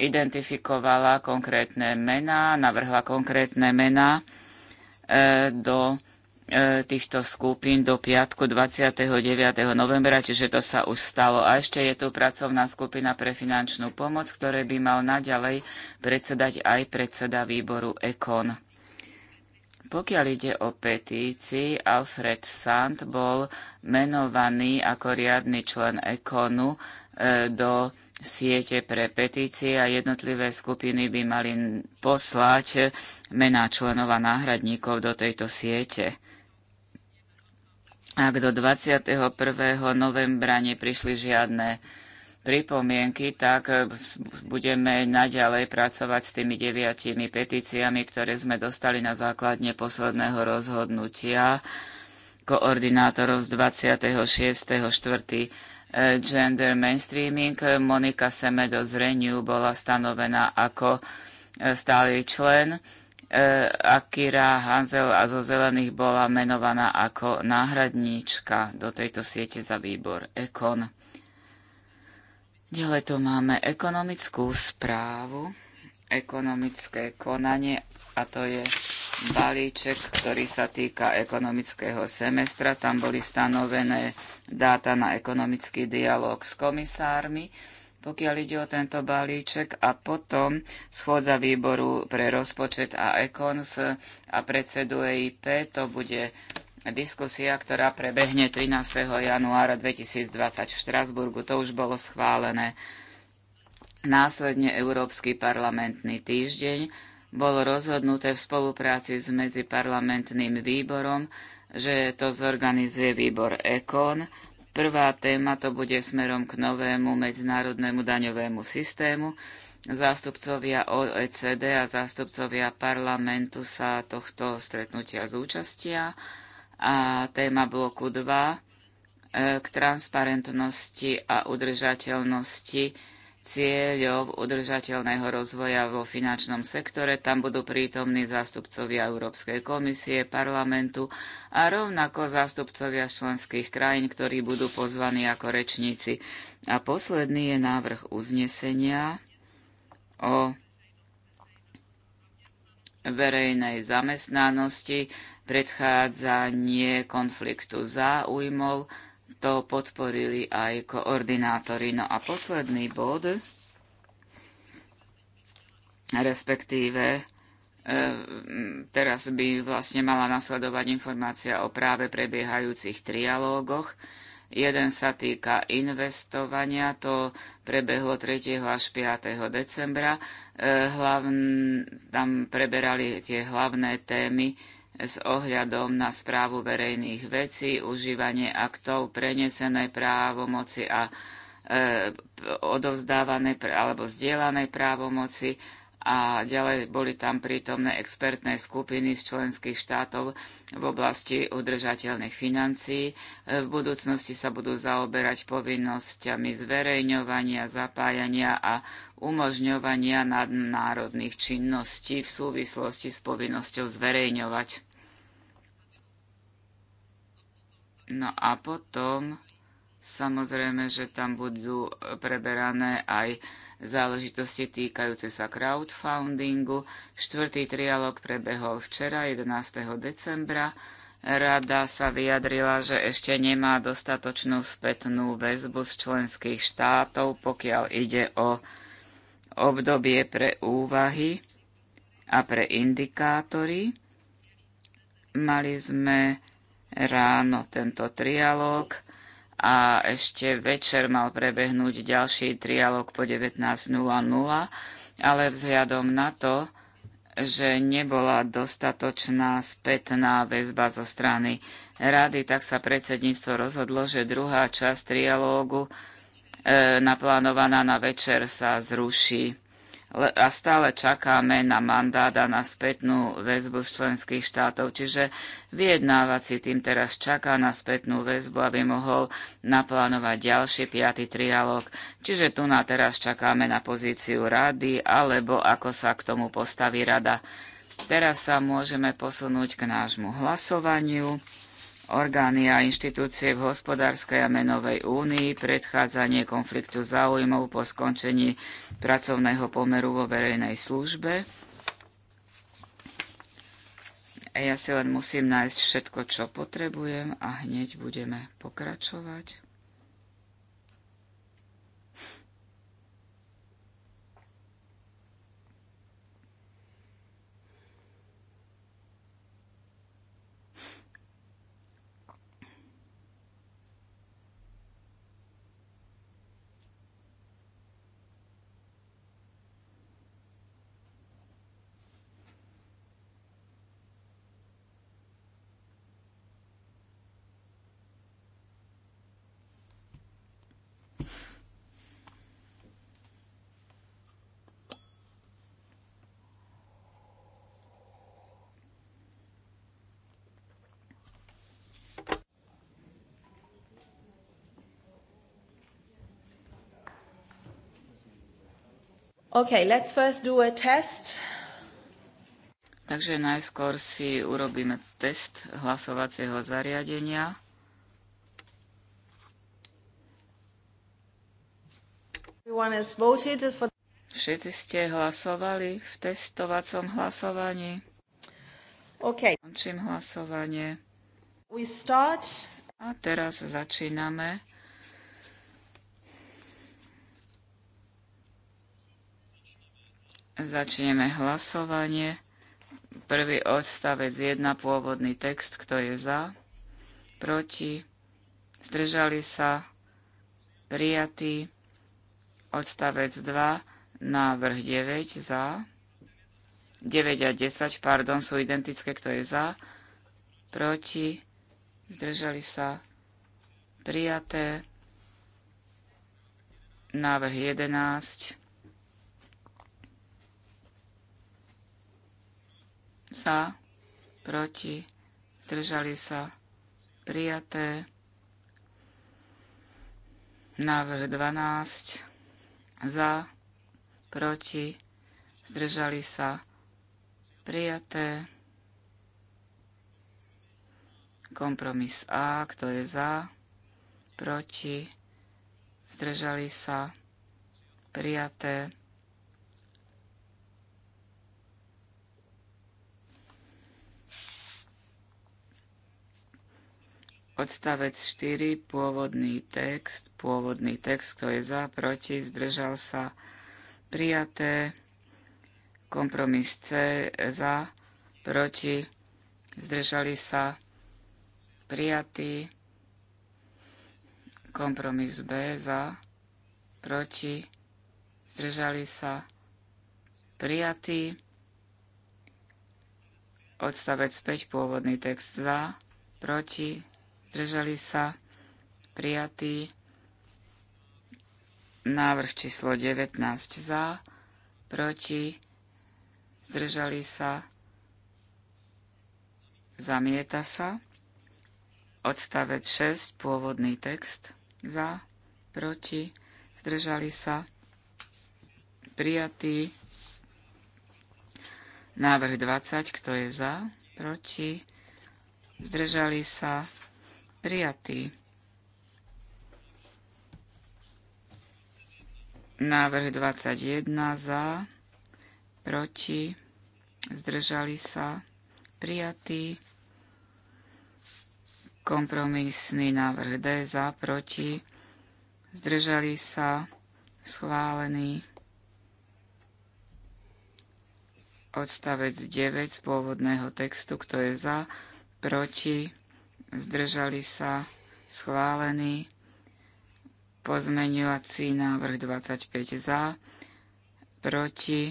C: identifikovala konkrétne mená, navrhla konkrétne mená e, do E, týchto skupín do piatku 29. novembra, čiže to sa už stalo. A ešte je tu pracovná skupina pre finančnú pomoc, ktoré by mal naďalej predsedať aj predseda výboru EKON. Pokiaľ ide o petícii, Alfred Sand bol menovaný ako riadny člen EKONu e, do siete pre petície a jednotlivé skupiny by mali poslať mená členov a náhradníkov do tejto siete. Ak do 21. novembra neprišli žiadne pripomienky, tak eh, budeme naďalej pracovať s tými deviatimi petíciami, ktoré sme dostali na základne posledného rozhodnutia koordinátorov z 26.4. Eh, gender mainstreaming. Monika Semedo z Renew bola stanovená ako eh, stály člen E, Akira Hanzel a zo Zelených bola menovaná ako náhradníčka do tejto siete za výbor Ekon. Ďalej tu máme ekonomickú správu, ekonomické konanie a to je balíček, ktorý sa týka ekonomického semestra. Tam boli stanovené dáta na ekonomický dialog s komisármi pokiaľ ide o tento balíček a potom schôdza výboru pre rozpočet a ekons a predsedu EIP. To bude diskusia, ktorá prebehne 13. januára 2020 v Štrasburgu. To už bolo schválené. Následne Európsky parlamentný týždeň bolo rozhodnuté v spolupráci s medziparlamentným výborom, že to zorganizuje výbor EKON Prvá téma to bude smerom k novému medzinárodnému daňovému systému. Zástupcovia OECD a zástupcovia parlamentu sa tohto stretnutia zúčastia. A téma bloku 2 e, k transparentnosti a udržateľnosti cieľov udržateľného rozvoja vo finančnom sektore. Tam budú prítomní zástupcovia Európskej komisie, parlamentu a rovnako zástupcovia členských krajín, ktorí budú pozvaní ako rečníci. A posledný je návrh uznesenia o verejnej zamestnanosti, predchádzanie konfliktu záujmov, to podporili aj koordinátori. No a posledný bod, respektíve e, teraz by vlastne mala nasledovať informácia o práve prebiehajúcich trialógoch. Jeden sa týka investovania, to prebehlo 3. až 5. decembra. E, Hlavn, tam preberali tie hlavné témy s ohľadom na správu verejných vecí, užívanie aktov, prenesené právomoci a e, odovzdávané alebo zdieľané právomoci a ďalej boli tam prítomné expertné skupiny z členských štátov v oblasti udržateľných financií. E, v budúcnosti sa budú zaoberať povinnosťami zverejňovania, zapájania a umožňovania nadnárodných činností v súvislosti s povinnosťou zverejňovať. No a potom samozrejme, že tam budú preberané aj záležitosti týkajúce sa crowdfundingu. Štvrtý trialog prebehol včera, 11. decembra. Rada sa vyjadrila, že ešte nemá dostatočnú spätnú väzbu z členských štátov, pokiaľ ide o obdobie pre úvahy a pre indikátory. Mali sme ráno tento trialóg a ešte večer mal prebehnúť ďalší trialóg po 19.00, ale vzhľadom na to, že nebola dostatočná spätná väzba zo strany rady, tak sa predsedníctvo rozhodlo, že druhá časť trialógu e, naplánovaná na večer sa zruší a stále čakáme na mandát a na spätnú väzbu z členských štátov. Čiže vyjednávací tým teraz čaká na spätnú väzbu, aby mohol naplánovať ďalší piaty trialog, Čiže tu na teraz čakáme na pozíciu rady alebo ako sa k tomu postaví rada. Teraz sa môžeme posunúť k nášmu hlasovaniu orgány a inštitúcie v hospodárskej a menovej únii, predchádzanie konfliktu záujmov po skončení pracovného pomeru vo verejnej službe. Ja si len musím nájsť všetko, čo potrebujem a hneď budeme pokračovať.
A: Okay, let's first do a test.
C: Takže najskôr si urobíme test hlasovacieho zariadenia. Všetci ste hlasovali v testovacom hlasovaní. OK. Končím hlasovanie. A teraz začíname Začneme hlasovanie. Prvý odstavec 1, pôvodný text, kto je za, proti, zdržali sa, prijatý. Odstavec 2, návrh 9, za, 9 a 10, pardon, sú identické, kto je za, proti, zdržali sa, prijaté. Návrh 11, sa, proti, zdržali sa, prijaté. Návrh 12, za, proti, zdržali sa, prijaté. Kompromis A, kto je za, proti, zdržali sa, prijaté. Odstavec 4, pôvodný text, pôvodný text, kto je za, proti, zdržal sa, prijaté. Kompromis C, za, proti, zdržali sa, prijatý. Kompromis B, za, proti, zdržali sa, prijatý. Odstavec 5, pôvodný text za, proti, zdržali sa, prijatý. Návrh číslo 19 za, proti, zdržali sa, zamieta sa. Odstavec 6, pôvodný text, za, proti, zdržali sa, prijatý. Návrh 20, kto je za, proti, zdržali sa, Prijatý. Návrh 21 za, proti, zdržali sa, prijatý. Kompromisný návrh D za, proti, zdržali sa, schválený. Odstavec 9 z pôvodného textu, kto je za, proti, zdržali sa, schválený. Pozmeňovací návrh 25 za, proti,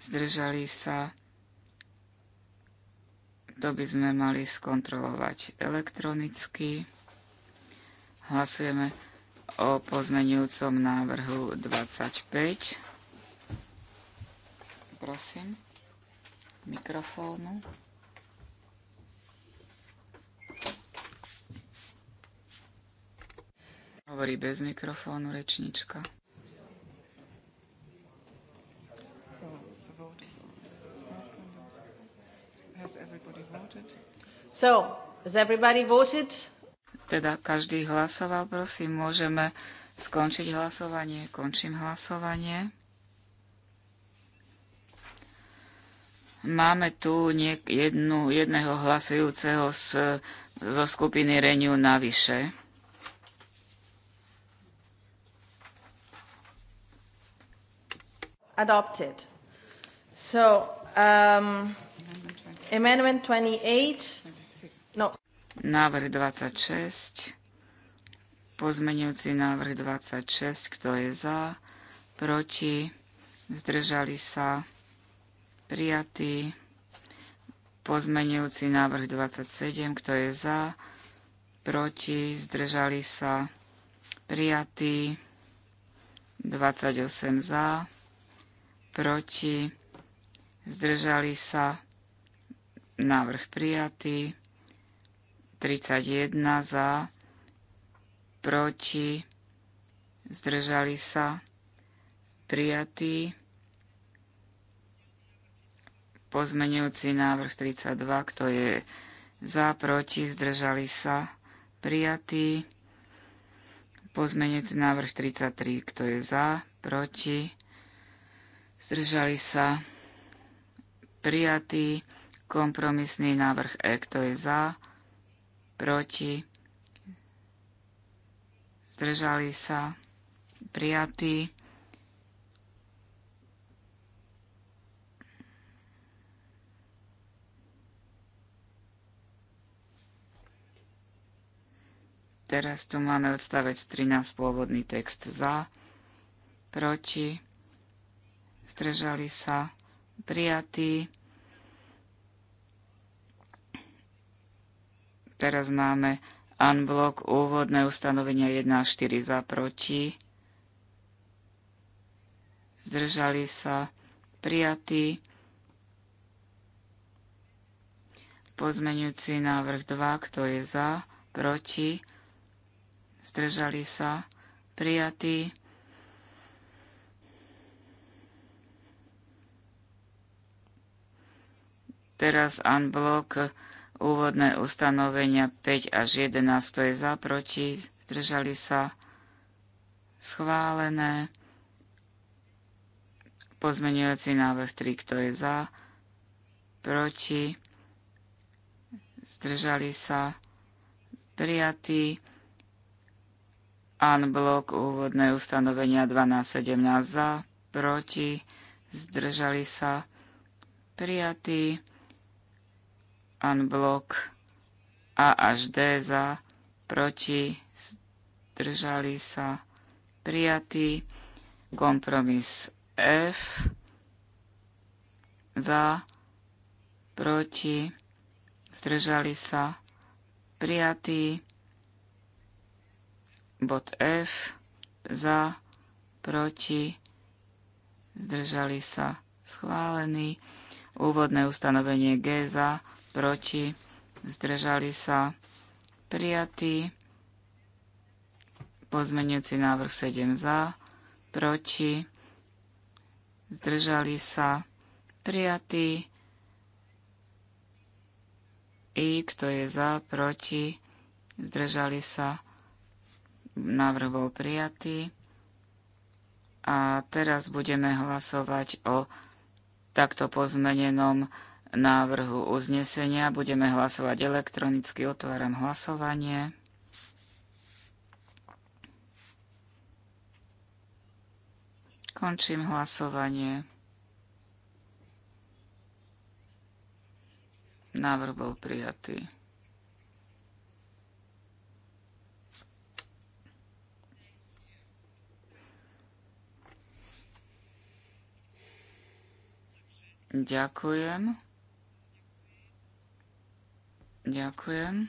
C: zdržali sa. To by sme mali skontrolovať elektronicky. Hlasujeme o pozmeňujúcom návrhu 25. Prosím, mikrofónu. Hovorí bez mikrofónu rečnička. So, has everybody voted? Teda každý hlasoval, prosím, môžeme skončiť hlasovanie. Končím hlasovanie. Máme tu jednu, jedného hlasujúceho z, zo skupiny Renew navyše.
A: adopted. So, um, amendment 28, no.
C: Návrh 26, pozmeňujúci návrh 26, kto je za, proti, zdržali sa, prijatý, Pozmeňujúci návrh 27, kto je za, proti, zdržali sa, prijatý, 28 za, proti, zdržali sa, návrh prijatý, 31 za, proti, zdržali sa, prijatý, pozmenujúci návrh 32, kto je za, proti, zdržali sa, prijatý, pozmenujúci návrh 33, kto je za, proti, Zdržali sa prijatý kompromisný návrh E, kto je za, proti, zdržali sa, prijatý. Teraz tu máme odstavec 13, pôvodný text za, proti, zdržali sa prijatí. Teraz máme unblock úvodné ustanovenia 1 a 4 za proti. Zdržali sa prijatí. Pozmeňujúci návrh 2, kto je za, proti, zdržali sa, prijatí Teraz unblock úvodné ustanovenia 5 až 11, to je za, proti, zdržali sa, schválené. Pozmeňujúci návrh 3, kto je za, proti, zdržali sa, prijatý. Unblock úvodné ustanovenia 17 za, proti, zdržali sa, prijatý unblock A až D za, proti, zdržali sa, prijatý, kompromis F za, proti, zdržali sa, prijatý, bod F za, proti, zdržali sa, schválený, úvodné ustanovenie G za, proti, zdržali sa, prijatý. Pozmenujúci návrh 7 za, proti, zdržali sa, prijatý. I, kto je za, proti, zdržali sa, návrh bol prijatý. A teraz budeme hlasovať o takto pozmenenom návrhu uznesenia. Budeme hlasovať elektronicky. Otváram hlasovanie. Končím hlasovanie. Návrh bol prijatý. Ďakujem. Ďakujem.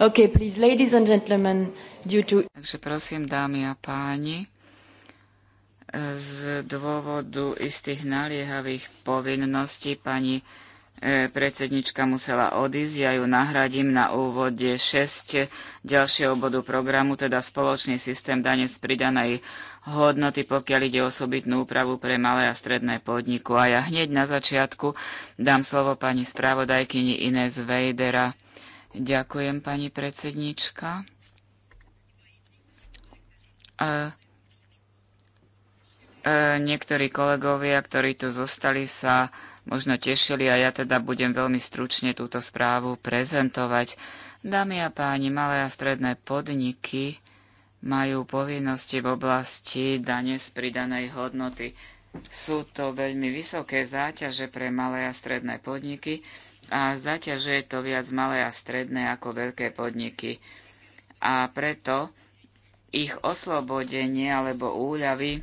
C: Okay, please, ladies and gentlemen, due to... Takže prosím, dámy a páni, z dôvodu istých naliehavých povinností pani e, predsednička musela odísť. Ja ju nahradím na úvode 6 ďalšieho bodu programu, teda spoločný systém dane z pridanej hodnoty, pokiaľ ide o osobitnú úpravu pre malé a stredné podniku. A ja hneď na začiatku dám slovo pani správodajkyni Ines Vejdera. Ďakujem, pani predsednička. E, e, niektorí kolegovia, ktorí tu zostali, sa možno tešili a ja teda budem veľmi stručne túto správu prezentovať. Dámy a páni, malé a stredné podniky majú povinnosti v oblasti dane z pridanej hodnoty. Sú to veľmi vysoké záťaže pre malé a stredné podniky, a zaťažuje to viac malé a stredné ako veľké podniky. A preto ich oslobodenie alebo úľavy e,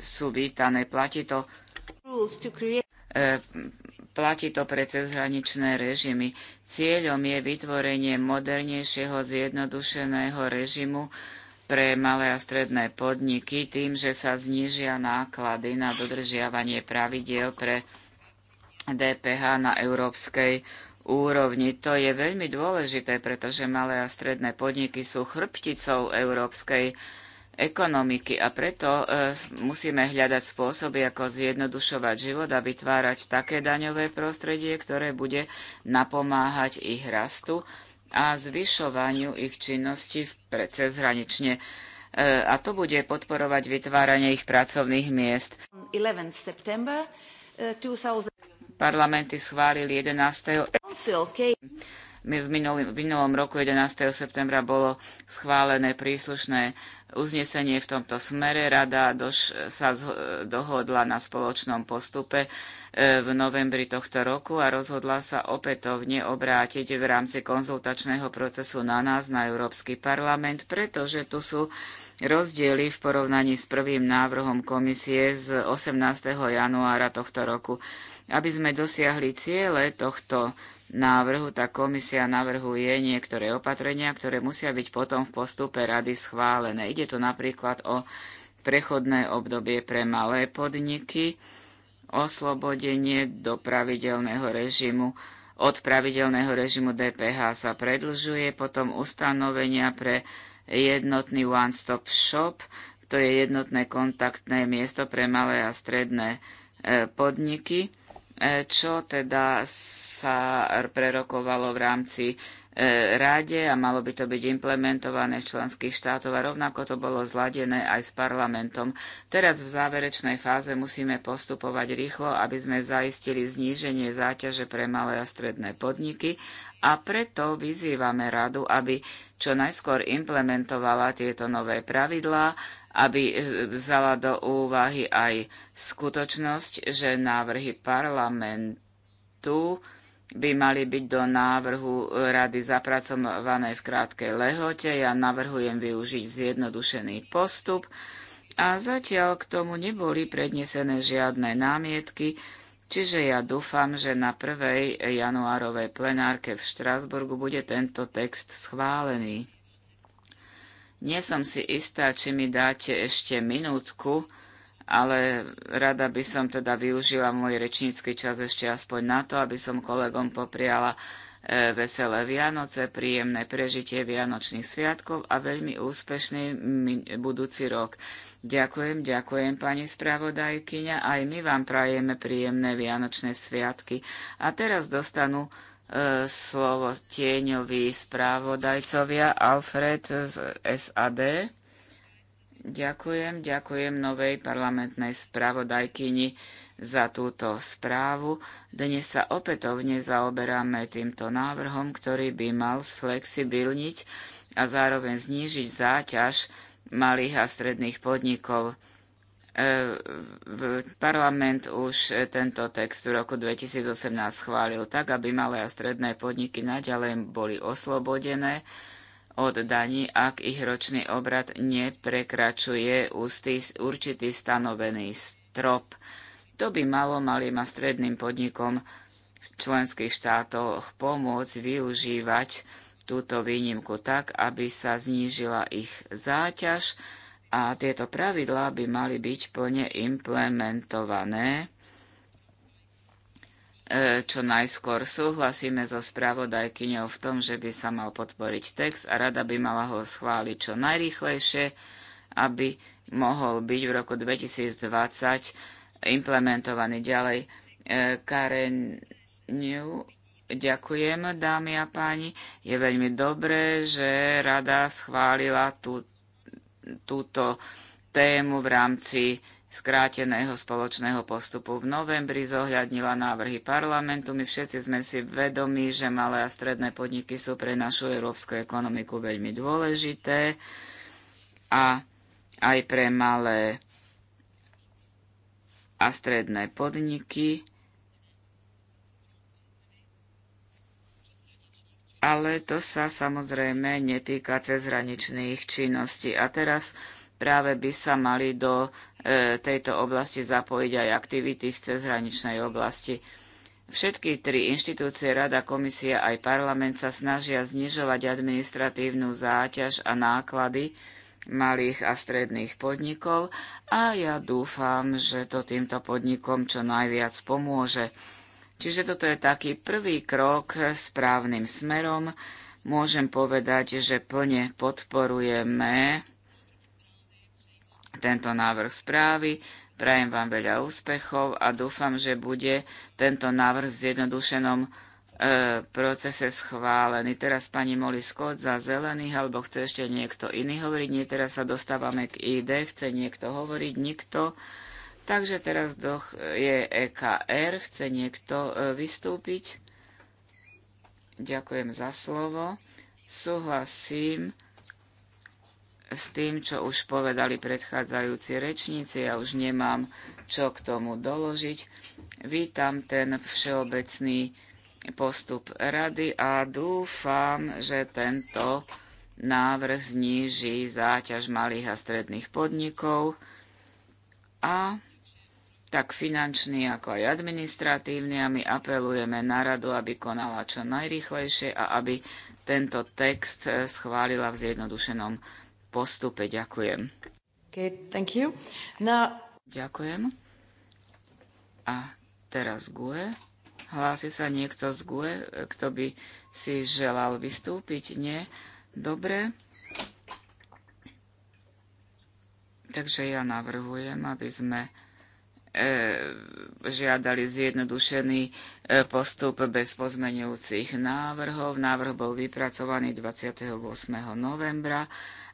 C: sú vítané. Platí to,
D: e,
C: platí to pre cezhraničné režimy. Cieľom je vytvorenie modernejšieho zjednodušeného režimu pre malé a stredné podniky tým, že sa znížia náklady na dodržiavanie pravidiel pre DPH na európskej úrovni. To je veľmi dôležité, pretože malé a stredné podniky sú chrbticou európskej ekonomiky a preto e, musíme hľadať spôsoby, ako zjednodušovať život a vytvárať také daňové prostredie, ktoré bude napomáhať ich rastu a zvyšovaniu ich činnosti pre cezhranične. E, a to bude podporovať vytváranie ich pracovných miest parlamenty schválili 11. V minulom, v minulom roku 11. septembra bolo schválené príslušné uznesenie v tomto smere. Rada doš, sa z, dohodla na spoločnom postupe e, v novembri tohto roku a rozhodla sa opätovne obrátiť v rámci konzultačného procesu na nás, na Európsky parlament, pretože tu sú rozdiely v porovnaní s prvým návrhom komisie z 18. januára tohto roku. Aby sme dosiahli ciele tohto návrhu, tak komisia navrhuje niektoré opatrenia, ktoré musia byť potom v postupe rady schválené. Ide to napríklad o prechodné obdobie pre malé podniky, oslobodenie do pravidelného režimu od pravidelného režimu DPH sa predlžuje, potom ustanovenia pre jednotný one-stop shop, to je jednotné kontaktné miesto pre malé a stredné e, podniky E, čo teda sa prerokovalo v rámci e, rade a malo by to byť implementované v členských štátoch a rovnako to bolo zladené aj s parlamentom. Teraz v záverečnej fáze musíme postupovať rýchlo, aby sme zaistili zníženie záťaže pre malé a stredné podniky a preto vyzývame radu, aby čo najskôr implementovala tieto nové pravidlá aby e, vzala do úvahy aj skutočnosť, že návrhy parlamentu by mali byť do návrhu rady zapracované v krátkej lehote. Ja navrhujem využiť zjednodušený postup a zatiaľ k tomu neboli prednesené žiadne námietky, čiže ja dúfam, že na 1. januárovej plenárke v Štrásburgu bude tento text schválený. Nie som si istá, či mi dáte ešte minútku, ale rada by som teda využila môj rečnícky čas ešte aspoň na to, aby som kolegom popriala e, veselé Vianoce, príjemné prežitie Vianočných sviatkov a veľmi úspešný budúci rok. Ďakujem, ďakujem pani spravodajkyňa, aj my vám prajeme príjemné Vianočné sviatky. A teraz dostanú E, slovo tieňoví správodajcovia Alfred z SAD. Ďakujem, ďakujem novej parlamentnej spravodajkyni za túto správu. Dnes sa opätovne zaoberáme týmto návrhom, ktorý by mal sflexibilniť a zároveň znížiť záťaž malých a stredných podnikov. E, parlament už e, tento text v roku 2018 schválil tak, aby malé a stredné podniky naďalej boli oslobodené od daní, ak ich ročný obrad neprekračuje určitý stanovený strop. To by malo malým a stredným podnikom v členských štátoch pomôcť využívať túto výnimku tak, aby sa znížila ich záťaž a tieto pravidlá by mali byť plne implementované. E, čo najskôr súhlasíme so spravodajkyňou v tom, že by sa mal podporiť text a rada by mala ho schváliť čo najrýchlejšie, aby mohol byť v roku 2020 implementovaný ďalej. E, Karen Ďakujem, dámy a páni. Je veľmi dobré, že rada schválila tú, túto tému v rámci skráteného spoločného postupu. V novembri zohľadnila návrhy parlamentu. My všetci sme si vedomi, že malé a stredné podniky sú pre našu európsku ekonomiku veľmi dôležité a aj pre malé a stredné podniky ale to sa samozrejme netýka cezhraničných činností. A teraz práve by sa mali do e, tejto oblasti zapojiť aj aktivity z cezhraničnej oblasti. Všetky tri inštitúcie, Rada, Komisia aj parlament sa snažia znižovať administratívnu záťaž a náklady malých a stredných podnikov a ja dúfam, že to týmto podnikom čo najviac pomôže. Čiže toto je taký prvý krok správnym smerom. Môžem povedať, že plne podporujeme tento návrh správy. Prajem vám veľa úspechov a dúfam, že bude tento návrh v zjednodušenom e, procese schválený. Teraz pani Molly Scott za zelených, alebo chce ešte niekto iný hovoriť. Nie, teraz sa dostávame k ID. Chce niekto hovoriť? Nikto. Nikto. Takže teraz doch e, je EKR. Chce niekto e, vystúpiť? Ďakujem za slovo. Súhlasím s tým, čo už povedali predchádzajúci rečníci. Ja už nemám čo k tomu doložiť. Vítam ten všeobecný postup rady a dúfam, že tento návrh zníži záťaž malých a stredných podnikov a tak finančný ako aj administratívny a my apelujeme na radu, aby konala čo najrychlejšie a aby tento text eh, schválila v zjednodušenom postupe. Ďakujem.
A: Okay, thank you. Now...
C: Ďakujem. A teraz GUE. Hlási sa niekto z GUE, eh, kto by si želal vystúpiť? Nie. Dobre. Takže ja navrhujem, aby sme E, žiadali zjednodušený e, postup bez pozmenujúcich návrhov. Návrh bol vypracovaný 28. novembra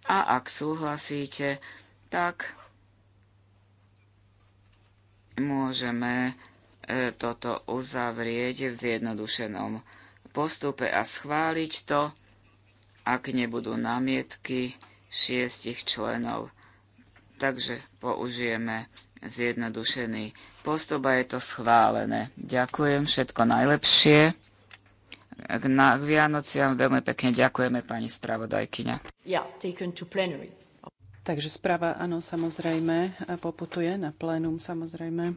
C: a ak súhlasíte, tak môžeme e, toto uzavrieť v zjednodušenom postupe a schváliť to, ak nebudú námietky šiestich členov. Takže použijeme zjednodušený postup a je to schválené. Ďakujem, všetko najlepšie. K, na, k Vianociam veľmi pekne ďakujeme pani spravodajkyňa.
B: Yeah, Takže správa, áno, samozrejme, poputuje na plénum, samozrejme.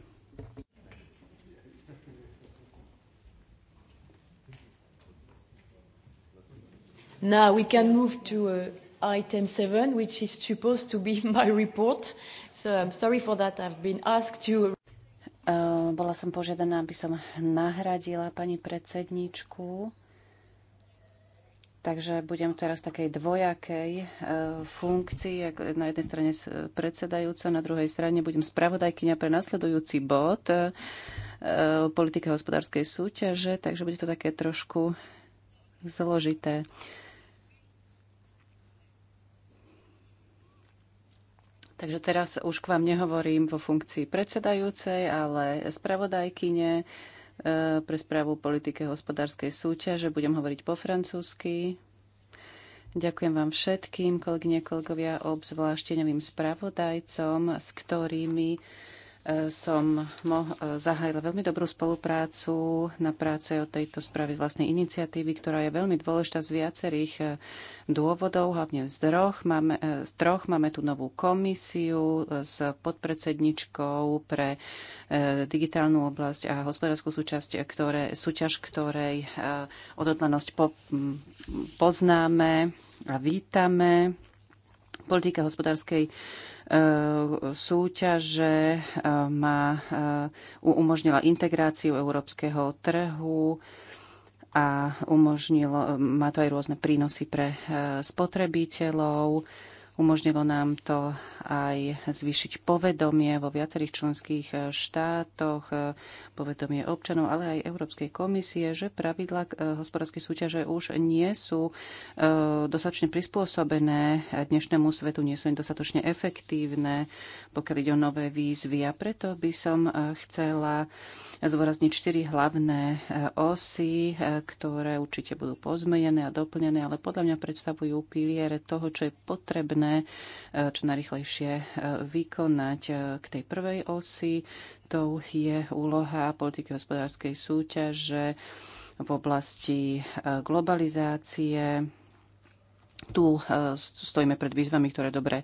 A: Now we can move to uh item seven, which is supposed to be [laughs] my report.
B: So I'm sorry for that. I've been asked to... Uh, bola som požiadaná, aby som nahradila pani predsedničku. Takže budem teraz takej dvojakej funkcii, na jednej strane predsedajúca, na druhej strane budem spravodajkyňa pre nasledujúci bod politiky politike hospodárskej súťaže, takže bude to také trošku zložité. Takže teraz už k vám nehovorím vo funkcii predsedajúcej, ale spravodajkyne e, pre správu politike hospodárskej súťaže. Budem hovoriť po francúzsky. Ďakujem vám všetkým, kolegyne, kolegovia, obzvlášť novým spravodajcom, s ktorými som zahájila veľmi dobrú spoluprácu na práce o tejto správe vlastnej iniciatívy, ktorá je veľmi dôležitá z viacerých e, dôvodov, hlavne z troch. Máme, e, z troch máme tu novú komisiu e, s podpredsedničkou pre digitálnu oblasť a hospodárskú súčasť, ktoré, súťaž, ktorej odhodlanosť po- poznáme a vítame. Politika hospodárskej Eh, súťaže, eh, má, eh, umožnila integráciu európskeho trhu a umožnilo, má to aj rôzne prínosy pre spotrebiteľov Umožnilo nám to aj zvýšiť povedomie vo viacerých členských štátoch, povedomie občanov, ale aj Európskej komisie, že pravidla e, hospodárskej súťaže už nie sú e, dostatočne prispôsobené dnešnému svetu, nie sú dostatočne efektívne, pokiaľ ide o nové výzvy. A preto by som e, chcela zvorazniť štyri hlavné osy, ktoré určite budú pozmenené a doplnené, ale podľa mňa predstavujú piliere toho, čo je potrebné E, čo najrychlejšie e, vykonať. E, k tej prvej osi tou je úloha politiky hospodárskej súťaže v oblasti globalizácie. Tu stojíme pred výzvami, ktoré dobre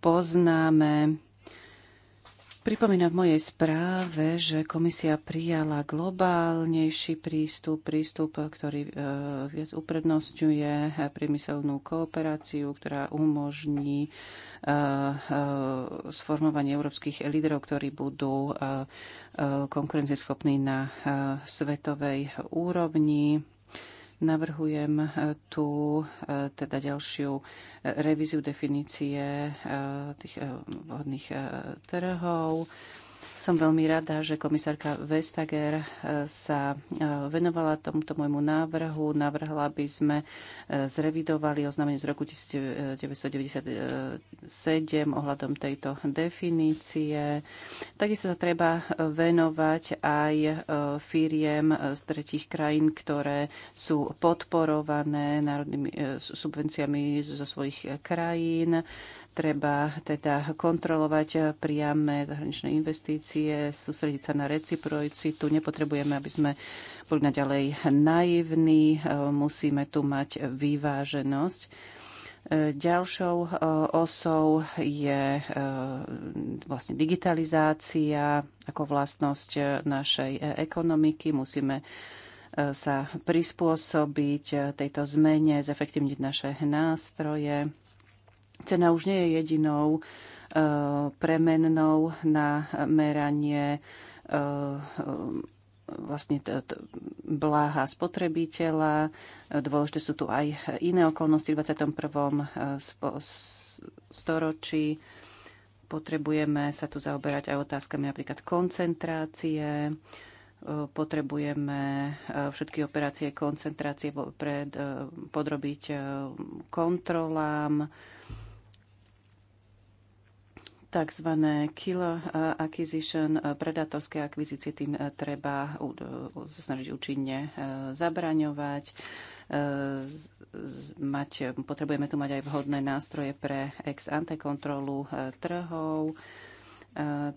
B: poznáme Pripomína v mojej správe, že komisia prijala globálnejší prístup, prístup, ktorý e, viac uprednostňuje priemyselnú kooperáciu, ktorá umožní e, e, sformovanie európskych líderov, ktorí budú konkurencieschopní na svetovej úrovni Navrhujem e, tu e, teda ďalšiu e, revíziu definície tých vhodných trhov, som veľmi rada, že komisárka Vestager eh, sa eh, venovala tomuto môjmu návrhu. Navrhla, aby sme eh, zrevidovali oznámenie z roku 1997 ohľadom tejto definície. Takisto sa treba venovať aj firiem z tretich krajín, ktoré sú podporované národnými subvenciami zo svojich krajín Treba teda kontrolovať priame zahraničné investície, sústrediť sa na reciprocitu. Nepotrebujeme, aby sme boli naďalej naivní. Musíme tu mať vyváženosť. Ďalšou eh, osou je eh, vlastne digitalizácia ako vlastnosť eh, našej ekonomiky. Musíme sa prispôsobiť tejto zmene, zefektívniť naše nástroje. Cena už nie je jedinou e, premennou na meranie e, e, vlastne bláha spotrebiteľa. Dôležité sú tu aj iné okolnosti v 21. storočí. Potrebujeme sa tu zaoberať aj otázkami napríklad koncentrácie, potrebujeme všetky operácie koncentrácie pred, podrobiť kontrolám, tzv. killer acquisition, e, predatorské akvizície, tým e, treba e, snažiť účinne zabraňovať. Mať, potrebujeme tu mať aj vhodné nástroje pre ex ante kontrolu trhov.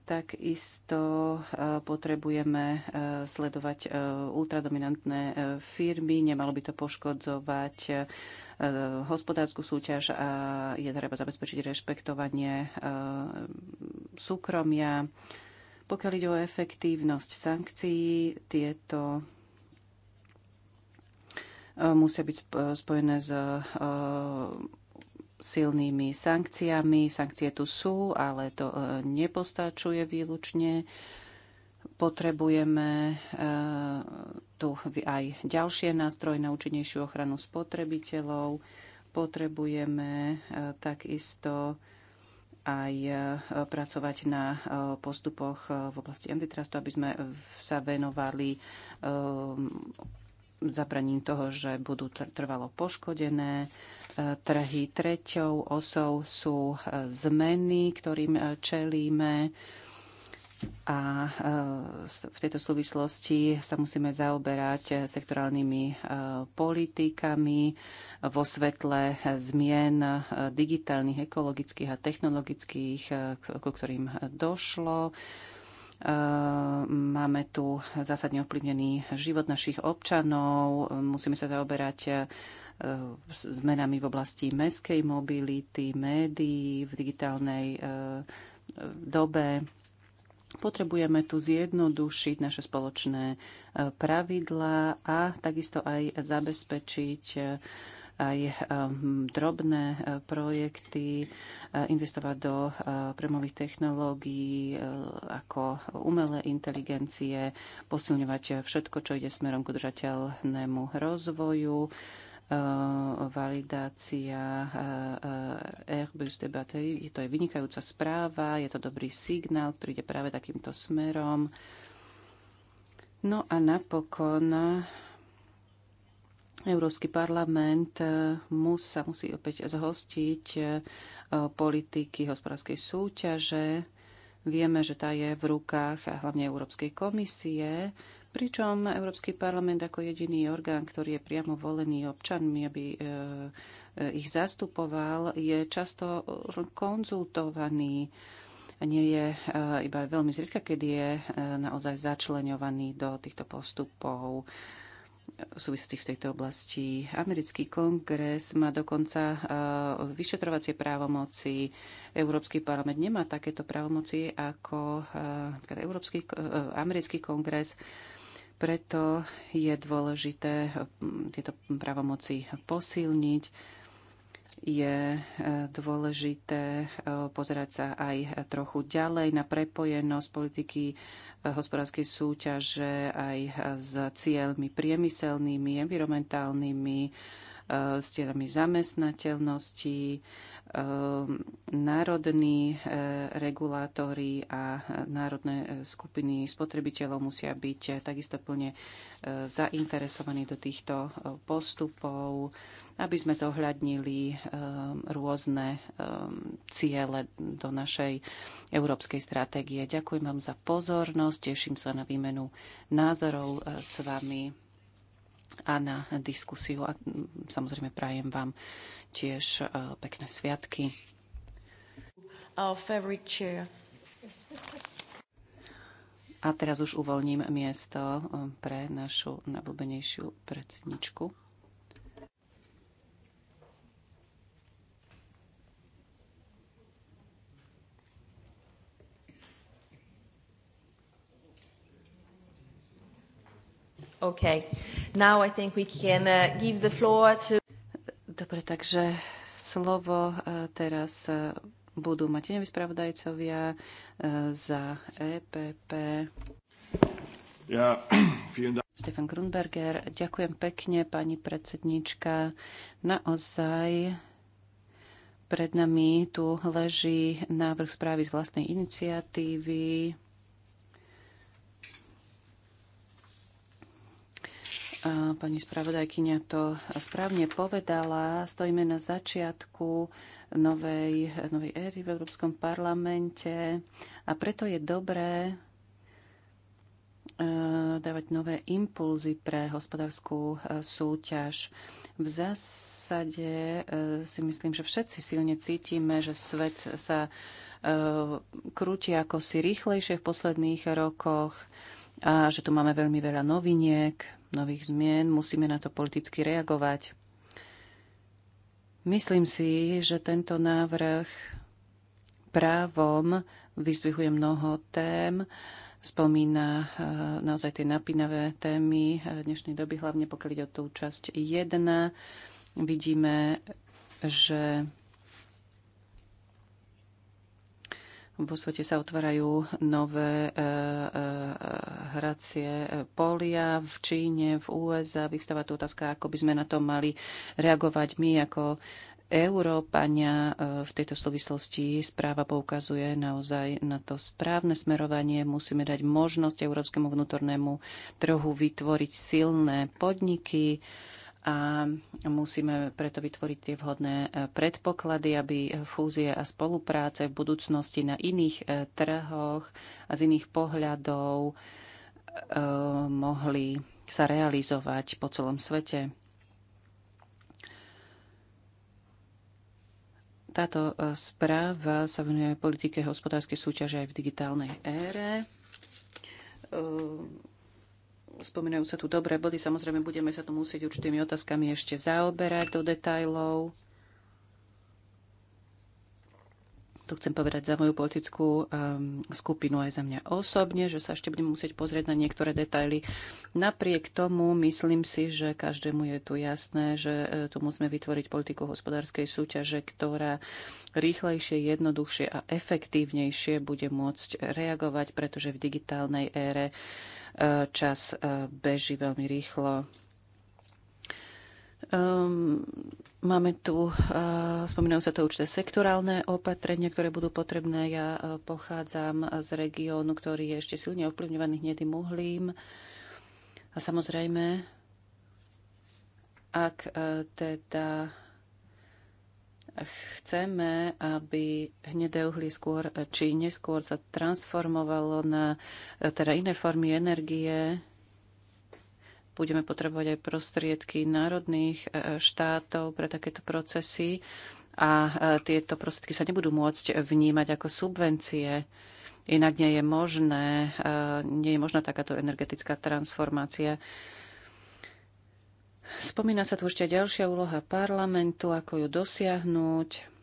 B: Takisto potrebujeme sledovať ultradominantné firmy. Nemalo by to poškodzovať Eh, hospodárskú súťaž a je treba zabezpečiť rešpektovanie eh, súkromia. Pokiaľ ide o efektívnosť sankcií, tieto eh, musia byť spojené s silnými sankciami. Sankcie tu sú, ale to nepostačuje výlučne. Potrebujeme eh, tu aj ďalšie nástroje na účinnejšiu ochranu spotrebiteľov. Potrebujeme eh, takisto aj eh, pracovať na postupoch v oblasti antitrastu, aby sme sa venovali zabraním toho, že budú trvalo poškodené trhy. Treťou osou sú zmeny, ktorým čelíme a e, v tejto súvislosti sa musíme zaoberať sektorálnymi e, politikami vo svetle zmien e, digitálnych, ekologických a technologických, ku ktorým došlo. Máme tu zásadne ovplyvnený život našich občanov, musíme sa zaoberať zmenami v oblasti meskej mobility, médií, v digitálnej dobe Potrebujeme tu zjednodušiť naše spoločné e, pravidlá a takisto aj zabezpečiť e, aj e, drobné projekty, investovať do premových technológií ako umelé inteligencie, posilňovať všetko, čo ide smerom k udržateľnému rozvoju Eh, validácia eh, eh, Airbus de batterie. To je vynikajúca správa, je to dobrý signál, ktorý ide práve takýmto smerom. No a napokon Európsky parlament sa musí opäť zhostiť politiky hospodárskej súťaže. Vieme, že tá je v rukách hlavne Európskej komisie pričom Európsky parlament ako jediný orgán, ktorý je priamo volený občanmi, aby e, e, ich zastupoval, je často konzultovaný nie je e, iba veľmi zriedka, keď je naozaj začleňovaný do týchto postupov súvisiacich v tejto oblasti. Americký kongres má dokonca vyšetrovacie právomoci. Európsky parlament nemá takéto právomoci ako Európsky, americký kongres. Preto je dôležité mm, tieto právomoci posilniť. Je e, dôležité e, pozerať sa aj trochu ďalej na prepojenosť politiky e, hospodárskej súťaže aj s cieľmi priemyselnými, environmentálnymi, s cieľami zamestnateľnosti Ehm, národní e, regulátory a národné e, skupiny spotrebiteľov musia byť e, takisto plne zainteresovaní do týchto postupov, aby sme zohľadnili rôzne ciele do našej európskej stratégie. Ďakujem vám za pozornosť, teším sa na výmenu názorov s vami a na diskusiu a samozrejme prajem vám tiež e, pekné sviatky.
A: Our chair.
B: A teraz už uvoľním miesto e, pre našu najblúbenejšiu predsedničku. Okay. Now I think we can uh, give the floor to Dobre, takže slovo e, teraz e, budú mať spravodajcovia e, za EPP.
D: Ja, [clears throat]
B: Stefan Grunberger, ďakujem pekne, pani predsednička. Naozaj pred nami tu leží návrh správy z vlastnej iniciatívy Pani spravodajkyňa to správne povedala. Stojíme na začiatku novej, novej éry v Európskom parlamente a preto je dobré e, dávať nové impulzy pre hospodárskú e, súťaž. V zásade e, si myslím, že všetci silne cítime, že svet sa krúti ako si rýchlejšie v posledných rokoch a že tu máme veľmi veľa noviniek, nových zmien, musíme na to politicky reagovať. Myslím si, že tento návrh právom vyzdvihuje mnoho tém, spomína e, naozaj tie napínavé témy e, dnešnej doby, hlavne pokiaľ ide o tú časť 1. Vidíme, že Vo svete sa otvárajú nové e, e, hracie e, polia v Číne, v USA. Vyvstáva tu otázka, ako by sme na to mali reagovať my ako Európania v tejto súvislosti správa poukazuje naozaj na to správne smerovanie. Musíme dať možnosť európskemu vnútornému trhu vytvoriť silné podniky, a musíme preto vytvoriť tie vhodné e, predpoklady, aby e, fúzie a spolupráce v budúcnosti na iných e, trhoch a z iných pohľadov mohli sa realizovať po celom svete. Táto správa sa venuje politike hospodárskej súťaže aj v digitálnej ére Spomínajú sa tu dobré body, samozrejme budeme sa tu musieť určitými otázkami ešte zaoberať do detajlov. To chcem povedať za moju politickú um, skupinu aj za mňa osobne, že sa ešte budem musieť pozrieť na niektoré detaily. Napriek tomu myslím si, že každému je tu jasné, že e, tu musíme vytvoriť politiku hospodárskej súťaže, ktorá rýchlejšie, jednoduchšie a efektívnejšie bude môcť reagovať, pretože v digitálnej ére e, čas e, beží veľmi rýchlo. Um, máme tu, uh, spomínajú sa to určité sektorálne opatrenia, ktoré budú potrebné. Ja uh, pochádzam z regiónu, ktorý je ešte silne ovplyvňovaný hnedým uhlím. A samozrejme, ak uh, teda chceme, aby hnedé uhlie skôr či neskôr sa transformovalo na uh, teda iné formy energie, budeme potrebovať aj prostriedky národných e, štátov pre takéto procesy a e, tieto prostriedky sa nebudú môcť vnímať ako subvencie. Inak nie je, možné, e, nie je možná takáto energetická transformácia. Spomína sa tu ešte ďalšia úloha parlamentu, ako ju dosiahnuť.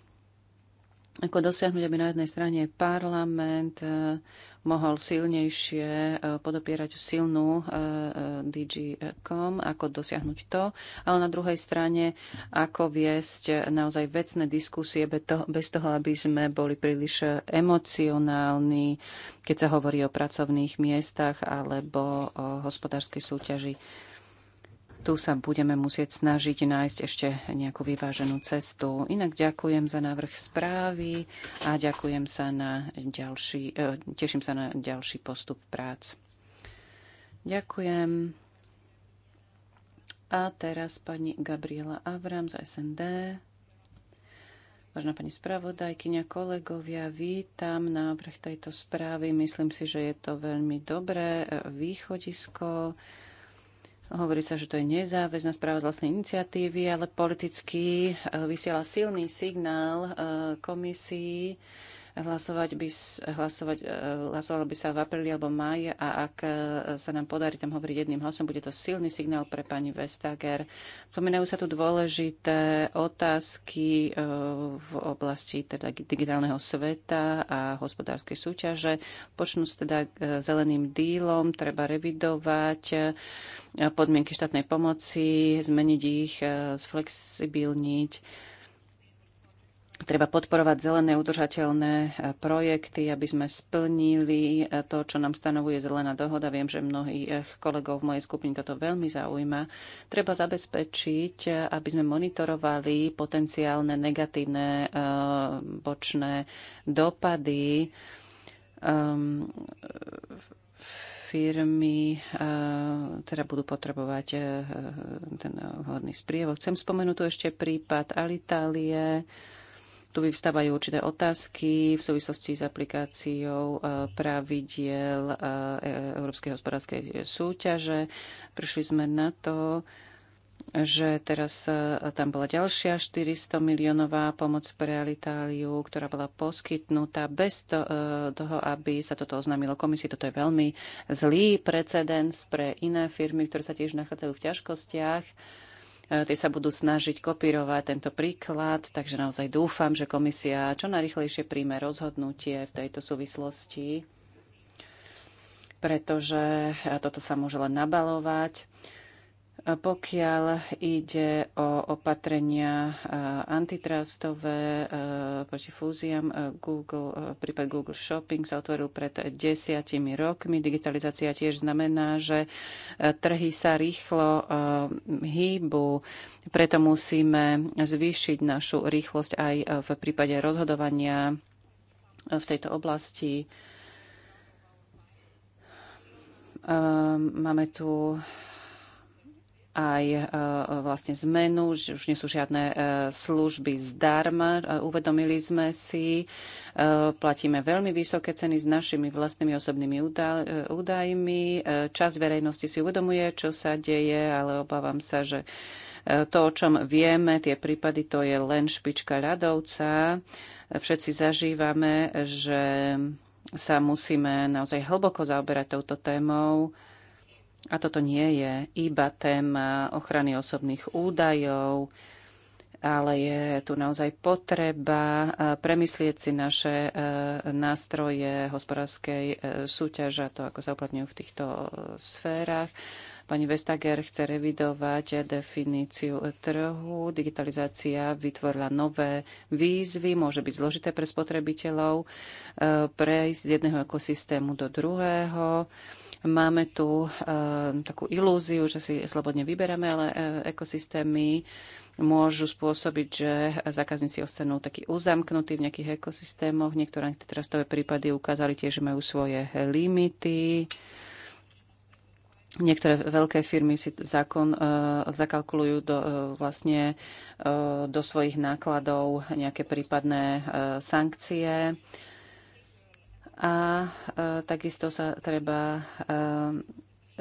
B: Ako dosiahnuť, aby na jednej strane parlament mohol silnejšie e, podopierať silnú e, e, DG.com, ako dosiahnuť to, ale na druhej strane, ako viesť naozaj vecné diskusie bez toho, aby sme boli príliš emocionálni, keď sa hovorí o pracovných miestach alebo o hospodárskej súťaži. Tu sa budeme musieť snažiť nájsť ešte nejakú vyváženú cestu. Inak ďakujem za návrh správy a ďakujem sa na ďalší, e, teším sa na ďalší postup prác. Ďakujem. A teraz pani Gabriela Avram z SND. Vážená pani spravodajkyňa, kolegovia, vítam návrh tejto správy. Myslím si, že je to veľmi dobré východisko Hovorí sa, že to je nezáväzná správa z vlastnej iniciatívy, ale politicky eh, vysiela silný signál eh, komisii, Hlasovať by, hlasovať, e, hlasovalo by sa v apríli alebo máji a ak e, sa nám podarí tam hovoriť jedným hlasom, bude to silný signál pre pani Vestager. Spomínajú sa tu dôležité otázky e, v oblasti teda digitálneho sveta a hospodárskej súťaže. Počnú sa teda zeleným dílom, treba revidovať podmienky štátnej pomoci, zmeniť ich, zflexibilniť Treba podporovať zelené udržateľné e, projekty, aby sme splnili e, to, čo nám stanovuje zelená dohoda. Viem, že mnohých e, kolegov v mojej skupine toto veľmi zaujíma. Treba zabezpečiť, aby sme monitorovali potenciálne negatívne bočné dopady ehm, firmy teda budú potrebovať ten hodný sprievod. Chcem spomenúť tu ešte prípad Alitalie, tu vyvstávajú určité otázky v súvislosti s aplikáciou eh, pravidiel eh, e, Európskej hospodárskej súťaže. Prišli sme na to, že teraz eh, tam bola ďalšia 400 miliónová pomoc pre Alitáliu, ktorá bola poskytnutá bez to, toho, aby sa toto oznámilo komisii. Toto je veľmi zlý precedens pre iné firmy, ktoré sa tiež nachádzajú v ťažkostiach Tie sa budú snažiť kopírovať tento príklad, takže naozaj dúfam, že komisia čo najrychlejšie príjme rozhodnutie v tejto súvislosti, pretože e, toto sa môže len nabalovať. Pokiaľ ide o opatrenia antitrustové proti fúziám, Google, prípad Google Shopping sa otvoril pred desiatimi rokmi. Digitalizácia tiež znamená, že trhy sa rýchlo hýbu, preto musíme zvýšiť našu rýchlosť aj v prípade rozhodovania v tejto oblasti. Máme tu aj e, vlastne zmenu, že už nie sú žiadne e, služby zdarma. E, uvedomili sme si, platíme veľmi vysoké ceny s našimi vlastnými osobnými údajmi. Časť verejnosti si uvedomuje, čo sa deje, ale obávam sa, že to, o čom vieme, tie prípady, to je len špička ľadovca. Všetci zažívame, že sa musíme naozaj hlboko zaoberať touto témou a toto nie je iba téma ochrany osobných údajov, ale je tu naozaj potreba eh, premyslieť si naše eh, nástroje hospodárskej eh, súťaže, to ako sa uplatňujú v týchto sférach. Pani Vestager chce revidovať definíciu trhu. Digitalizácia vytvorila nové výzvy, môže byť zložité pre spotrebiteľov prejsť z jedného ekosystému do druhého Máme tu eh, takú ilúziu, že si slobodne vyberáme, ale eh, ekosystémy môžu spôsobiť, že zákazníci ostanú takí uzamknutí v nejakých ekosystémoch. Niektoré trastové prípady ukázali tiež, že majú svoje limity. Niektoré veľké firmy si zákon e, zakalkulujú do, e, vlastne e, do svojich nákladov nejaké prípadné e, sankcie. E, a e, takisto sa treba e,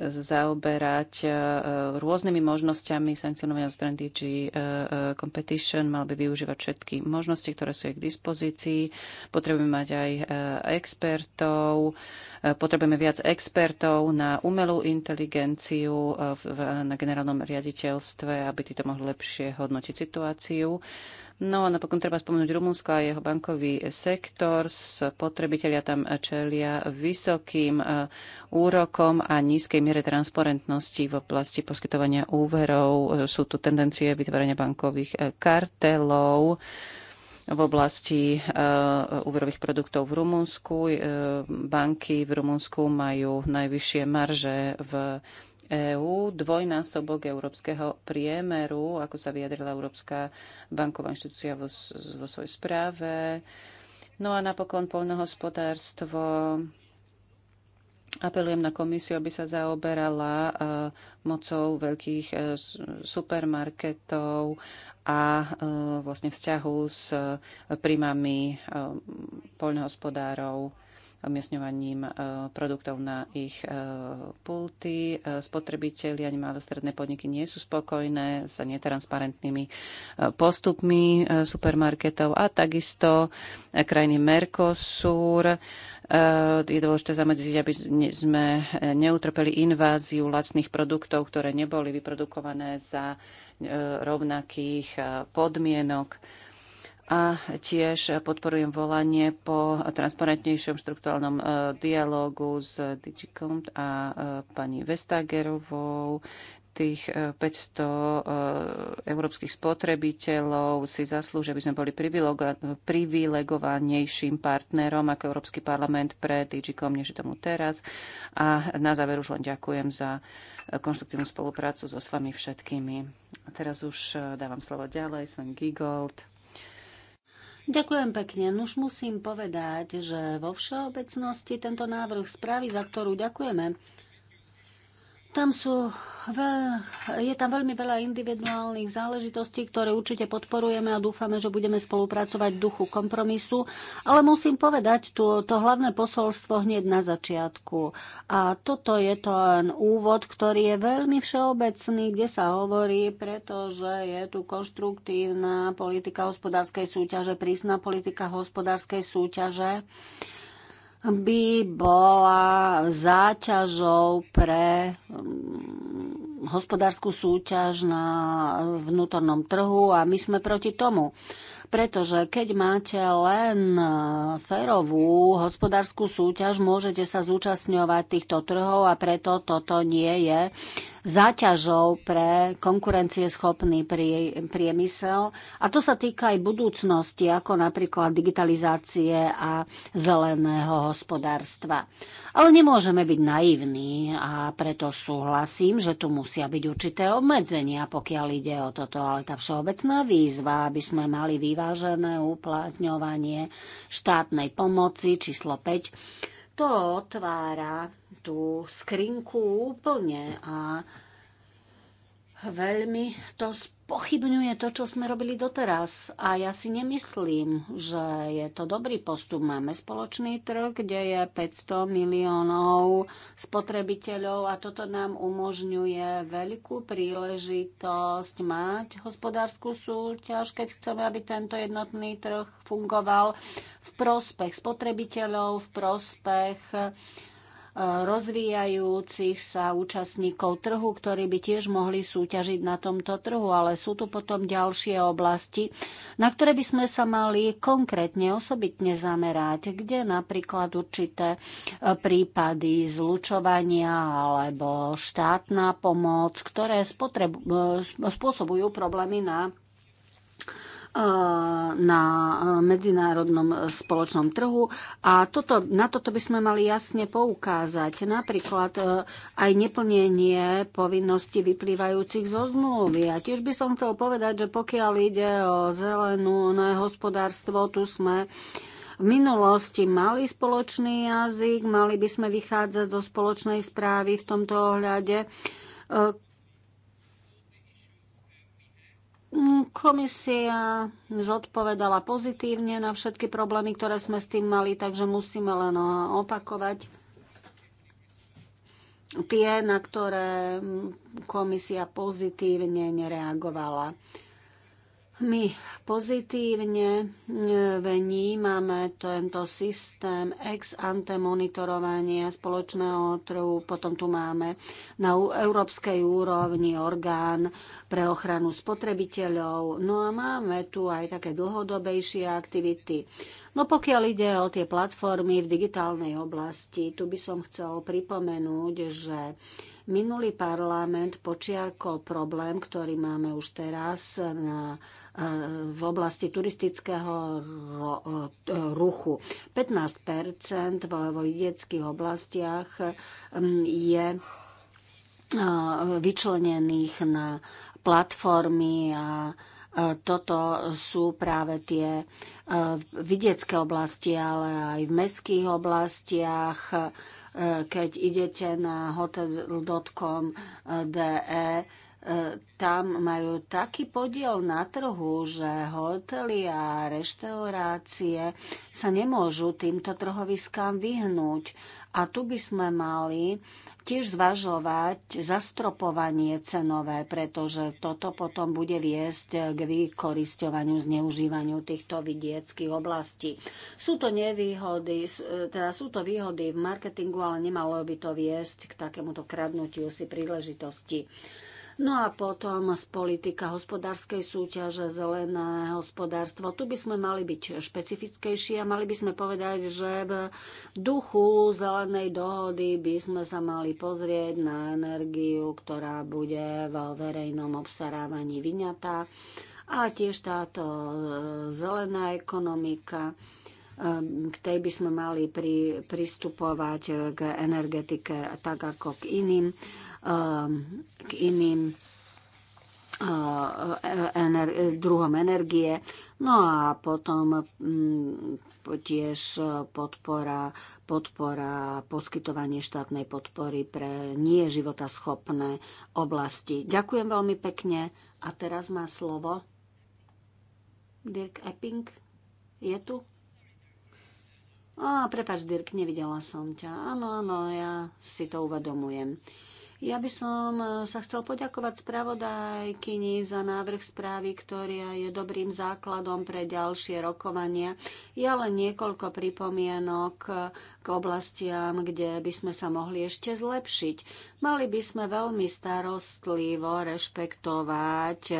B: zaoberať e, rôznymi možnosťami sankcionovania zo strany DG Competition. Mal by využívať všetky možnosti, ktoré sú k dispozícii. Potrebujeme mať aj expertov. Potrebujeme viac expertov na umelú inteligenciu na generálnom riaditeľstve, aby títo mohli lepšie hodnotiť situáciu. No a napokon treba spomenúť Rumunsko a jeho bankový sektor. Spotrebitelia tam čelia vysokým e, úrokom a nízkej miere transparentnosti v oblasti poskytovania úverov. Sú tu tendencie vytvorenia bankových e, kartelov v oblasti e, úverových produktov v Rumunsku. Banky v Rumunsku majú najvyššie marže v EÚ, dvojnásobok európskeho priemeru, ako sa vyjadrila Európska banková inštitúcia vo, vo svojej správe. No a napokon poľnohospodárstvo. Apelujem na komisiu, aby sa zaoberala eh, mocou veľkých eh, supermarketov a eh, vlastne vzťahu s príjmami poľnohospodárov umiestňovaním e, produktov na ich e, pulty. E, Spotrebiteľi ani malé stredné podniky nie sú spokojné s netransparentnými postupmi supermarketov a takisto krajiny Mercosur je dôležité zamedziť, aby sme neutrpeli inváziu lacných produktov, ktoré neboli vyprodukované za rovnakých podmienok a tiež podporujem volanie po transparentnejšom štruktúrnom e, dialógu s Digicom a e, pani Vestagerovou. Tých 500 e, európskych spotrebiteľov si zaslúži, aby sme boli privilegovanejším partnerom ako Európsky parlament pre Digicom, než tomu teraz. A na záver už len ďakujem za konštruktívnu spoluprácu so s vami všetkými. A teraz už dávam slovo ďalej, som Gigold.
D: Ďakujem pekne. už musím povedať, že vo všeobecnosti tento návrh správy, za ktorú ďakujeme, tam sú veľ, je tam veľmi veľa individuálnych záležitostí, ktoré určite podporujeme a dúfame, že budeme spolupracovať v duchu kompromisu. Ale musím povedať tu, to hlavné posolstvo hneď na začiatku. A toto je ten úvod, ktorý je veľmi všeobecný, kde sa hovorí, pretože je tu konštruktívna politika hospodárskej súťaže, prísna politika hospodárskej súťaže by bola záťažou pre mm, hospodárskú súťaž na vnútornom trhu a my sme proti tomu. Pretože keď máte len férovú hospodárskú súťaž, môžete sa zúčastňovať týchto trhov a preto toto nie je záťažou pre konkurencieschopný priemysel. A to sa týka aj budúcnosti, ako napríklad digitalizácie a zeleného hospodárstva. Ale nemôžeme byť naivní a preto súhlasím, že tu musia byť určité obmedzenia, pokiaľ ide o toto. Ale tá všeobecná výzva, aby sme mali vyvážené uplatňovanie štátnej pomoci číslo 5, to otvára tú skrinku úplne a veľmi to spochybňuje to, čo sme robili doteraz. A ja si nemyslím, že je to dobrý postup. Máme spoločný trh, kde je 500 miliónov spotrebiteľov a toto nám umožňuje veľkú príležitosť mať hospodárskú súťaž, keď chceme, aby tento jednotný trh fungoval v prospech spotrebiteľov, v prospech rozvíjajúcich sa účastníkov trhu, ktorí by tiež mohli súťažiť na tomto trhu, ale sú tu potom ďalšie oblasti, na ktoré by sme sa mali konkrétne osobitne zamerať, kde napríklad určité e, prípady zlučovania alebo štátna pomoc, ktoré e, spôsobujú problémy na Eh, na eh, medzinárodnom eh, spoločnom trhu a toto, na toto by sme mali jasne poukázať. Napríklad aj neplnenie povinností vyplývajúcich zo zmluvy. A tiež by som chcel povedať, že pokiaľ ide o zelenú hospodárstvo, tu sme v minulosti mali spoločný jazyk, mali by sme vychádzať zo spoločnej správy v tomto ohľade Mm, komisia zodpovedala pozitívne na všetky problémy, ktoré sme s tým mali, takže musíme len eh, opakovať tie, na ktoré mm, komisia pozitívne nereagovala. My pozitívne e, vnímame tento systém ex ante monitorovania spoločného trhu. Potom tu máme na európskej úrovni orgán pre ochranu spotrebiteľov. No a máme tu aj také dlhodobejšie aktivity No pokiaľ ide o tie platformy v digitálnej oblasti, tu by som chcel pripomenúť, že Minulý parlament počiarkol problém, ktorý máme už teraz na, e, v oblasti turistického e, ruchu. 15 vo vojdeckých oblastiach mm, je e, vyčlenených na platformy a toto sú práve tie e, vidiecké oblasti, ale aj v mestských oblastiach. E, keď idete na hotel.com.de, e, tam majú taký podiel na trhu, že hotely a reštaurácie sa nemôžu týmto trhoviskám vyhnúť. A tu by sme mali tiež zvažovať zastropovanie cenové, pretože toto potom bude viesť k vykoristovaniu, zneužívaniu týchto vidieckých oblastí. Sú to nevýhody, teda sú to výhody v marketingu, ale nemalo by to viesť k takémuto kradnutiu si príležitosti. No a potom z politika hospodárskej súťaže, zelené hospodárstvo. Tu by sme mali byť špecifickejší a mali by sme povedať, že v duchu zelenej dohody by sme sa mali pozrieť na energiu, ktorá bude vo verejnom obstarávaní vyňatá a tiež táto e, zelená ekonomika e, k tej by sme mali pri, pristupovať e, k energetike tak ako k iným Um, k iným uh, druhom energie. No a potom mm, tiež uh, podpora, podpora, poskytovanie štátnej podpory pre nie schopné oblasti. Ďakujem veľmi pekne. A teraz má slovo Dirk Epping. Je tu? Á, prepač, Dirk, nevidela som ťa. Áno, áno, ja si to uvedomujem. Uh, ja by som e, sa chcel poďakovať spravodajkyni za návrh správy, ktorý je dobrým základom pre ďalšie rokovania. Je ale len niekoľko pripomienok e, k oblastiam, kde by sme sa mohli ešte zlepšiť. Mali by sme veľmi starostlivo rešpektovať e,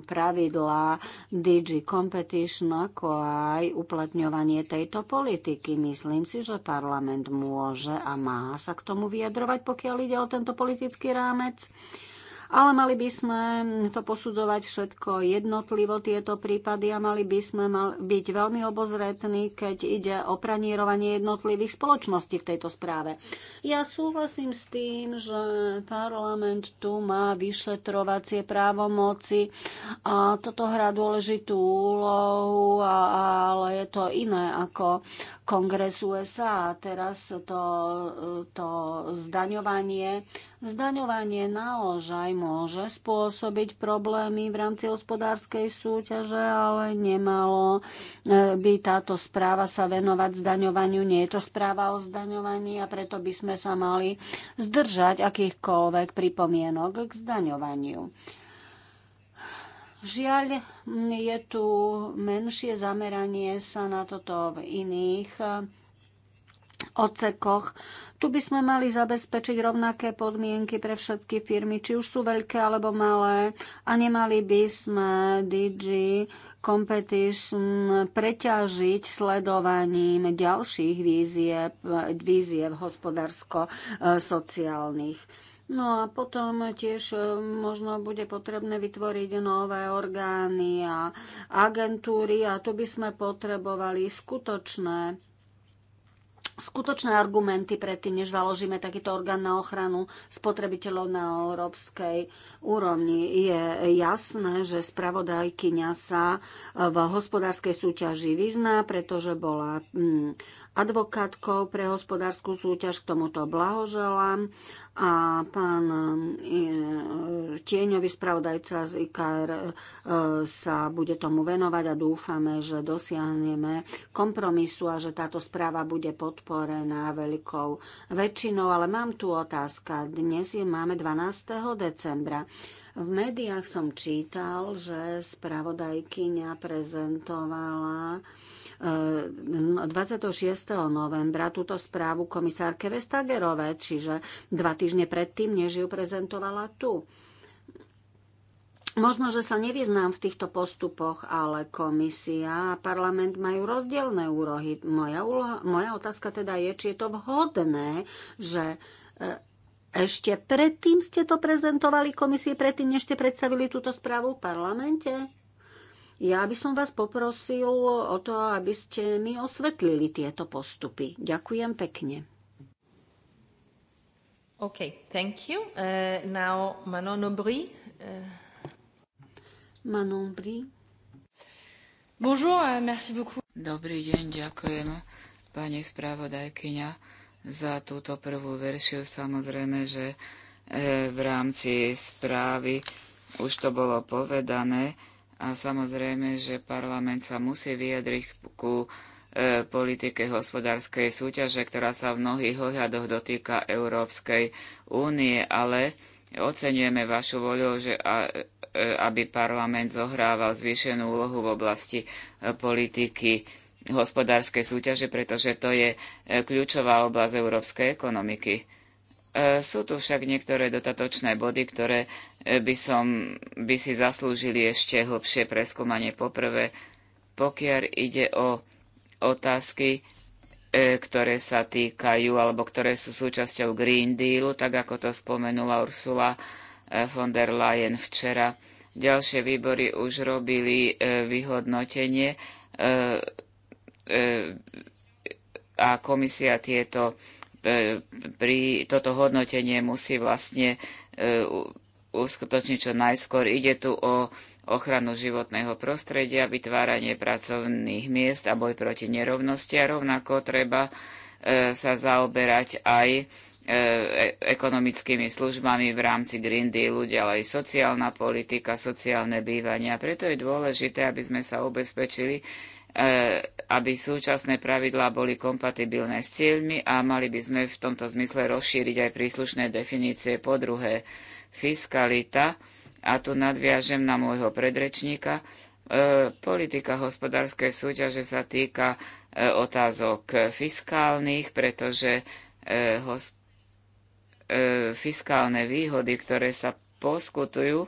D: pravidlá DG Competition, ako aj uplatňovanie tejto politiky. Myslím si, že parlament môže a má sa k tomu vyjadrovať, pokiaľ ide o ten tento politický rámec ale mali by sme to posudzovať všetko jednotlivo, tieto prípady a mali by sme mal byť veľmi obozretní, keď ide o pranírovanie jednotlivých spoločností v tejto správe. Ja súhlasím s tým, že parlament tu má vyšetrovacie právomoci a toto hrá dôležitú úlohu, ale je to iné ako kongres USA a teraz to, to zdaňovanie. Zdaňovanie naozaj môže spôsobiť problémy v rámci hospodárskej súťaže, ale nemalo e, by táto správa sa venovať zdaňovaniu. Nie je to správa o zdaňovaní a preto by sme sa mali zdržať akýchkoľvek pripomienok k zdaňovaniu. Žiaľ, je tu menšie zameranie sa na toto v iných e, odsekoch. Tu by sme mali zabezpečiť rovnaké podmienky pre všetky firmy, či už sú veľké alebo malé a nemali by sme DG Competition preťažiť sledovaním ďalších víziev, víziev hospodársko-sociálnych e, No a potom tiež e, možno bude potrebné vytvoriť nové orgány a agentúry a tu by sme potrebovali skutočné skutočné argumenty predtým, než založíme takýto orgán na ochranu spotrebiteľov na európskej úrovni. Je jasné, že spravodajkyňa sa e, v hospodárskej súťaži vyzná, pretože bola mm, advokátkou pre hospodárskú súťaž. K tomuto blahoželám. A pán e, tieňový spravodajca z IKR e, sa bude tomu venovať a dúfame, že dosiahneme kompromisu a že táto správa bude podporená veľkou väčšinou. Ale mám tu otázka. Dnes je máme 12. decembra. V médiách som čítal, že spravodajkyňa prezentovala 26. Ehm, novembra túto správu komisárke Vestagerové, čiže dva týždne predtým, než ju prezentovala tu. Možno, že sa nevyznám v týchto postupoch, ale komisia a parlament majú rozdielne úrohy. Moja, úloha, moja otázka teda je, či je to vhodné, že e, ešte predtým ste to prezentovali komisii, predtým, než ste predstavili túto správu v parlamente? Ja by som vás poprosil o to, aby ste mi osvetlili tieto postupy. Ďakujem pekne. OK, thank you. Uh, now Manon Aubry. Uh... Manon Aubry.
C: Bonjour, uh, merci beaucoup. Dobrý deň, ďakujem pani spravodajkyňa za túto prvú veršiu. Samozrejme, že eh, v rámci správy už to bolo povedané, a samozrejme, že parlament sa musí vyjadriť ku e, politike hospodárskej súťaže, ktorá sa v mnohých ohľadoch dotýka Európskej únie, ale oceňujeme vašu voľu, že a, e, aby parlament zohrával zvýšenú úlohu v oblasti e, politiky hospodárskej súťaže, pretože to je e, kľúčová oblasť európskej ekonomiky. E, sú tu však niektoré dotatočné body, ktoré by, som, by si zaslúžili ešte hlbšie preskúmanie. Poprvé, pokiaľ ide o otázky, e, ktoré sa týkajú alebo ktoré sú súčasťou Green Dealu, tak ako to spomenula Ursula e, von der Leyen včera. Ďalšie výbory už robili e, vyhodnotenie a komisia tieto, pri, toto hodnotenie musí vlastne uskutočniť čo najskôr. Ide tu o ochranu životného prostredia, vytváranie pracovných miest a boj proti nerovnosti a rovnako treba e, sa zaoberať aj e, e, ekonomickými službami v rámci Green Dealu, ďalej sociálna politika, sociálne A Preto je dôležité, aby sme sa ubezpečili, aby súčasné pravidlá boli kompatibilné s cieľmi a mali by sme v tomto zmysle rozšíriť aj príslušné definície. Po druhé, fiskalita, a tu nadviažem na môjho predrečníka, e, politika hospodárskej súťaže sa týka e, otázok fiskálnych, pretože e, fiskálne výhody, ktoré sa poskutujú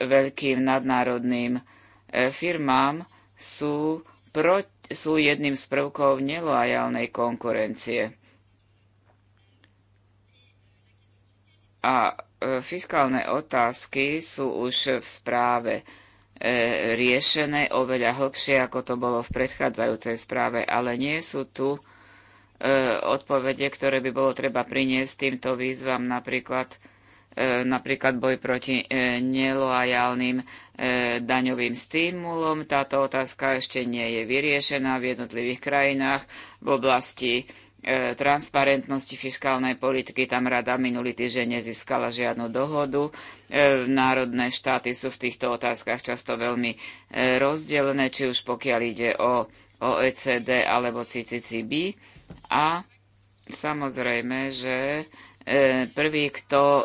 C: veľkým nadnárodným firmám, sú, pro, sú jedným z prvkov neloajálnej konkurencie. A E, fiskálne otázky sú už v správe e, riešené oveľa hlbšie, ako to bolo v predchádzajúcej správe, ale nie sú tu e, odpovede, ktoré by bolo treba priniesť týmto výzvam, napríklad, napríklad boj proti neloajálnym daňovým stimulom. Táto otázka ešte nie je vyriešená v jednotlivých krajinách v oblasti E, transparentnosti fiskálnej politiky. Tam rada minulý týždeň nezískala žiadnu dohodu. E, národné štáty sú v týchto otázkach často veľmi e, rozdelené, či už pokiaľ ide o OECD alebo CCCB. A samozrejme, že prvý, kto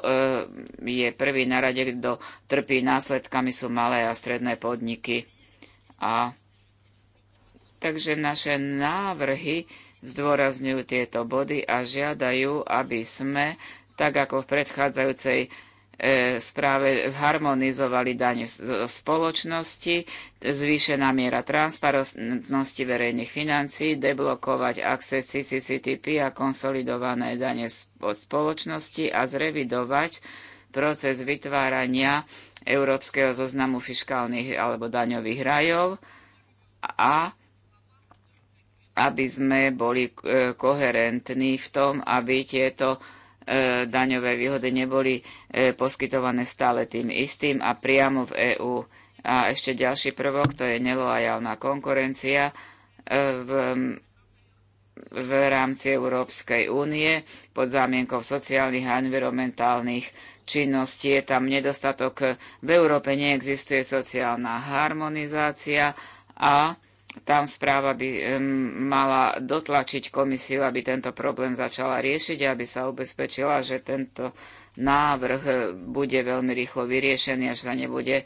C: je prvý na rade, kto trpí následkami, sú malé a stredné podniky. A takže naše návrhy zdôrazňujú tieto body a žiadajú, aby sme, tak ako v predchádzajúcej e, správe harmonizovali dane zo spoločnosti, zvýšená miera transparentnosti verejných financií, deblokovať akces CCCTP a konsolidované dane od spoločnosti a zrevidovať proces vytvárania európskeho zoznamu fiškálnych alebo daňových rajov a aby sme boli e, koherentní v tom, aby tieto e, daňové výhody neboli e, poskytované stále tým istým a priamo v EÚ. A ešte ďalší prvok, to je neloajálna konkurencia v, v rámci Európskej únie pod zámienkou sociálnych a environmentálnych činností. Je tam nedostatok, v Európe neexistuje sociálna harmonizácia a tam správa by mala dotlačiť komisiu, aby tento problém začala riešiť, a aby sa ubezpečila, že tento návrh eh, bude veľmi rýchlo vyriešený, až sa nebude e,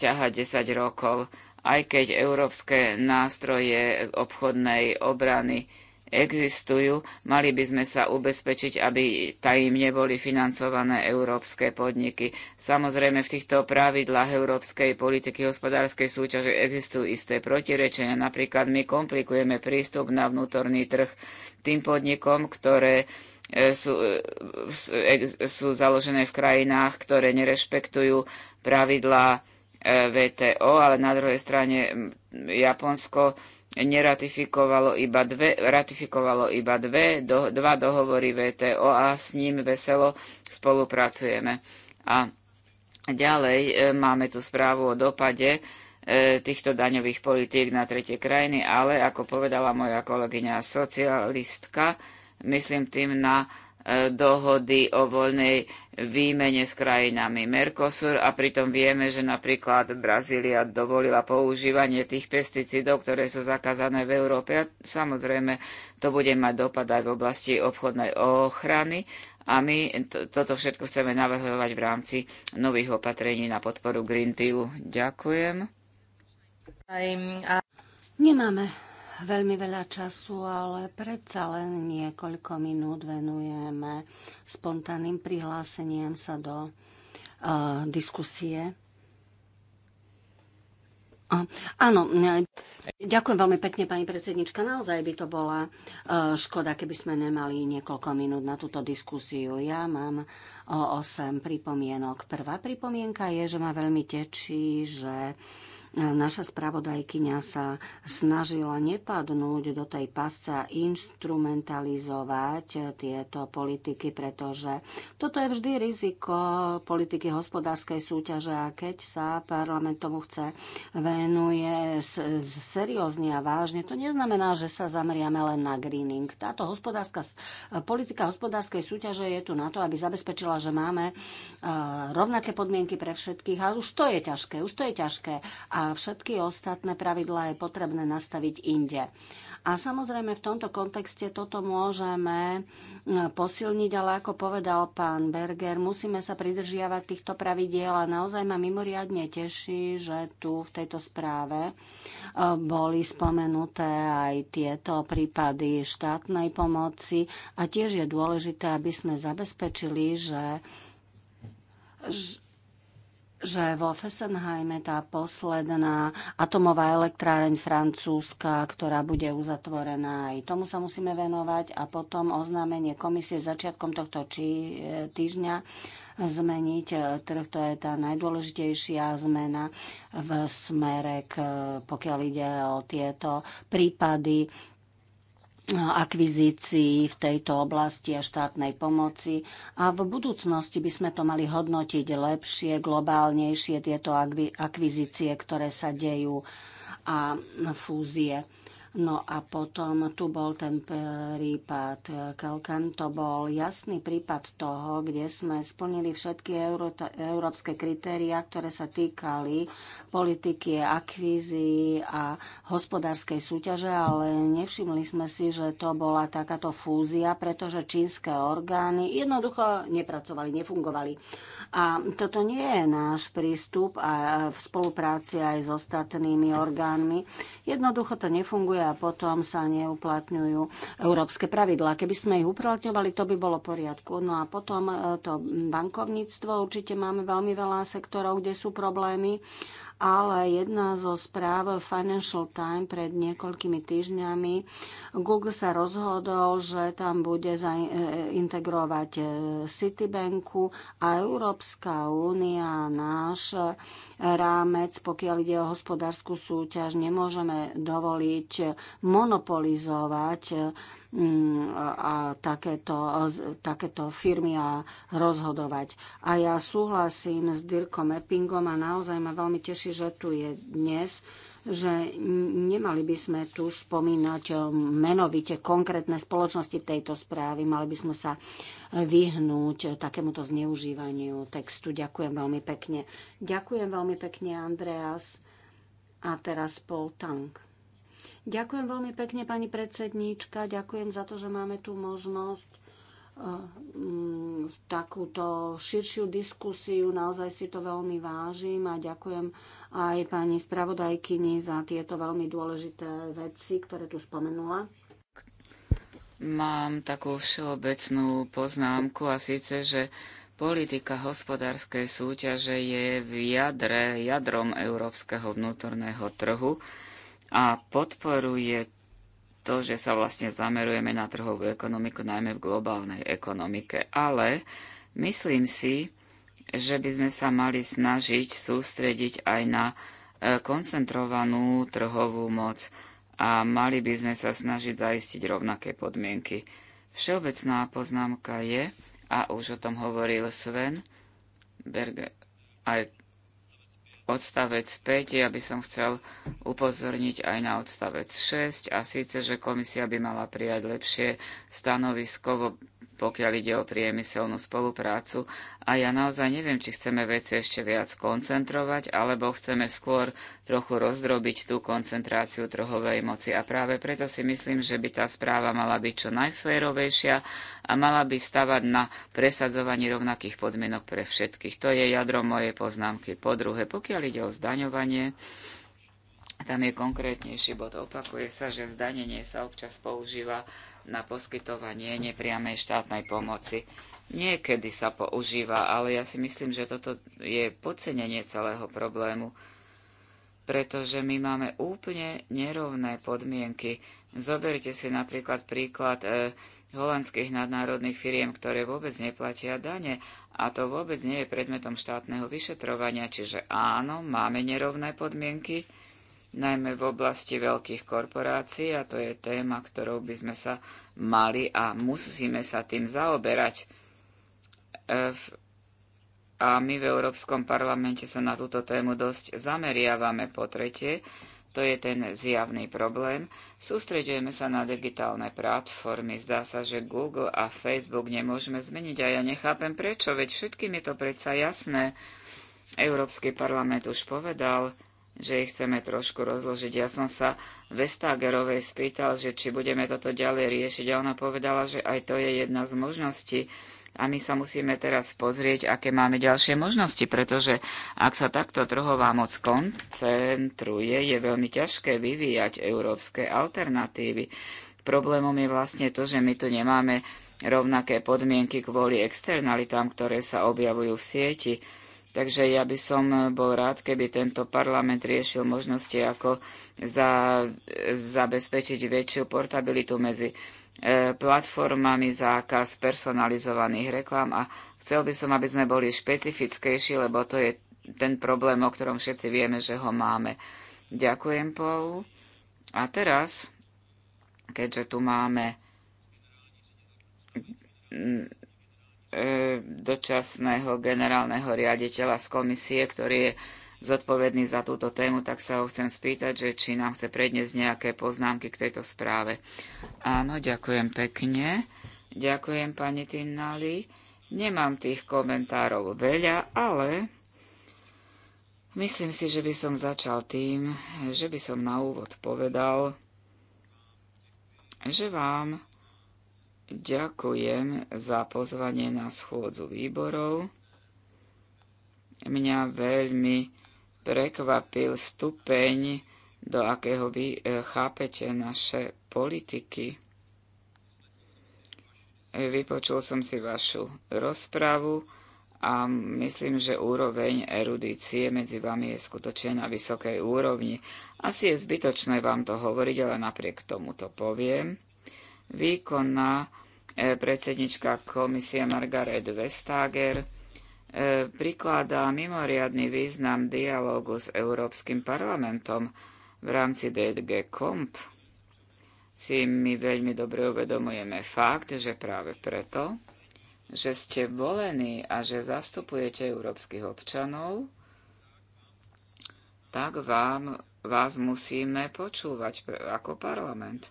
C: ťahať 10 rokov, aj keď európske nástroje obchodnej obrany existujú, mali by sme sa ubezpečiť, aby tajím neboli financované európske podniky. Samozrejme, v týchto pravidlách európskej politiky hospodárskej súťaže existujú isté protirečenia. Napríklad my komplikujeme prístup na vnútorný trh tým podnikom, ktoré e, sú, e, sú založené v krajinách, ktoré nerešpektujú pravidlá e, VTO, ale na druhej strane Japonsko neratifikovalo iba dve, ratifikovalo iba dve, do, dva dohovory VTO a s ním veselo spolupracujeme. A ďalej e, máme tu správu o dopade e, týchto daňových politík na tretie krajiny, ale ako povedala moja kolegyňa socialistka, myslím tým na e, dohody o voľnej výmene s krajinami Mercosur a pritom vieme, že napríklad Brazília dovolila používanie tých pesticídov, ktoré sú zakázané v Európe a samozrejme to bude mať dopad aj v oblasti obchodnej ochrany a my to, toto všetko chceme navrhovať v rámci nových opatrení na podporu Green Dealu. Ďakujem.
D: Nemáme veľmi veľa času, ale predsa len niekoľko minút venujeme spontánnym prihláseniem sa do uh, diskusie. Uh, áno, ďakujem veľmi pekne, pani predsednička. Naozaj by to bola uh, škoda, keby sme nemali niekoľko minút na túto diskusiu. Ja mám uh, 8 pripomienok. Prvá pripomienka je, že ma veľmi tečí, že uh, Naša spravodajkyňa sa snažila nepadnúť do tej pasce a instrumentalizovať tieto politiky, pretože toto je vždy riziko politiky hospodárskej súťaže a keď sa parlament tomu chce venuje seriózne a vážne, to neznamená, že sa zameriame len na greening. Táto hospodárska, politika hospodárskej súťaže je tu na to, aby zabezpečila, že máme eh, rovnaké podmienky pre všetkých, ale už to je ťažké, už to je ťažké. A všetky ostatné pravidlá je potrebné nastaviť inde. A samozrejme v tomto kontexte toto môžeme eh, posilniť, ale ako povedal pán Berger, musíme sa pridržiavať týchto pravidiel a naozaj ma mimoriadne teší, že tu v tejto správe eh, boli spomenuté aj tieto prípady štátnej pomoci a tiež je dôležité, aby sme zabezpečili, že že vo Fessenheime tá posledná atomová elektráreň francúzska, ktorá bude uzatvorená, aj tomu sa musíme venovať a potom oznámenie komisie začiatkom tohto či, e, týždňa zmeniť e, trh. To je tá najdôležitejšia zmena v smere, k, e, pokiaľ ide o tieto prípady akvizícií v tejto oblasti a štátnej pomoci a v budúcnosti by sme to mali hodnotiť lepšie, globálnejšie tieto akvizície, ktoré sa dejú a fúzie. No a potom tu bol ten prípad Kelkan, to bol jasný prípad toho, kde sme splnili všetky euro, európske kritéria, ktoré sa týkali politiky, akvízií a hospodárskej súťaže, ale nevšimli sme si, že to bola takáto fúzia, pretože čínske orgány jednoducho nepracovali, nefungovali. A toto nie je náš prístup a v spolupráci aj s ostatnými orgánmi. Jednoducho to nefunguje a potom sa neuplatňujú európske pravidlá. Keby sme ich uplatňovali, to by bolo poriadku. No a potom e, to bankovníctvo, určite máme veľmi veľa sektorov, kde sú problémy ale jedna zo správ Financial Time pred niekoľkými týždňami Google sa rozhodol, že tam bude e, integrovať e, Citibanku a Európska únia náš e, rámec, pokiaľ ide o hospodárskú súťaž, nemôžeme dovoliť monopolizovať Mm, a takéto, takéto firmy a rozhodovať. A ja súhlasím s Dirkom Eppingom a naozaj ma veľmi teší, že tu je dnes, že nemali by sme tu spomínať e, menovite konkrétne spoločnosti tejto správy, mali by sme sa vyhnúť e, takémuto zneužívaniu textu. Ďakujem veľmi pekne. Ďakujem veľmi pekne, Andreas. A teraz Paul Tank. Ďakujem veľmi pekne, pani predsedníčka. Ďakujem za to, že máme tu možnosť eh, mm, takúto širšiu diskusiu. Naozaj si to veľmi vážim a ďakujem aj pani spravodajkyni za tieto veľmi dôležité veci, ktoré tu spomenula.
C: Mám takú všeobecnú poznámku a síce, že politika hospodárskej súťaže je v jadre, jadrom európskeho vnútorného trhu a podporuje to, že sa vlastne zamerujeme na trhovú ekonomiku, najmä v globálnej ekonomike. Ale myslím si, že by sme sa mali snažiť sústrediť aj na e, koncentrovanú trhovú moc a mali by sme sa snažiť zaistiť rovnaké podmienky. Všeobecná poznámka je, a už o tom hovoril Sven Berger, aj odstavec 5, ja by som chcel upozorniť aj na odstavec 6 a síce, že komisia by mala prijať lepšie stanovisko pokiaľ ide o priemyselnú spoluprácu. A ja naozaj neviem, či chceme veci ešte viac koncentrovať, alebo chceme skôr trochu rozdrobiť tú koncentráciu trhovej moci. A práve preto si myslím, že by tá správa mala byť čo najférovejšia a mala by stavať na presadzovaní rovnakých podmienok pre všetkých. To je jadro mojej poznámky. Po druhé, pokiaľ ide o zdaňovanie, tam je konkrétnejší bod. Opakuje sa, že zdanenie sa občas používa na poskytovanie nepriamej štátnej pomoci. Niekedy sa používa, ale ja si myslím, že toto je podcenenie celého problému, pretože my máme úplne nerovné podmienky. Zoberte si napríklad príklad e, holandských nadnárodných firiem, ktoré vôbec neplatia dane a to vôbec nie je predmetom štátneho vyšetrovania, čiže áno, máme nerovné podmienky, najmä v oblasti veľkých korporácií a to je téma, ktorou by sme sa mali a musíme sa tým zaoberať. A my v Európskom parlamente sa na túto tému dosť zameriavame po tretie. To je ten zjavný problém. Sústredujeme sa na digitálne platformy. Zdá sa, že Google a Facebook nemôžeme zmeniť a ja nechápem prečo, veď všetkým je to predsa jasné. Európsky parlament už povedal, že ich chceme trošku rozložiť. Ja som sa Vestagerovej spýtal, že či budeme toto ďalej riešiť a ona povedala, že aj to je jedna z možností a my sa musíme teraz pozrieť, aké máme ďalšie možnosti, pretože ak sa takto trhová moc koncentruje, je veľmi ťažké vyvíjať európske alternatívy. Problémom je vlastne to, že my tu nemáme rovnaké podmienky kvôli externalitám, ktoré sa objavujú v sieti. Takže ja by som eh, bol rád, keby tento parlament riešil možnosti, ako za, zabezpečiť väčšiu portabilitu medzi eh, platformami, zákaz personalizovaných reklám a chcel by som, aby sme boli špecifickejší, lebo to je ten problém, o ktorom všetci vieme, že ho máme. Ďakujem, Paul. A teraz, keďže tu máme E, dočasného generálneho riaditeľa z komisie, ktorý je zodpovedný za túto tému, tak sa ho chcem spýtať, že či nám chce predniesť nejaké poznámky k tejto správe. Áno, ďakujem pekne. Ďakujem pani Tinnali. Nemám tých komentárov veľa, ale myslím si, že by som začal tým, že by som na úvod povedal, že vám Ďakujem za pozvanie na schôdzu výborov. Mňa veľmi prekvapil stupeň, do akého vy e, chápete naše politiky. Vypočul som si vašu rozpravu a myslím, že úroveň erudície medzi vami je skutočne na vysokej úrovni. Asi je zbytočné vám to hovoriť, ale napriek tomu to poviem výkonná e, predsednička komisie Margaret Vestager e, prikladá mimoriadný význam dialógu s Európskym parlamentom v rámci DG Comp. Si my veľmi dobre uvedomujeme fakt, že práve preto, že ste volení a že zastupujete európskych občanov, tak vám, vás musíme počúvať ako parlament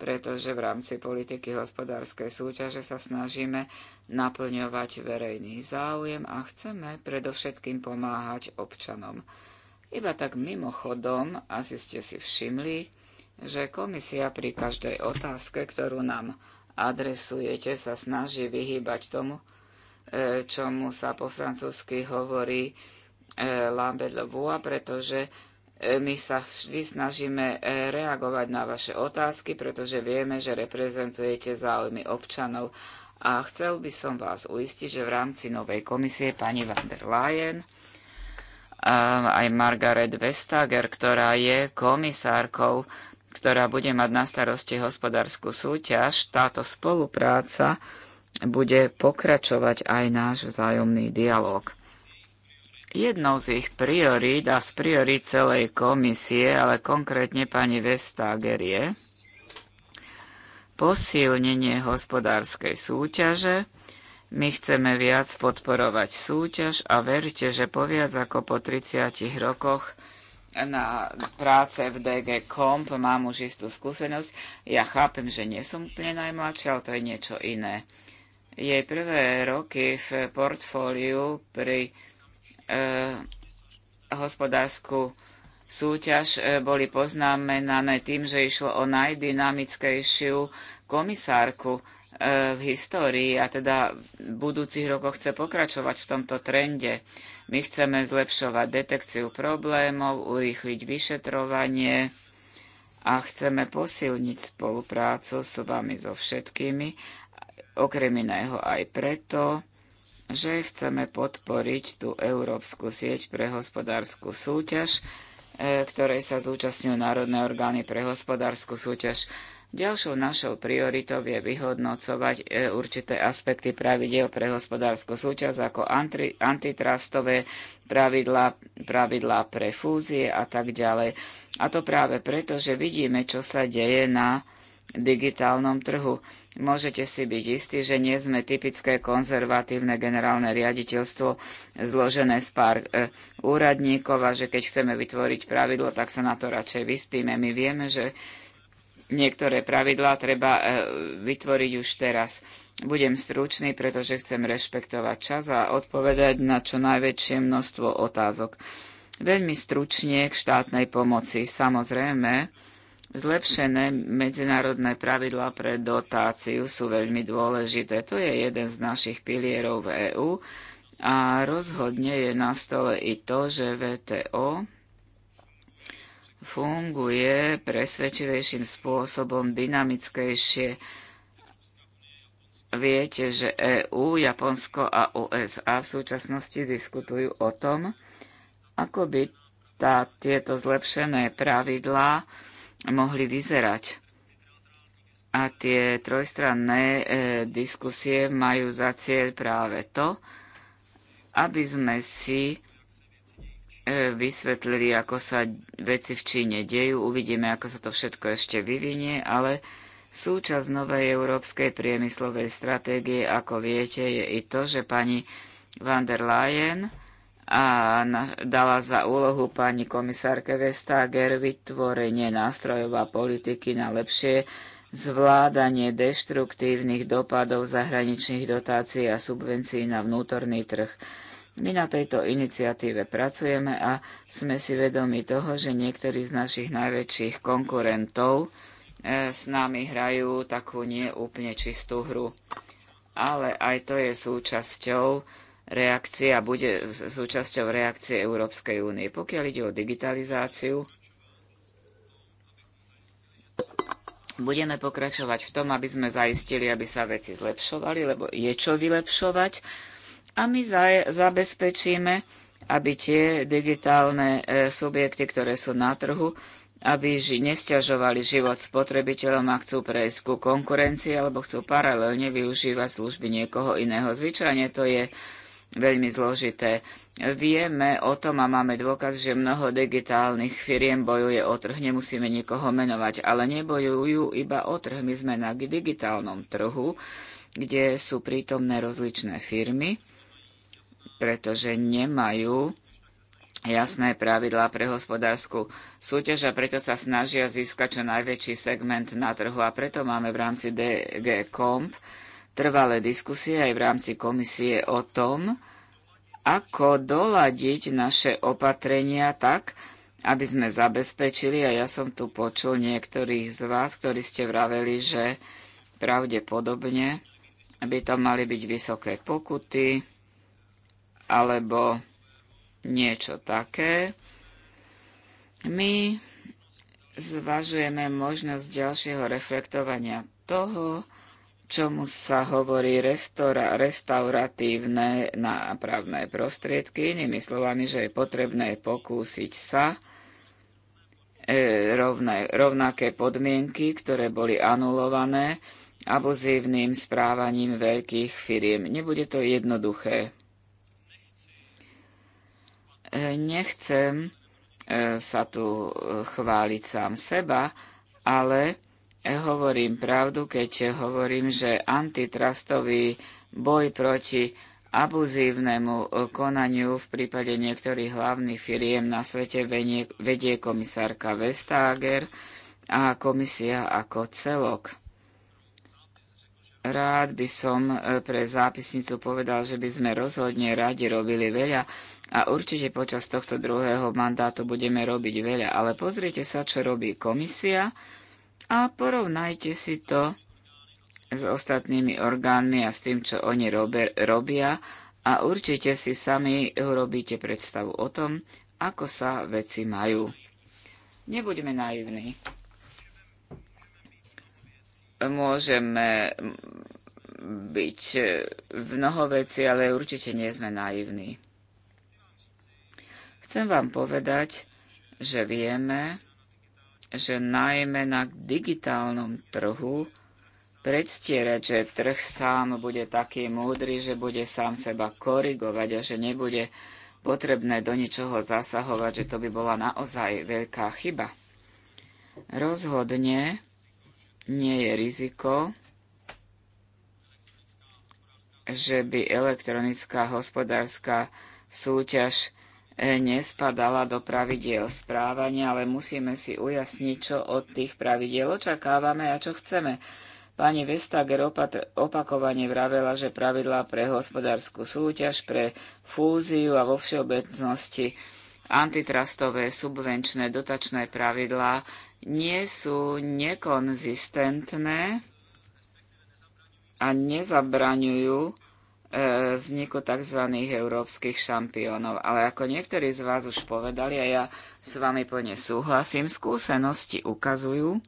C: pretože v rámci politiky hospodárskej súťaže sa snažíme naplňovať verejný záujem a chceme predovšetkým pomáhať občanom. Iba tak mimochodom, asi ste si všimli, že komisia pri každej otázke, ktorú nám adresujete, sa snaží vyhýbať tomu, e, čomu sa po francúzsky hovorí e, lambedlovua, pretože E, my sa vždy snažíme e, reagovať na vaše otázky, pretože vieme, že reprezentujete záujmy občanov. A chcel by som vás uistiť, že v rámci novej komisie pani van der Leyen e, aj Margaret Vestager, ktorá je komisárkou, ktorá bude mať na starosti hospodárskú súťaž, táto spolupráca bude pokračovať aj náš vzájomný dialog. Jednou z ich priorít a z priorít celej komisie, ale konkrétne pani Vestager je posilnenie hospodárskej súťaže. My chceme viac podporovať súťaž a verte, že po viac ako po 30 rokoch na práce v DG Comp mám už istú skúsenosť. Ja chápem, že nie som úplne najmladšia, ale to je niečo iné. Jej prvé roky v portfóliu pri Eh, hospodárskú súťaž eh, boli poznamenané tým, že išlo o najdynamickejšiu komisárku eh, v histórii a teda v budúcich rokoch chce pokračovať v tomto trende. My chceme zlepšovať detekciu problémov, urýchliť vyšetrovanie a chceme posilniť spoluprácu s vami so všetkými, okrem iného aj preto, že chceme podporiť tú Európsku sieť pre hospodárskú súťaž, e, ktorej sa zúčastňujú národné orgány pre hospodárskú súťaž. Ďalšou našou prioritou je vyhodnocovať e, určité aspekty pravidiel pre hospodárskú súťaž ako antitrastové pravidlá, pravidlá pre fúzie a tak ďalej. A to práve preto, že vidíme, čo sa deje na digitálnom trhu. Môžete si byť istí, že nie sme typické konzervatívne generálne riaditeľstvo zložené z pár e, úradníkov a že keď chceme vytvoriť pravidlo, tak sa na to radšej vyspíme. My vieme, že niektoré pravidlá treba e, vytvoriť už teraz. Budem stručný, pretože chcem rešpektovať čas a odpovedať na čo najväčšie množstvo otázok. Veľmi stručne k štátnej pomoci. Samozrejme, Zlepšené medzinárodné pravidlá pre dotáciu sú veľmi dôležité. To je jeden z našich pilierov v EÚ a rozhodne je na stole i to, že VTO funguje presvedčivejším spôsobom, dynamickejšie. Viete, že EÚ, Japonsko a USA v súčasnosti diskutujú o tom, ako by tá, tieto zlepšené pravidlá mohli vyzerať. A tie trojstranné e, diskusie majú za cieľ práve to, aby sme si e, vysvetlili, ako sa veci v Číne dejú. Uvidíme, ako sa to všetko ešte vyvinie, ale súčasť novej európskej priemyslovej stratégie, ako viete, je i to, že pani van der Leyen a dala za úlohu pani komisárke Vestager vytvorenie nástrojov a politiky na lepšie zvládanie deštruktívnych dopadov zahraničných dotácií a subvencií na vnútorný trh. My na tejto iniciatíve pracujeme a sme si vedomi toho, že niektorí z našich najväčších konkurentov e, s nami hrajú takú neúplne čistú hru. Ale aj to je súčasťou reakcie a bude súčasťou reakcie Európskej únie. Pokiaľ ide o digitalizáciu, budeme pokračovať v tom, aby sme zaistili, aby sa veci zlepšovali, lebo je čo vylepšovať. A my zabezpečíme, aby tie digitálne e, subjekty, ktoré sú na trhu, aby ži, nestiažovali život spotrebiteľom a chcú prejsť ku konkurencii alebo chcú paralelne využívať služby niekoho iného. Zvyčajne to je veľmi zložité. Vieme o tom a máme dôkaz, že mnoho digitálnych firiem bojuje o trh. Nemusíme nikoho menovať, ale nebojujú iba o trh. My sme na digitálnom trhu, kde sú prítomné rozličné firmy, pretože nemajú jasné pravidlá pre hospodárskú súťaž a preto sa snažia získať čo najväčší segment na trhu. A preto máme v rámci DG Comp trvalé diskusie aj v rámci komisie o tom, ako doladiť naše opatrenia tak, aby sme zabezpečili, a ja som tu počul niektorých z vás, ktorí ste vraveli, že pravdepodobne by to mali byť vysoké pokuty alebo niečo také. My zvažujeme možnosť ďalšieho reflektovania toho, čomu sa hovorí restora, restauratívne nápravné prostriedky. Inými slovami, že je potrebné pokúsiť sa e, rovné, rovnaké podmienky, ktoré boli anulované abuzívnym správaním veľkých firiem. Nebude to jednoduché. E, nechcem e, sa tu chváliť sám seba, ale hovorím pravdu, keď hovorím, že antitrustový boj proti abuzívnemu konaniu v prípade niektorých hlavných firiem na svete vedie, vedie komisárka Vestager a komisia ako celok. Rád by som e, pre zápisnicu povedal, že by sme rozhodne radi robili veľa a určite počas tohto druhého mandátu budeme robiť veľa. Ale pozrite sa, čo robí komisia a porovnajte si to s ostatnými orgánmi a s tým, čo oni rober, robia a určite si sami urobíte predstavu o tom, ako sa veci majú. Nebuďme naivní. Môžeme byť v mnoho veci, ale určite nie sme naivní. Chcem vám povedať, že vieme, že najmä na digitálnom trhu predstierať, že trh sám bude taký múdry, že bude sám seba korigovať a že nebude potrebné do ničoho zasahovať, že to by bola naozaj veľká chyba. Rozhodne nie je riziko, že by elektronická hospodárska súťaž nespadala do pravidiel správania, ale musíme si ujasniť, čo od tých pravidiel očakávame a čo chceme. Pani Vestager opakovane vravela, že pravidlá pre hospodárskú súťaž, pre fúziu a vo všeobecnosti antitrastové subvenčné dotačné pravidlá nie sú nekonzistentné a nezabraňujú E, vzniku tzv. európskych šampiónov. Ale ako niektorí z vás už povedali, a ja s vami plne súhlasím, skúsenosti ukazujú,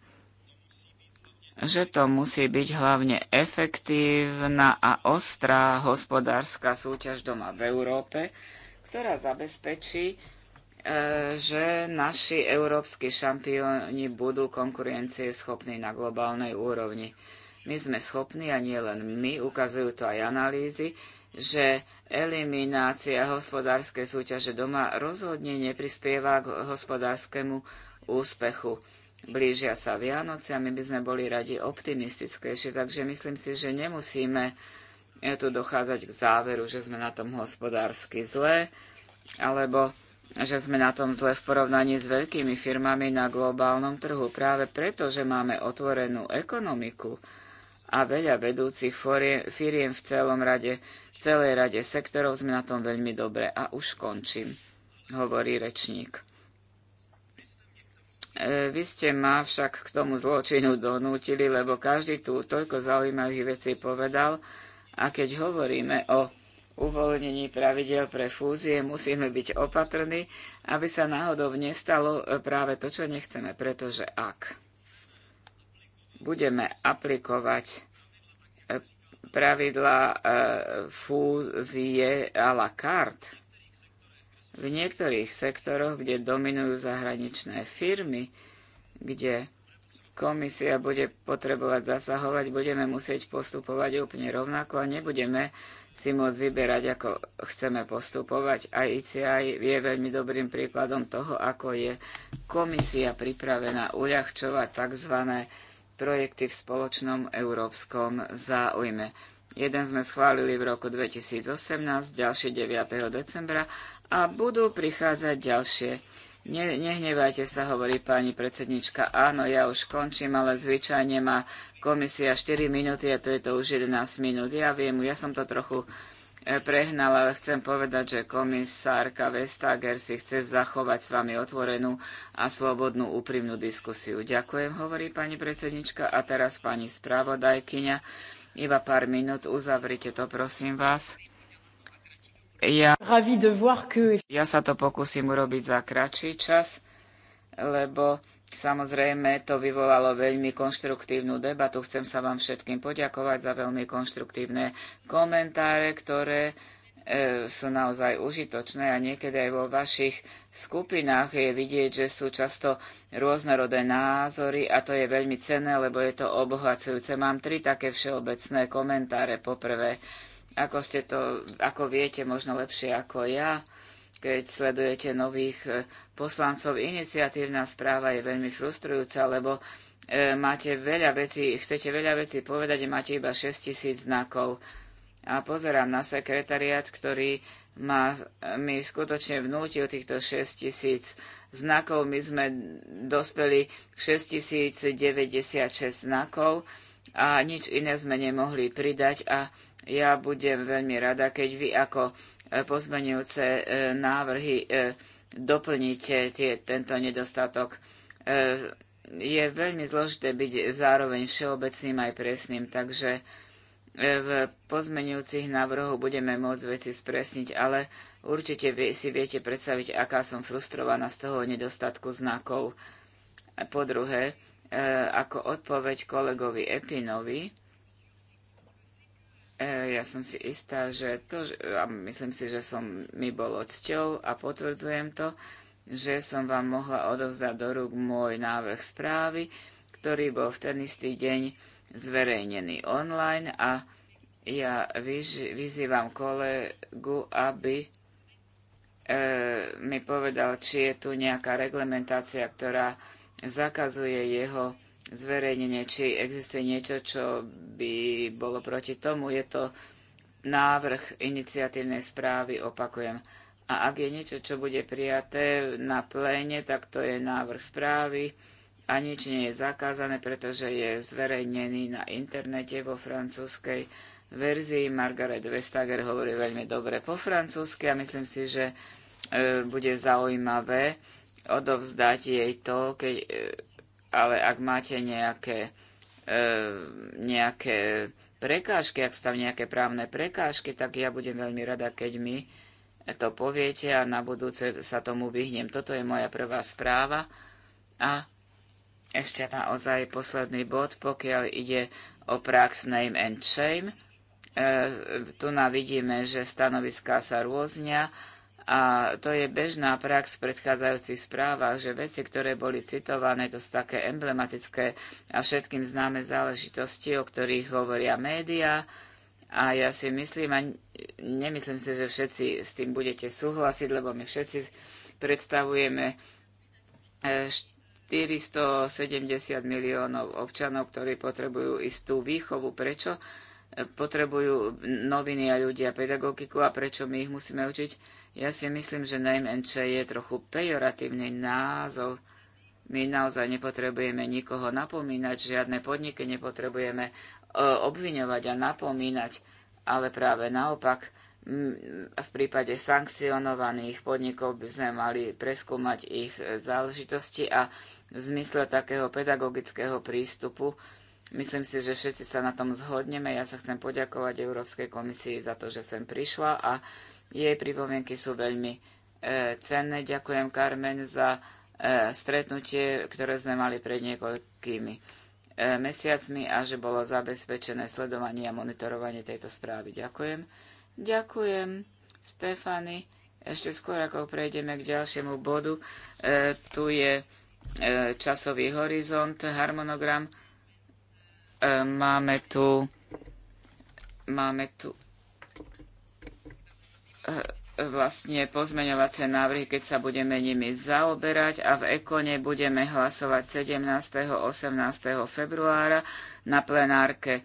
C: že to musí byť hlavne efektívna a ostrá hospodárska súťaž doma v Európe, ktorá zabezpečí, e, že naši európsky šampióni budú konkurencieschopní na globálnej úrovni. My sme schopní, a nie len my, ukazujú to aj analýzy, že eliminácia hospodárskej súťaže doma rozhodne neprispieva k hospodárskemu úspechu. Blížia sa Vianoce a my by sme boli radi optimistickejšie, takže myslím si, že nemusíme e, tu dochádzať k záveru, že sme na tom hospodársky zle, alebo že sme na tom zle v porovnaní s veľkými firmami na globálnom trhu práve preto, že máme otvorenú ekonomiku a veľa vedúcich firiem v, celom rade, v celej rade sektorov sme na tom veľmi dobre. A už končím, hovorí rečník. E, vy ste ma však k tomu zločinu donútili, lebo každý tu toľko zaujímavých vecí povedal. A keď hovoríme o uvoľnení pravidel pre fúzie, musíme byť opatrní, aby sa náhodou nestalo e, práve to, čo nechceme, pretože ak budeme aplikovať e, pravidla e, fúzie a la carte. V niektorých sektoroch, kde dominujú zahraničné firmy, kde komisia bude potrebovať zasahovať, budeme musieť postupovať úplne rovnako a nebudeme si môcť vyberať, ako chceme postupovať. A ICI je veľmi dobrým príkladom toho, ako je komisia pripravená uľahčovať tzv projekty v spoločnom európskom záujme. Jeden sme schválili v roku 2018, ďalšie 9. decembra a budú prichádzať ďalšie. Ne, nehnevajte sa, hovorí pani predsednička. Áno, ja už končím, ale zvyčajne má komisia 4 minúty a to je to už 11 minút. Ja viem, ja som to trochu E, prehnal, ale chcem povedať, že komisárka Vestager si chce zachovať s vami otvorenú a slobodnú úprimnú diskusiu. Ďakujem, hovorí pani predsednička. A teraz pani spravodajkyňa. Iba pár minút, uzavrite to, prosím vás. Ja, ja sa to pokúsim urobiť za kratší čas, lebo Samozrejme, to vyvolalo veľmi konštruktívnu debatu. Chcem sa vám všetkým poďakovať za veľmi konštruktívne komentáre, ktoré e, sú naozaj užitočné a niekedy aj vo vašich skupinách je vidieť, že sú často rôznorodé názory a to je veľmi cenné, lebo je to obohacujúce. Mám tri také všeobecné komentáre. Poprvé, ako ste to, ako viete možno lepšie ako ja, keď sledujete nových e, poslancov. Iniciatívna správa je veľmi frustrujúca, lebo e, máte veľa vecí, chcete veľa vecí povedať a máte iba 6 tisíc znakov. A pozerám na sekretariat, ktorý e, mi skutočne vnútil týchto 6 tisíc znakov. My sme dospeli k 6096 znakov a nič iné sme nemohli pridať a ja budem veľmi rada, keď vy ako E, pozmenujúce e, návrhy e, doplniť tie, tento nedostatok. Je veľmi zložité byť zároveň všeobecným aj presným, takže v pozmeňujúcich návrhoch budeme môcť veci spresniť, ale určite si viete predstaviť, aká som frustrovaná z toho nedostatku znakov. Po druhé, ako odpoveď kolegovi Epinovi, E, ja som si istá, že to, a myslím si, že som mi bol cťou a potvrdzujem to, že som vám mohla odovzdať do rúk môj návrh správy, ktorý bol v ten istý deň zverejnený online a ja vyzývam kolegu, aby e, mi povedal, či je tu nejaká reglementácia, ktorá zakazuje jeho zverejnenie, či existuje niečo, čo by bolo proti tomu. Je to návrh iniciatívnej správy, opakujem. A ak je niečo, čo bude prijaté na pléne, tak to je návrh správy a nič nie je zakázané, pretože je zverejnený na internete vo francúzskej verzii. Margaret Vestager hovorí veľmi dobre po francúzsky a myslím si, že e, bude zaujímavé odovzdať jej to, keď, e, ale ak máte nejaké, e, nejaké prekážky, ak stav nejaké právne prekážky, tak ja budem veľmi rada, keď mi to poviete a na budúce sa tomu vyhnem. Toto je moja prvá správa. A ešte naozaj posledný bod, pokiaľ ide o prax name and shame. E, tu na vidíme, že stanoviská sa rôznia a to je bežná prax v predchádzajúcich správach, že veci, ktoré boli citované, to sú také emblematické a všetkým známe záležitosti, o ktorých hovoria médiá. A ja si myslím, a nemyslím si, že všetci s tým budete súhlasiť, lebo my všetci predstavujeme 470 e, miliónov občanov, ktorí potrebujú istú výchovu. Prečo e, potrebujú noviny a ľudia pedagogiku a prečo my ich musíme učiť? Ja si myslím, že name and je trochu pejoratívny názov. My naozaj nepotrebujeme nikoho napomínať, žiadne podniky nepotrebujeme e, obviňovať a napomínať, ale práve naopak v prípade sankcionovaných podnikov by sme mali preskúmať ich e, záležitosti a v zmysle takého pedagogického prístupu myslím si, že všetci sa na tom zhodneme. Ja sa chcem poďakovať Európskej komisii za to, že sem prišla a jej pripomienky sú veľmi e, cenné. Ďakujem Carmen za e, stretnutie, ktoré sme mali pred niekoľkými e, mesiacmi a že bolo zabezpečené sledovanie a monitorovanie tejto správy. Ďakujem. Ďakujem, Stefany. Ešte skôr, ako prejdeme k ďalšiemu bodu, e, tu je e, časový horizont, harmonogram. E, máme tu, máme tu E, vlastne pozmeňovacie návrhy, keď sa budeme nimi zaoberať a v Ekone budeme hlasovať 17. 18. februára na plenárke e,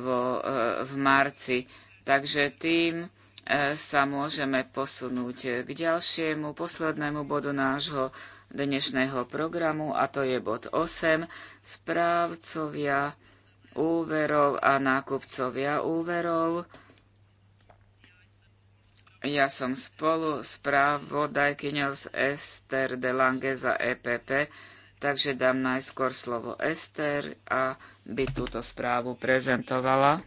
C: vo, e, v marci. Takže tým sa môžeme posunúť k ďalšiemu, poslednému bodu nášho dnešného programu a to je bod 8. Správcovia úverov a nákupcovia úverov ja som spolu právodajkyňou z Ester de Lange za EPP, takže dám najskôr slovo Ester, aby túto správu prezentovala.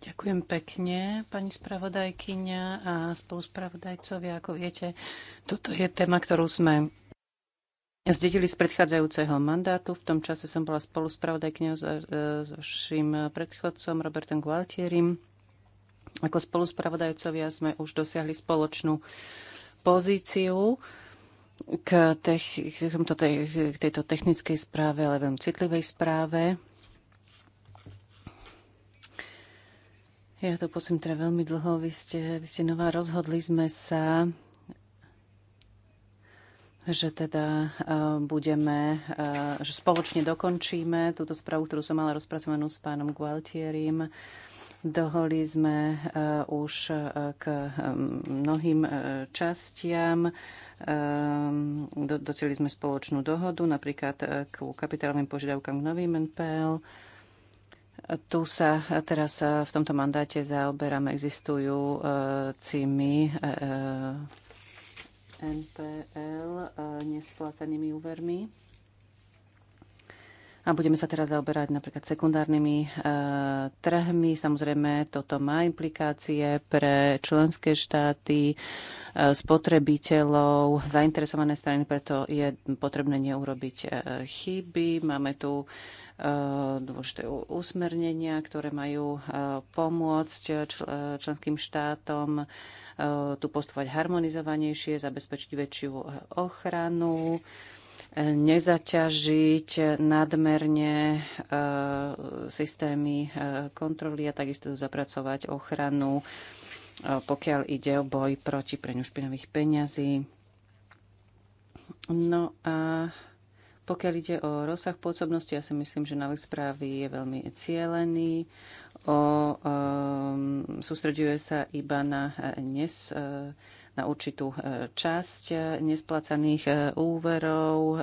B: Ďakujem pekne, pani spravodajkyňa a spoluspravodajcovia. Ako viete, toto je téma, ktorú sme zdedili z predchádzajúceho mandátu. V tom čase som bola spoluspravodajkyňou s, e, s vašim predchodcom Robertom Gualtierim ako spoluspravodajcovia sme už dosiahli spoločnú pozíciu k, tech, k tejto technickej správe, ale veľmi citlivej správe. Ja to posím teda veľmi dlho. Vy ste, vy ste nová, rozhodli sme sa, že teda e, budeme, e, že spoločne dokončíme túto správu, ktorú som mala rozpracovanú s pánom Gualtierim Doholi sme e, už e, k e, mnohým častiam. Doceli sme spoločnú dohodu, napríklad k kapitálovým požiadavkám k novým NPL. Tu sa teraz v tomto mandáte zaoberáme existujúcimi NPL nesplácanými úvermi. A budeme sa teraz zaoberať napríklad sekundárnymi e, trhmi. Samozrejme, toto má implikácie pre členské štáty, e, spotrebiteľov, zainteresované strany, preto je potrebné neurobiť e, chyby. Máme tu e, dôležité usmernenia, ktoré majú e, pomôcť e, členským štátom tu postupovať harmonizovanejšie, zabezpečiť väčšiu ochranu nezaťažiť nadmerne eh, systémy eh, kontroly a takisto zapracovať ochranu, eh, pokiaľ ide o boj proti preňu špinavých peňazí. No a pokiaľ ide o rozsah pôsobnosti, ja si myslím, že návrh správy je veľmi cielený. O, um, sústreďuje sa iba na nes, uh, na určitú e, časť e, nesplácaných e, úverov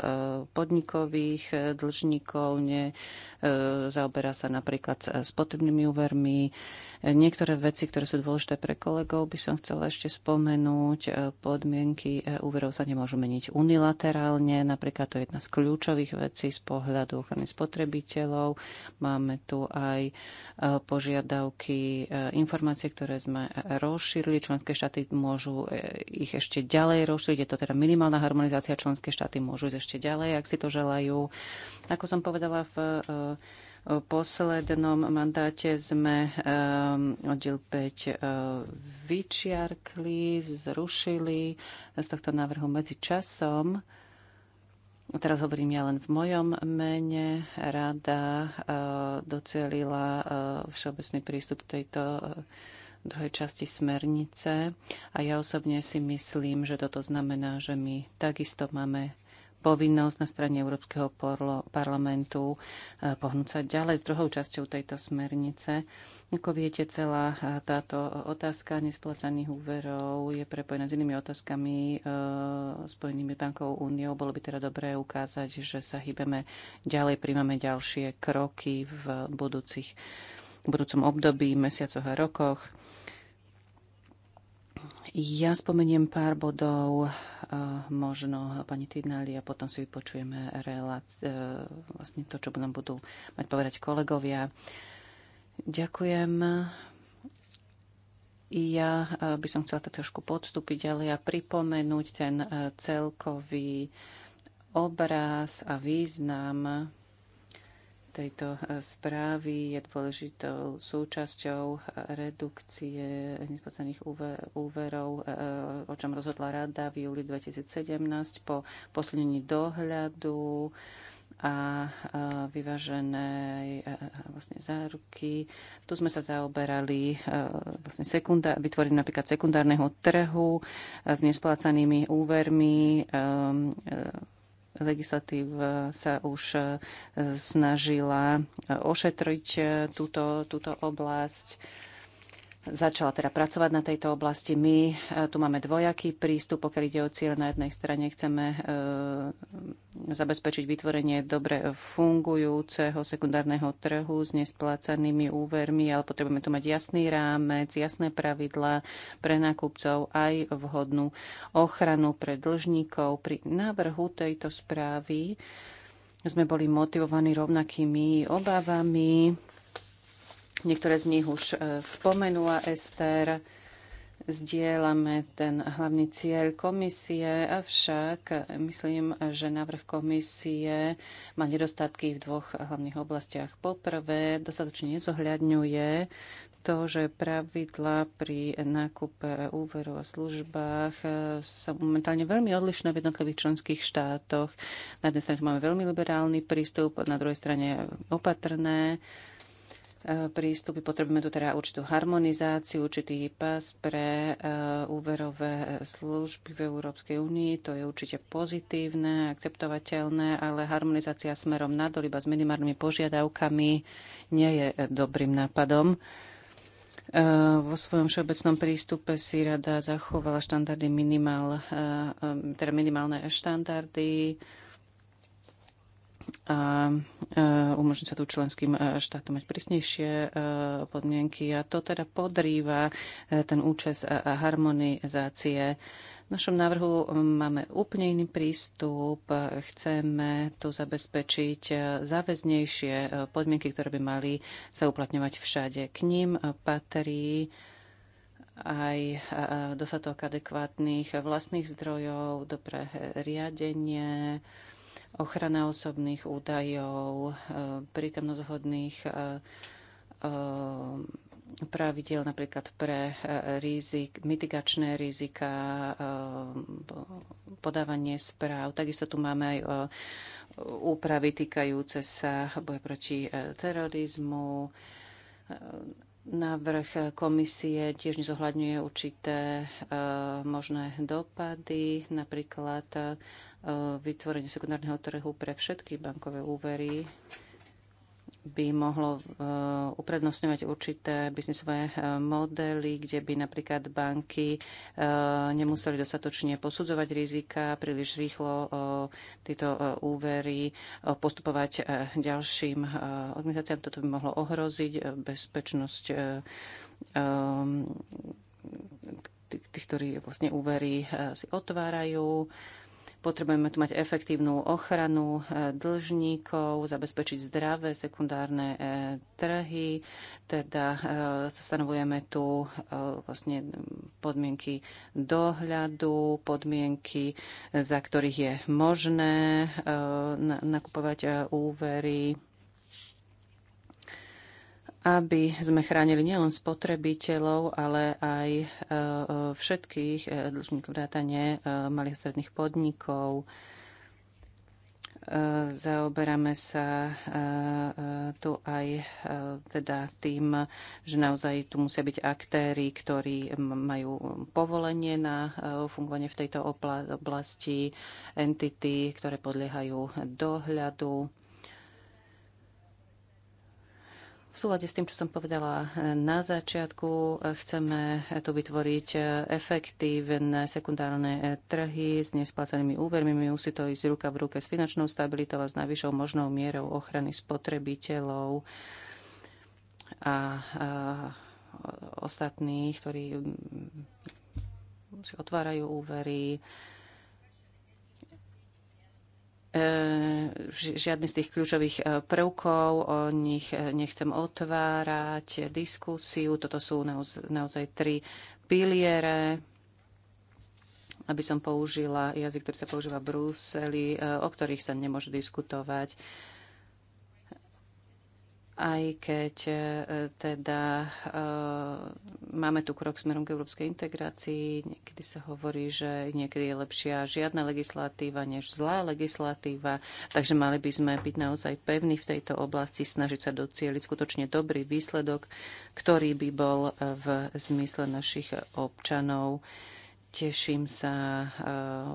B: podnikových dlžníkov, ne, zaoberá sa napríklad s potrebnými úvermi. Niektoré veci, ktoré sú dôležité pre kolegov, by som chcela ešte spomenúť. Podmienky úverov sa nemôžu meniť unilaterálne, napríklad to je jedna z kľúčových vecí z pohľadu ochrany spotrebiteľov. Máme tu aj požiadavky informácie, ktoré sme rozšírili. Členské štáty môžu E, ich ešte ďalej rozšíriť. Je to teda minimálna harmonizácia, členské štáty môžu ísť ešte ďalej, ak si to želajú. Ako som povedala v e, e, poslednom mandáte sme oddiel 5 vyčiarkli, zrušili z tohto návrhu medzi časom. Teraz hovorím ja len v mojom mene. Rada docelila všeobecný prístup tejto druhej časti smernice a ja osobne si myslím, že toto znamená, že my takisto máme povinnosť na strane Európskeho parlamentu e, pohnúť sa ďalej s druhou časťou tejto smernice. Ako viete, celá e, táto otázka nesplácaných úverov je prepojená s inými otázkami e, spojenými bankou úniou. Bolo by teda dobré ukázať, že sa hýbeme ďalej, príjmame ďalšie kroky v budúcich v budúcom období, mesiacoch a rokoch. Ja spomeniem pár bodov, eh, možno pani Tidnali a potom si vypočujeme relac- eh, vlastne to, čo nám budú mať povedať kolegovia. Ďakujem. Ja eh, by som chcela to trošku podstúpiť, ale ja pripomenúť ten celkový obraz a význam tejto e, správy je dôležitou súčasťou redukcie nesplácaných úverov, e, o čom rozhodla rada v júli 2017 po posilnení dohľadu a e, vyvážené vlastne záruky. Tu sme sa zaoberali vlastne sekunda- vytvorením napríklad sekundárneho trhu s nesplácanými úvermi legislatív e, sa už e, snažila e, ošetriť túto, túto oblasť začala teda pracovať na tejto oblasti. My e, tu máme dvojaký prístup, pokiaľ ide o cieľ. Na jednej strane chceme e, zabezpečiť vytvorenie dobre fungujúceho sekundárneho trhu s nesplácanými úvermi, ale potrebujeme tu mať jasný rámec, jasné pravidlá pre nákupcov, aj vhodnú ochranu pre dlžníkov. Pri návrhu tejto správy sme boli motivovaní rovnakými obávami Niektoré z nich už e, spomenula Ester. Zdieľame ten hlavný cieľ komisie, avšak myslím, že návrh komisie má nedostatky v dvoch hlavných oblastiach. Poprvé, dostatočne nezohľadňuje to, že pravidla pri nákupe úverov a službách e, sú momentálne veľmi odlišné v jednotlivých členských štátoch. Na jednej strane máme veľmi liberálny prístup, na druhej strane opatrné prístupy. Potrebujeme tu teda určitú harmonizáciu, určitý pas pre eh, úverové služby v Európskej únii. To je určite pozitívne, akceptovateľné, ale harmonizácia smerom nadol iba s minimálnymi požiadavkami nie je eh, dobrým nápadom. Eh, vo svojom všeobecnom prístupe si rada zachovala štandardy minimál, teda minimálne štandardy, a umožní sa tu členským e, štátom mať prísnejšie e, podmienky a to teda podrýva e, ten účes a harmonizácie. V našom návrhu máme úplne iný prístup. Chceme tu zabezpečiť záväznejšie podmienky, ktoré by mali sa uplatňovať všade. K ním patrí aj dostatok adekvátnych vlastných zdrojov, dobré riadenie, ochrana osobných údajov, e, prítomnosť hodných e, e, pravidel napríklad pre rizik, mitigačné rizika, podávanie správ. Takisto tu máme aj úpravy týkajúce sa boja proti terorizmu. Návrh komisie tiež nezohľadňuje určité možné dopady, napríklad Eh, vytvorenie sekundárneho trhu pre všetky bankové úvery by mohlo eh, uprednostňovať určité biznisové eh, modely, kde by napríklad banky nemuseli dostatočne posudzovať rizika, príliš rýchlo tieto úvery postupovať ďalším organizáciám. Toto by mohlo ohroziť bezpečnosť tých, ktorí vlastne úvery si otvárajú. Potrebujeme tu mať efektívnu ochranu e, dlžníkov, zabezpečiť zdravé sekundárne e, trhy, teda e, stanovujeme tu vlastne podmienky dohľadu, podmienky, za ktorých je možné nakupovať úvery aby sme chránili nielen spotrebiteľov, ale aj e, e, všetkých e, dlžníkov vrátane malých a stredných podnikov. Zaoberáme sa tu aj teda tým, že naozaj tu musia byť aktéry, ktorí majú povolenie na fungovanie v tejto oblasti, entity, ktoré podliehajú dohľadu V súlade s tým, čo som povedala e, na začiatku, e, chceme e, tu vytvoriť efektívne sekundárne trhy s nesplácanými úvermi. Musí to ísť ruka v ruke s finančnou stabilitou a s najvyššou možnou mierou ochrany spotrebiteľov a, a ostatných, ktorí mm, si otvárajú úvery E, žiadny z tých kľúčových e, prvkov, o nich e, nechcem otvárať diskusiu. Toto sú naozaj, naozaj tri piliere, aby som použila jazyk, ktorý sa používa v Bruseli, o ktorých sa nemôže diskutovať aj keď e, teda e, máme tu krok smerom k európskej integrácii, niekedy sa hovorí, že niekedy je lepšia žiadna legislatíva než zlá legislatíva, takže mali by sme byť naozaj pevní v tejto oblasti, snažiť sa docieliť skutočne dobrý výsledok, ktorý by bol v zmysle našich občanov. Teším sa e,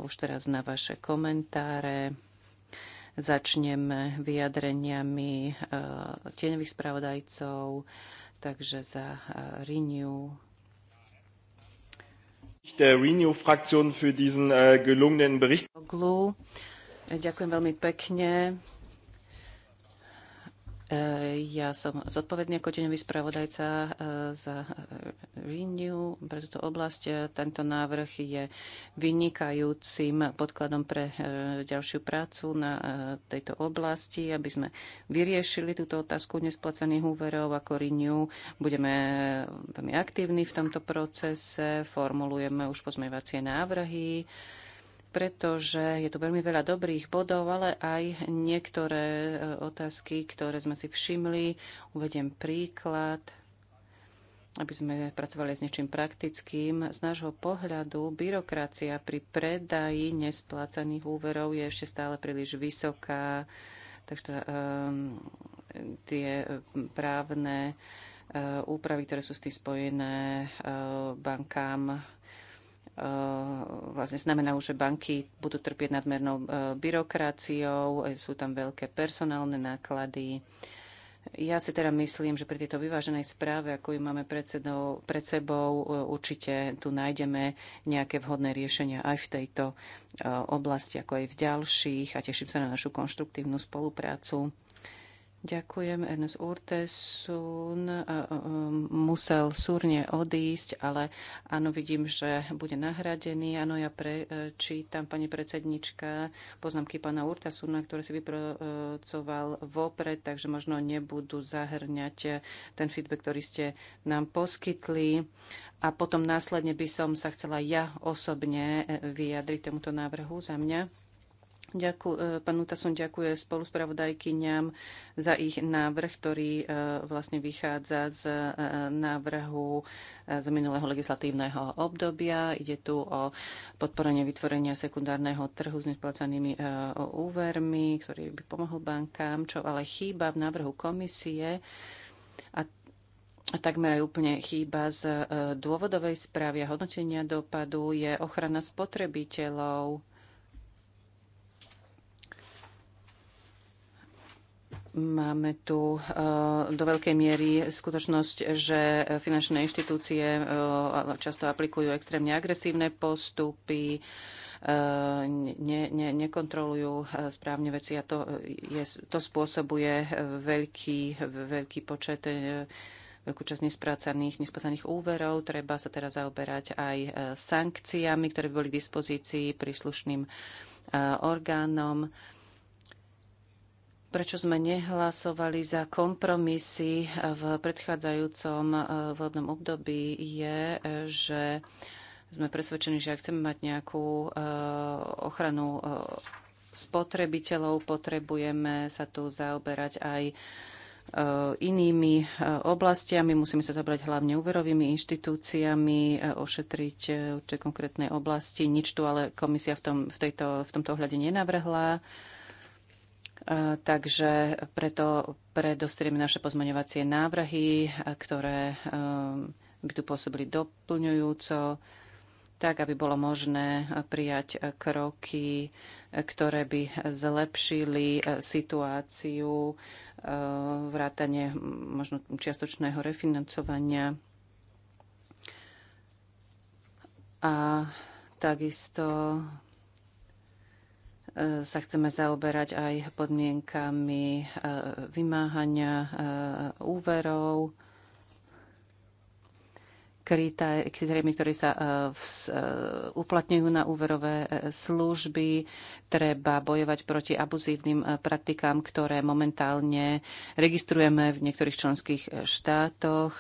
B: už teraz na vaše komentáre Začneme vyjadreniami e, tieňových spravodajcov, takže za e, Renew.
A: Der renew für diesen äh, gelungenen Bericht.
B: Ďakujem veľmi pekne Eh, ja som zodpovedný ako deňový spravodajca eh, za eh, Renew pre túto oblasť. Tento návrh je vynikajúcim podkladom pre ďalšiu prácu na tejto oblasti, aby sme vyriešili túto otázku nesplacených úverov ako Renew. Budeme veľmi aktívni v tomto procese, formulujeme už pozmeňovacie návrhy pretože je tu veľmi veľa dobrých bodov, ale aj niektoré e, otázky, ktoré sme si všimli. Uvediem príklad aby sme pracovali s niečím praktickým. Z nášho pohľadu byrokracia pri predaji nesplácaných úverov je ešte stále príliš vysoká, takže um, tie právne uh, úpravy, ktoré sú s tým spojené uh, bankám, Eh, vlastne znamenajú, že banky budú trpieť nadmernou eh, byrokraciou, eh, sú tam veľké personálne náklady. Ja si teda myslím, že pri tejto vyváženej správe, ako ju máme pred sebou, pred sebou, určite tu nájdeme nejaké vhodné riešenia aj v tejto oblasti, ako aj v ďalších a teším sa na našu konštruktívnu spoluprácu. Ďakujem. Ernest Urtesun e, e, e, musel súrne odísť, ale áno, vidím, že bude nahradený. Áno, ja prečítam, pani predsednička, poznámky pána Urtasuna, ktoré si vypracoval vopred, takže možno nebudú zahrňať ten feedback, ktorý ste nám poskytli. A potom následne by som sa chcela ja osobne vyjadriť tomuto návrhu za mňa. Ďakujem, pán Utason ďakuje spoluspravodajkyňam za ich návrh, ktorý e, vlastne vychádza z e, návrhu e, z minulého legislatívneho obdobia. Ide tu o podporenie vytvorenia sekundárneho trhu s nesplácanými úvermi, ktorý by pomohol bankám, čo ale chýba v návrhu komisie a a takmer aj úplne chýba z dôvodovej správy a hodnotenia dopadu je ochrana spotrebiteľov Máme tu e, do veľkej miery skutočnosť, že finančné inštitúcie e, často aplikujú extrémne agresívne postupy, e, ne, ne, nekontrolujú správne veci a to, je, to spôsobuje veľký, veľký počet veľkú časť nesprácaných, nespracaných úverov. Treba sa teraz zaoberať aj sankciami, ktoré by boli k dispozícii príslušným orgánom prečo sme nehlasovali za kompromisy v predchádzajúcom eh, volebnom období, je, že sme presvedčení, že ak chceme mať nejakú eh, ochranu eh, spotrebiteľov, potrebujeme sa tu zaoberať aj inými oblastiami. Musíme sa zabrať hlavne úverovými inštitúciami, ošetriť určite konkrétnej oblasti. Nič tu ale komisia v, tom, v, tejto, v tomto ohľade nenavrhla. Takže preto predostrieme naše pozmaňovacie návrhy, ktoré um, by tu pôsobili doplňujúco, tak aby bolo možné prijať kroky, ktoré by zlepšili e, situáciu, e, vrátanie možno čiastočného refinancovania a takisto E, sa chceme zaoberať aj podmienkami e, vymáhania e, úverov, kritériami, ktoré sa uplatňujú na úverové služby. Treba bojovať proti abuzívnym praktikám, ktoré momentálne registrujeme v niektorých členských štátoch.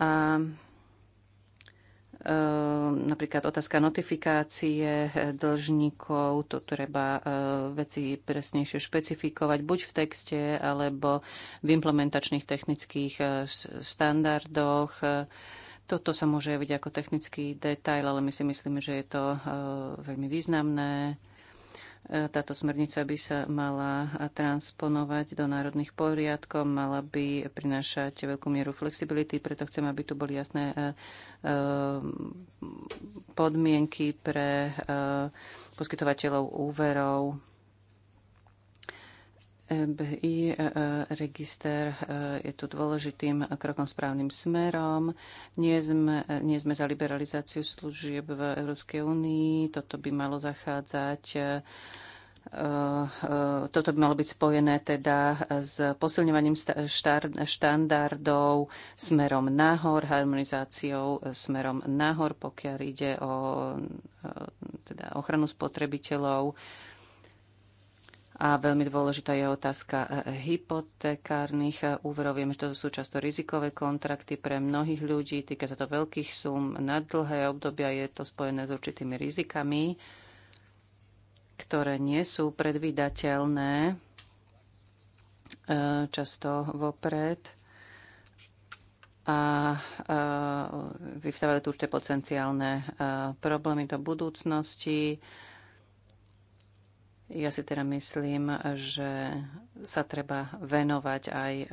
B: A Ehm, napríklad otázka notifikácie eh, dlžníkov, to treba eh, veci presnejšie špecifikovať, buď v texte, alebo v implementačných technických štandardoch. Eh, toto sa môže javiť ako technický detail, ale my si myslíme, že je to veľmi významné E, táto smernica by sa mala transponovať do národných poriadkov, mala by prinášať veľkú mieru flexibility, preto chcem, aby tu boli jasné e, e, podmienky pre poskytovateľov úverov E BI e, e, register je tu dôležitým krokom správnym smerom. Nie sme, nie sme za liberalizáciu služieb v Európskej únii. Toto by malo zachádzať toto by malo byť spojené teda s posilňovaním štandardov smerom nahor, harmonizáciou smerom nahor, pokiaľ ide o teda ochranu spotrebiteľov a veľmi dôležitá je otázka e, hypotekárnych e, úverov. Vieme, že to sú často rizikové kontrakty pre mnohých ľudí. Týka sa to veľkých sum. Na dlhé obdobia je to spojené s určitými rizikami, ktoré nie sú predvydateľné e, často vopred a vyvstávajú tu určité potenciálne problémy do budúcnosti ja si teda myslím, že sa treba venovať aj e,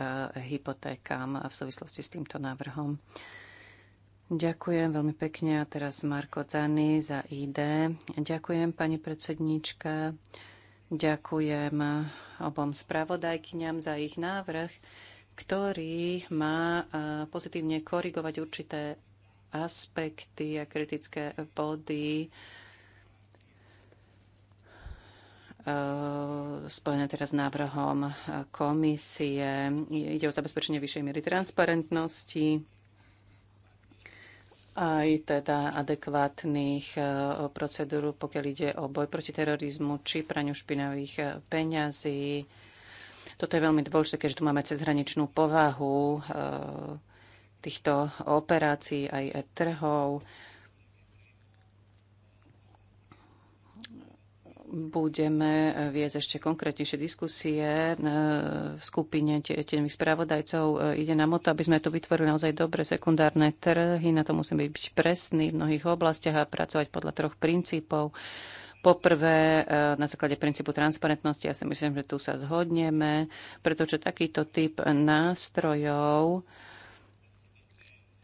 B: hypotékám v súvislosti s týmto návrhom. Ďakujem veľmi pekne. A teraz Marko Zany za ID. Ďakujem pani predsedníčka. Ďakujem obom spravodajkyňam za ich návrh, ktorý má e, pozitívne korigovať určité aspekty a kritické body, E, spojené teraz s návrhom komisie. Ide o zabezpečenie vyššej miery transparentnosti aj teda adekvátnych e, procedúr, pokiaľ ide o boj proti terorizmu či praňu špinavých e, peňazí. Toto je veľmi dôležité, keďže tu máme cezhraničnú povahu týchto operácií aj trhov. budeme viesť ešte konkrétnejšie diskusie e, v skupine tieňových spravodajcov. E, ide nám o to, aby sme tu vytvorili naozaj dobre sekundárne trhy. Na to musíme byť presní v mnohých oblastiach a pracovať podľa troch princípov. Poprvé, e, na základe princípu transparentnosti, ja si myslím, že tu sa zhodneme, pretože takýto typ nástrojov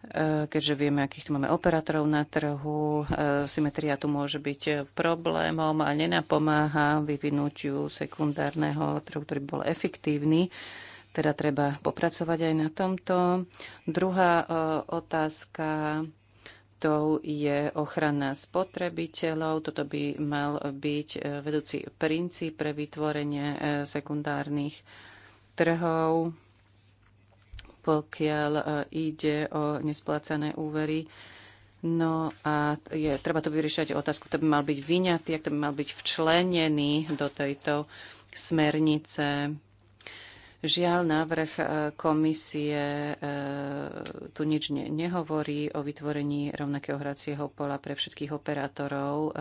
B: Eh, keďže vieme, akých tu máme operátorov na trhu. Eh, symetria tu môže byť problémom a nenapomáha vyvinutiu sekundárneho trhu, ktorý bol efektívny. Teda treba popracovať aj na tomto. Druhá eh, otázka tou je ochrana spotrebiteľov. Toto by mal byť vedúci princíp pre vytvorenie sekundárnych trhov pokiaľ e, ide o nesplácané úvery. No a je, treba to vyriešať otázku, to by mal byť vyňatý, ak to by mal byť včlenený do tejto smernice. Žiaľ, návrh e, komisie e, tu nič nehovorí o vytvorení rovnakého hracieho pola pre všetkých operátorov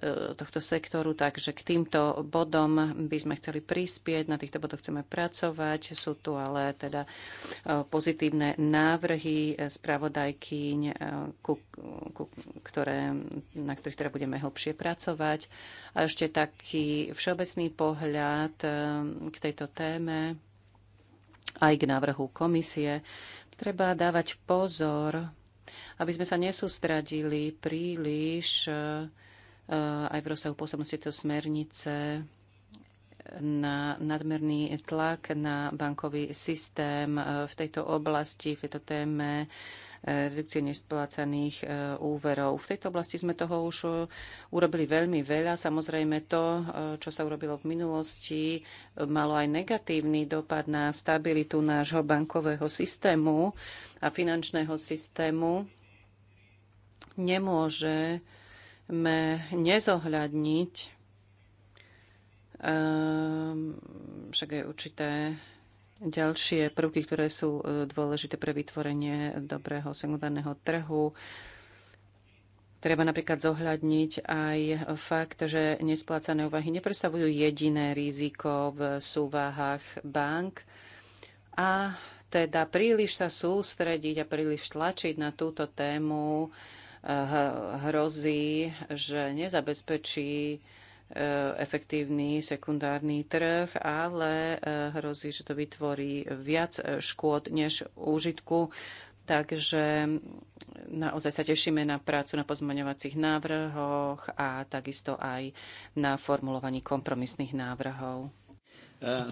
B: E, tohto sektoru, takže k týmto bodom by sme chceli prispieť, na týchto bodoch chceme pracovať. Sú tu ale teda e, pozitívne návrhy spravodajkyň, e, ktoré, na ktorých teda budeme hlbšie pracovať. A ešte taký všeobecný pohľad k tejto téme aj k návrhu komisie. Treba dávať pozor, aby sme sa nesústradili príliš Eh, aj v rozsahu pôsobnosti tejto smernice na nadmerný tlak na bankový systém eh, v tejto oblasti, v tejto téme eh, redukcie nesplácaných úverov. V tejto oblasti sme toho už urobili veľmi veľa. Samozrejme to, čo sa urobilo v minulosti, malo aj negatívny dopad na stabilitu nášho bankového systému a finančného systému. Nemôže nezohľadniť, ehm, však aj určité ďalšie prvky, ktoré sú e, dôležité pre vytvorenie dobrého sekundárneho trhu. Treba napríklad zohľadniť aj fakt, že nesplácané úvahy nepredstavujú jediné riziko v súvahách bank a teda príliš sa sústrediť a príliš tlačiť na túto tému Eh, hrozí, že nezabezpečí eh, efektívny sekundárny trh, ale eh, hrozí, že to vytvorí viac škôd než úžitku. Takže naozaj sa tešíme na prácu na pozmaňovacích návrhoch a takisto aj na formulovaní kompromisných návrhov.
A: Uh,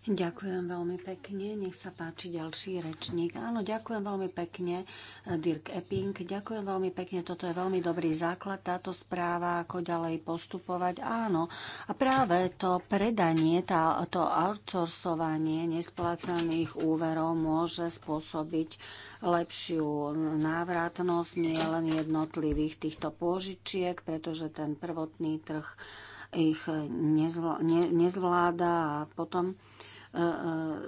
D: Ďakujem veľmi pekne. Nech sa páči ďalší rečník. Áno, ďakujem veľmi pekne, eh, Dirk Epping. Ďakujem veľmi pekne. Toto je veľmi dobrý základ, táto správa, ako ďalej postupovať. Áno, a práve to predanie, tá, to outsourcovanie nesplácaných úverov môže spôsobiť lepšiu návratnosť nielen jednotlivých týchto pôžičiek, pretože ten prvotný trh ich nezvláda a potom E, e,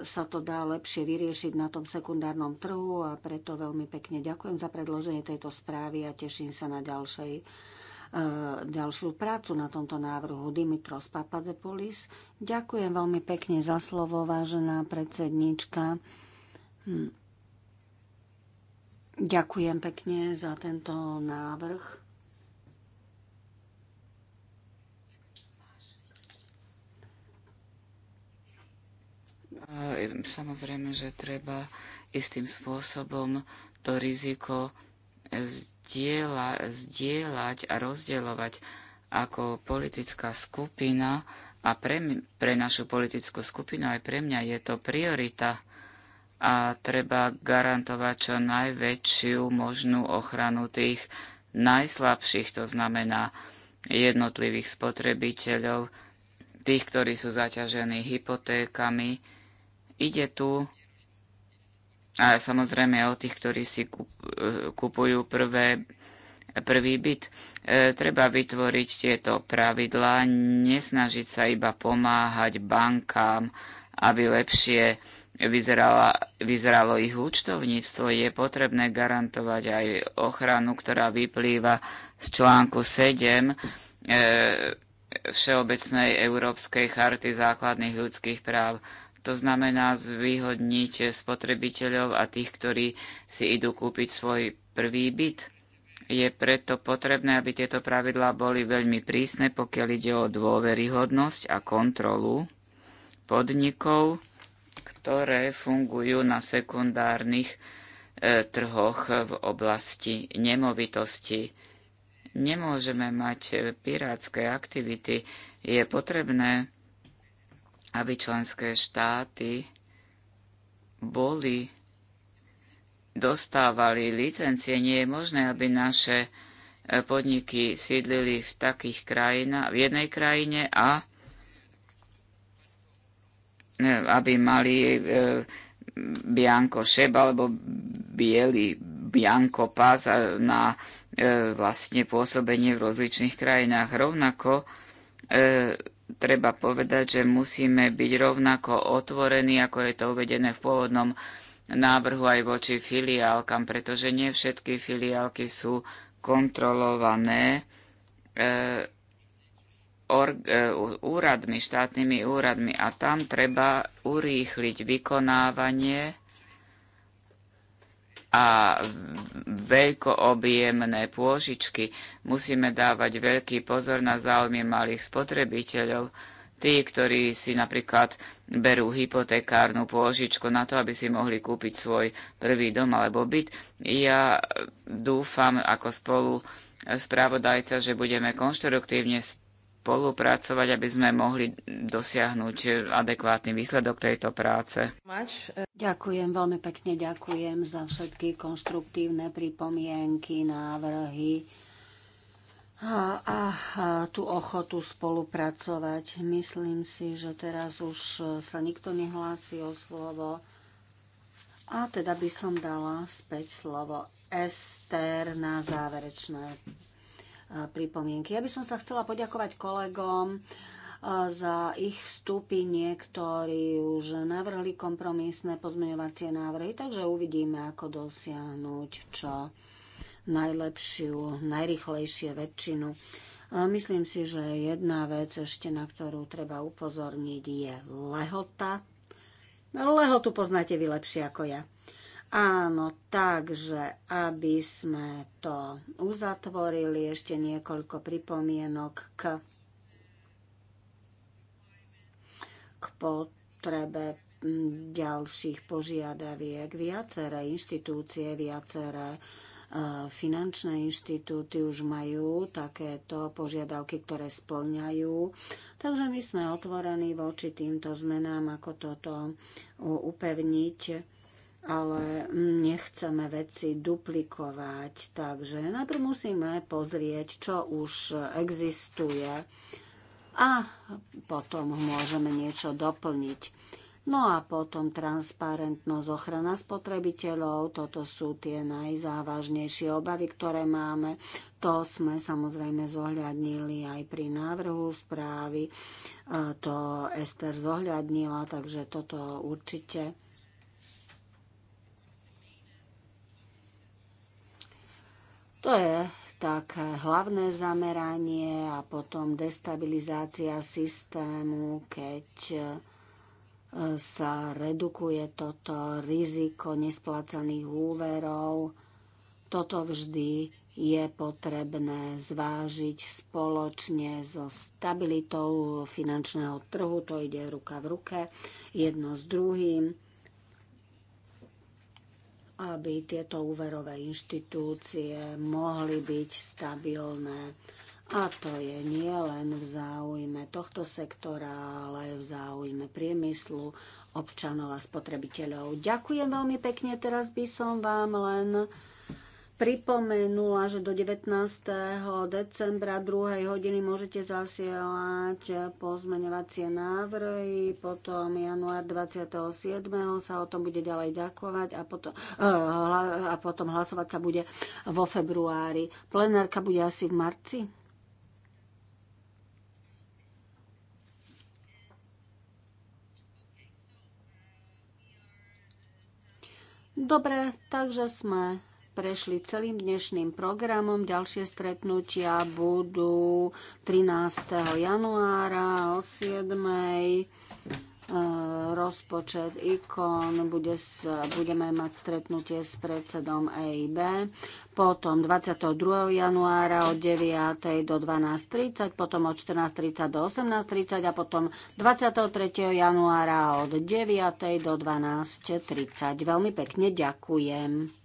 D: sa to dá lepšie vyriešiť na tom sekundárnom trhu a preto veľmi pekne ďakujem za predloženie tejto správy a teším sa na ďalšej e, ďalšiu prácu na tomto návrhu Dimitros Papadepolis. Ďakujem veľmi pekne za slovo, vážená predsednička. Hm. Ďakujem pekne za tento návrh.
C: E, samozrejme, že treba istým spôsobom to riziko e, zdieľa, zdieľať a rozdielovať ako politická skupina a pre, pre našu politickú skupinu aj pre mňa je to priorita a treba garantovať čo najväčšiu možnú ochranu tých najslabších, to znamená jednotlivých spotrebiteľov, tých, ktorí sú zaťažení hypotékami, Ide tu a samozrejme o tých, ktorí si e, kupujú prvé, prvý byt. E, treba vytvoriť tieto pravidlá, nesnažiť sa iba pomáhať bankám, aby lepšie vyzerala, vyzeralo ich účtovníctvo, je potrebné garantovať aj ochranu, ktorá vyplýva z článku 7 e, Všeobecnej Európskej charty základných ľudských práv. To znamená zvýhodniť spotrebiteľov a tých, ktorí si idú kúpiť svoj prvý byt. Je preto potrebné, aby tieto pravidlá boli veľmi prísne, pokiaľ ide o dôveryhodnosť a kontrolu podnikov, ktoré fungujú na sekundárnych e, trhoch v oblasti nemovitosti. Nemôžeme mať e, pirátske aktivity. Je potrebné aby členské štáty boli, dostávali licencie. Nie je možné, aby naše e, podniky sídlili v takých krajinách, v jednej krajine a e, aby mali e, bianko šeba alebo bielý bianko pás na vlastne pôsobenie v rozličných krajinách. Rovnako treba povedať, že musíme byť rovnako otvorení, ako je to uvedené v pôvodnom návrhu aj voči filiálkam, pretože nie všetky filiálky sú kontrolované e, or, e, úradmi, štátnymi úradmi a tam treba urýchliť vykonávanie a veľkoobjemné pôžičky. Musíme dávať veľký pozor na záujmy malých spotrebiteľov, tí, ktorí si napríklad berú hypotekárnu pôžičku na to, aby si mohli kúpiť svoj prvý dom alebo byt. Ja dúfam ako spolu spravodajca, že budeme konštruktívne spolupracovať spolupracovať, aby sme mohli dosiahnuť adekvátny výsledok tejto práce.
D: Ďakujem veľmi pekne, ďakujem za všetky konštruktívne pripomienky, návrhy a, a, a tú ochotu spolupracovať. Myslím si, že teraz už sa nikto nehlási o slovo. A teda by som dala späť slovo Ester na záverečné E, pripomienky. Ja by som sa chcela poďakovať kolegom e, za ich vstupy. Niektorí už navrhli kompromisné pozmeňovacie návrhy, takže uvidíme, ako dosiahnuť čo najlepšiu, najrychlejšie väčšinu. E, myslím si, že jedna vec ešte, na ktorú treba upozorniť, je lehota. Lehotu poznáte vy lepšie ako ja. Áno, takže aby sme to uzatvorili, ešte niekoľko pripomienok k, k potrebe ďalších požiadaviek. Viaceré inštitúcie, viaceré e, finančné inštitúty už majú takéto požiadavky, ktoré splňajú. Takže my sme otvorení voči týmto zmenám, ako toto upevniť ale nechceme veci duplikovať, takže najprv musíme pozrieť, čo už existuje a potom môžeme niečo doplniť. No a potom transparentnosť, ochrana spotrebiteľov, toto sú tie najzávažnejšie obavy, ktoré máme. To sme samozrejme zohľadnili aj pri návrhu správy, e, to Ester zohľadnila, takže toto určite To je tak hlavné zameranie a potom destabilizácia systému, keď e, sa redukuje toto riziko nesplácaných úverov. Toto vždy je potrebné zvážiť spoločne so stabilitou finančného trhu, to ide ruka v ruke, jedno s druhým aby tieto úverové inštitúcie mohli byť stabilné. A to je nie len v záujme tohto sektora, ale aj v záujme priemyslu, občanov a spotrebiteľov. Ďakujem veľmi pekne. Teraz by som vám len pripomenula, že do 19. decembra 2. hodiny môžete zasielať pozmeňovacie návrhy, potom január 27. sa o tom bude ďalej ďakovať a potom, eh, a potom hlasovať sa bude vo februári. Plenárka bude asi v marci? Dobre, takže sme prešli celým dnešným programom. Ďalšie stretnutia budú 13. januára o 7. E, rozpočet ikon, bude, budeme mať stretnutie s predsedom EIB, potom 22. januára od 9. do 12.30, potom od 14.30 do 18.30 a potom 23. januára od 9. do 12.30. Veľmi pekne ďakujem.